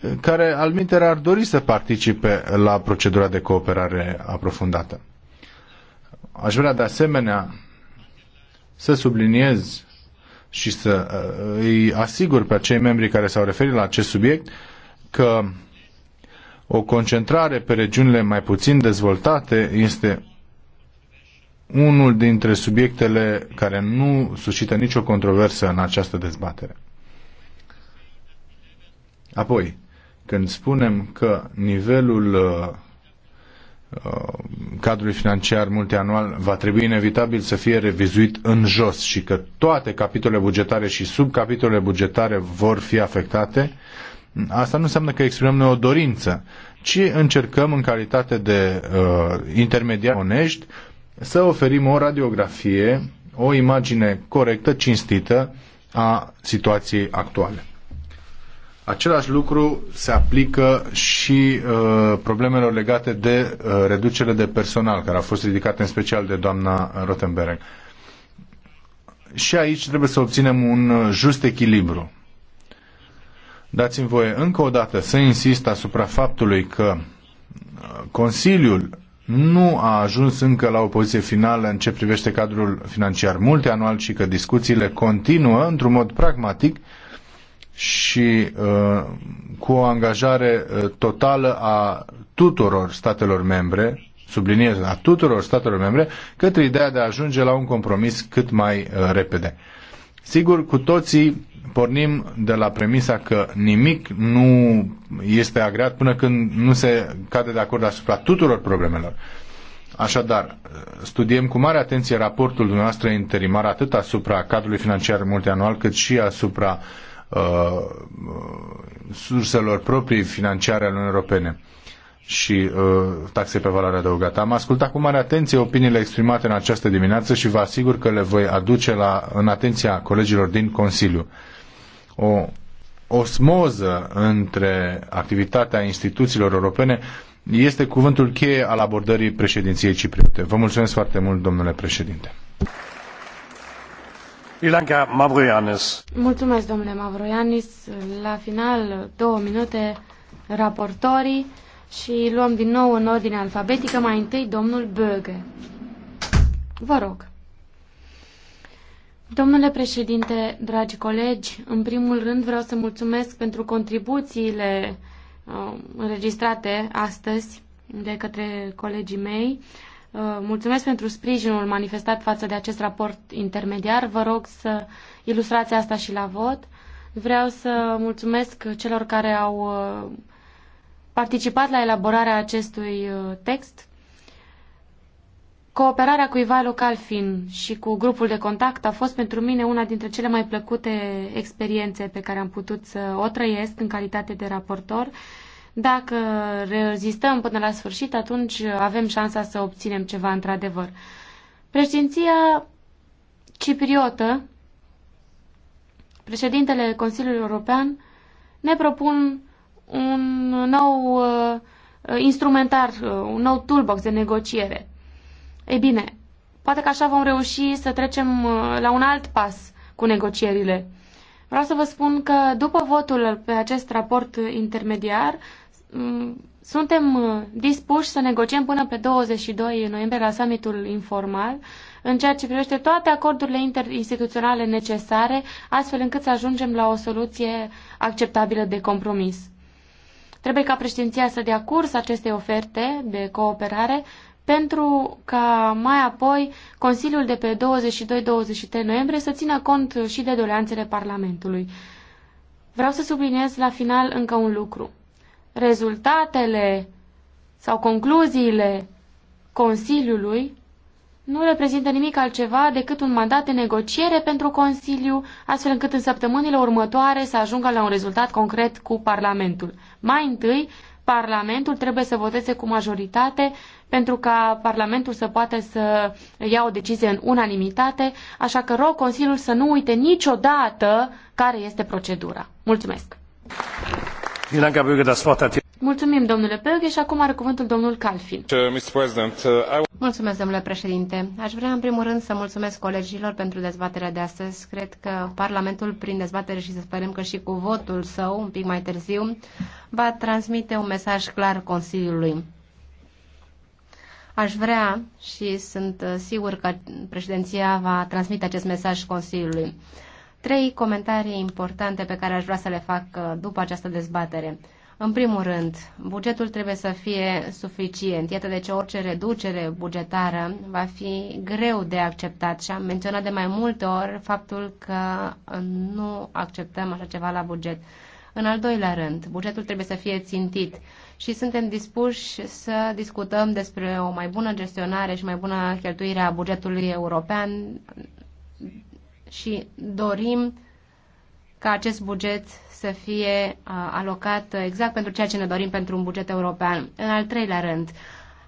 uh, care alminter ar dori să participe la procedura de cooperare aprofundată. Aș vrea de asemenea să subliniez și să uh, îi asigur pe acei membri care s-au referit la acest subiect că o concentrare pe regiunile mai puțin dezvoltate este unul dintre subiectele care nu suscită nicio controversă în această dezbatere. Apoi, când spunem că nivelul uh, Uh, cadrului financiar multianual va trebui inevitabil să fie revizuit în jos și că toate capitolele bugetare și subcapitolele bugetare vor fi afectate, asta nu înseamnă că exprimăm noi o dorință, ci încercăm în calitate de uh, intermediar onești să oferim o radiografie, o imagine corectă, cinstită a situației actuale. Același lucru se aplică și uh, problemelor legate de uh, reducere de personal, care a fost ridicate în special de doamna Rottenberg. Și aici trebuie să obținem un uh, just echilibru. Dați-mi voie încă o dată să insist asupra faptului că uh, Consiliul nu a ajuns încă la o poziție finală în ce privește cadrul financiar multianual și că discuțiile continuă într-un mod pragmatic și uh, cu o angajare uh, totală a tuturor statelor membre, subliniez, a tuturor statelor membre, către ideea de a ajunge la un compromis cât mai uh, repede. Sigur, cu toții pornim de la premisa că nimic nu este agreat până când nu se cade de acord asupra tuturor problemelor. Așadar, studiem cu mare atenție raportul dumneavoastră interimar atât asupra cadrului financiar multianual cât și asupra uh, uh, surselor proprii financiare ale Uniunii Europene și uh, taxe pe valoare adăugată. Am ascultat cu mare atenție opiniile exprimate în această dimineață și vă asigur că le voi aduce la, în atenția colegilor din Consiliu. O osmoză între activitatea instituțiilor europene este cuvântul cheie al abordării președinției cipriote. Vă mulțumesc foarte mult, domnule președinte. Mulțumesc, domnule Mavroianis. La final, două minute, raportorii și luăm din nou în ordine alfabetică, mai întâi domnul Böge. Vă rog. Domnule președinte, dragi colegi, în primul rând vreau să mulțumesc pentru contribuțiile uh, înregistrate astăzi de către colegii mei. Uh, Uh, mulțumesc pentru sprijinul manifestat față de acest raport intermediar. Vă rog să ilustrați asta și la vot. Vreau să mulțumesc celor care au uh, participat la elaborarea acestui uh, text. Cooperarea cu local fin și cu grupul de contact a fost pentru mine una dintre cele mai plăcute experiențe pe care am putut să o trăiesc în calitate de raportor dacă rezistăm până la sfârșit, atunci avem șansa să obținem ceva într-adevăr. Președinția cipriotă, președintele Consiliului European, ne propun un nou uh, instrumentar, uh, un nou toolbox de negociere. Ei bine, poate că așa vom reuși să trecem uh, la un alt pas cu negocierile. Vreau să vă spun că după votul pe acest raport intermediar, Mm, suntem uh, dispuși să negociem până pe 22 noiembrie la summitul informal în ceea ce privește toate acordurile interinstituționale necesare, astfel încât să ajungem la o soluție acceptabilă de compromis. Trebuie ca președinția să dea curs acestei oferte de cooperare pentru ca mai apoi Consiliul de pe 22-23 noiembrie să țină cont și de doleanțele Parlamentului. Vreau să subliniez la final încă un lucru rezultatele sau concluziile Consiliului nu reprezintă nimic altceva decât un mandat de negociere pentru Consiliu, astfel încât în săptămânile următoare să ajungă la un rezultat concret cu Parlamentul. Mai întâi, Parlamentul trebuie să voteze cu majoritate pentru ca Parlamentul să poată să ia o decizie în unanimitate, așa că rog Consiliul să nu uite niciodată care este procedura. Mulțumesc! Mulțumim, domnule Böge, și acum are cuvântul domnul Calfin. Uh, uh, mulțumesc, domnule președinte. Aș vrea, în primul rând, să mulțumesc colegilor pentru dezbaterea de astăzi. Cred că Parlamentul, prin dezbatere și să sperăm că și cu votul său, un pic mai târziu, va transmite un mesaj clar Consiliului. Aș vrea și sunt uh, sigur că președinția va transmite acest mesaj Consiliului. Trei comentarii importante pe care aș vrea să le fac uh, după această dezbatere. În primul rând, bugetul trebuie să fie suficient. Iată de ce orice reducere bugetară va fi greu de acceptat și am menționat de mai multe ori faptul că nu acceptăm așa ceva la buget. În al doilea rând, bugetul trebuie să fie țintit și suntem dispuși să discutăm despre o mai bună gestionare și mai bună cheltuire a bugetului european și dorim ca acest buget să fie uh, alocat exact pentru ceea ce ne dorim pentru un buget european. În al treilea rând,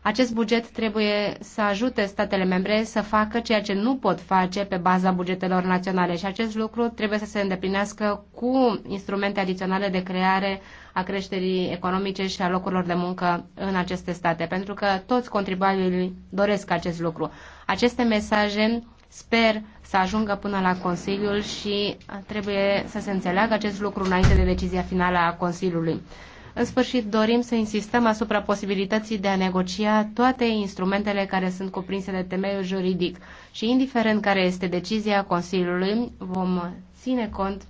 acest buget trebuie să ajute statele membre să facă ceea ce nu pot face pe baza bugetelor naționale și acest lucru trebuie să se îndeplinească cu instrumente adiționale de creare a creșterii economice și a locurilor de muncă în aceste state, pentru că toți contribuabilii doresc acest lucru. Aceste mesaje Sper să ajungă până la Consiliul și trebuie să se înțeleagă acest lucru înainte de decizia finală a Consiliului. În sfârșit, dorim să insistăm asupra posibilității de a negocia toate instrumentele care sunt cuprinse de temeiul juridic și, indiferent care este decizia Consiliului, vom ține cont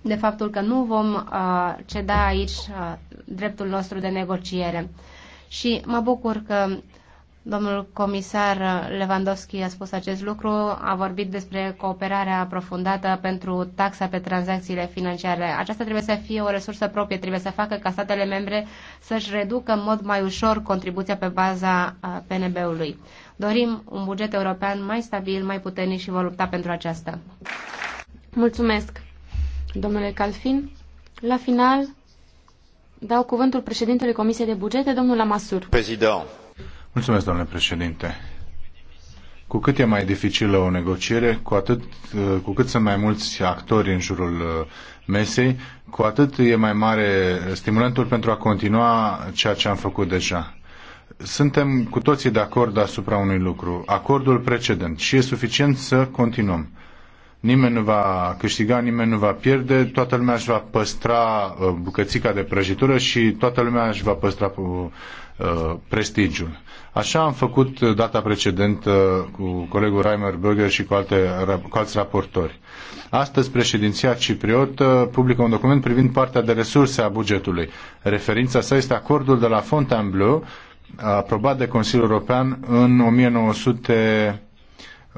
de faptul că nu vom uh, ceda aici uh, dreptul nostru de negociere. Și mă bucur că Domnul comisar Lewandowski a spus acest lucru, a vorbit despre cooperarea aprofundată pentru taxa pe tranzacțiile financiare. Aceasta trebuie să fie o resursă proprie, trebuie să facă ca statele membre să-și reducă în mod mai ușor contribuția pe baza PNB-ului. Dorim un buget european mai stabil, mai puternic și vom lupta pentru aceasta. Mulțumesc, domnule Calfin. La final, dau cuvântul președintelui Comisiei de Bugete, domnul Lamasur. Președinte. Mulțumesc, domnule președinte. Cu cât e mai dificilă o negociere, cu, atât, uh, cu cât sunt mai mulți actori în jurul uh, mesei, cu atât e mai mare stimulantul pentru a continua ceea ce am făcut deja. Suntem cu toții de acord asupra unui lucru, acordul precedent, și e suficient să continuăm. Nimeni nu va câștiga, nimeni nu va pierde, toată lumea își va păstra uh, bucățica de prăjitură și toată lumea își va păstra Uh, prestigiul. Așa am făcut uh, data precedentă cu colegul Reimer Böger și cu, alte, cu alți raportori. Astăzi, președinția cipriotă publică un document privind partea de resurse a bugetului. Referința sa este acordul de la Fontainebleau, aprobat de Consiliul European în 1900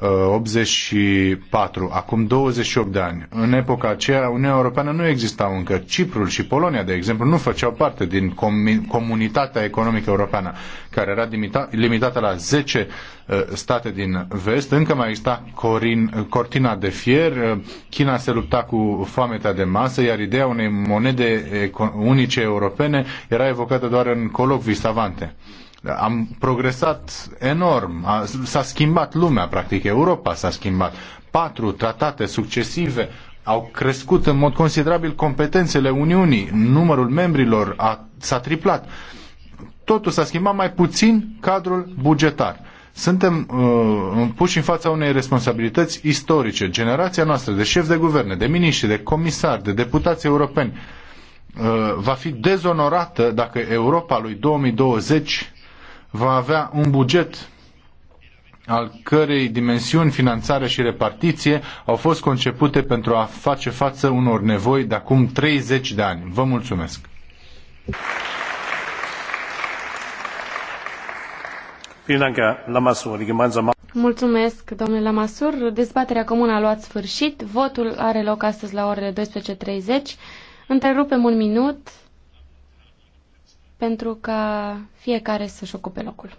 84, uh, acum 28 de ani. În epoca aceea, Uniunea Europeană nu existau încă. Ciprul și Polonia, de exemplu, nu făceau parte din comunitatea economică europeană, care era limita, limitată la 10 uh, state din vest. Încă mai exista corin, cortina de fier, uh, China se lupta cu foamea de masă, iar ideea unei monede unice europene era evocată doar în colocvii Uh, am progresat enorm, s-a schimbat lumea, practic Europa s-a schimbat. Patru tratate succesive au crescut în mod considerabil competențele Uniunii, numărul membrilor a, s-a triplat. Totul s-a schimbat mai puțin cadrul bugetar. Suntem uh, puși în fața unei responsabilități istorice. Generația noastră de șefi de guverne, de miniștri, de comisari, de deputați europeni uh, va fi dezonorată dacă Europa lui 2020 va avea un buget al cărei dimensiuni, finanțare și repartiție au fost concepute pentru a face față unor nevoi de acum 30 de ani. Vă mulțumesc! Mulțumesc, domnule Lamasur. Dezbaterea comună a luat sfârșit. Votul are loc astăzi la orele 12.30. Întrerupem un minut pentru ca fiecare să-și ocupe locul.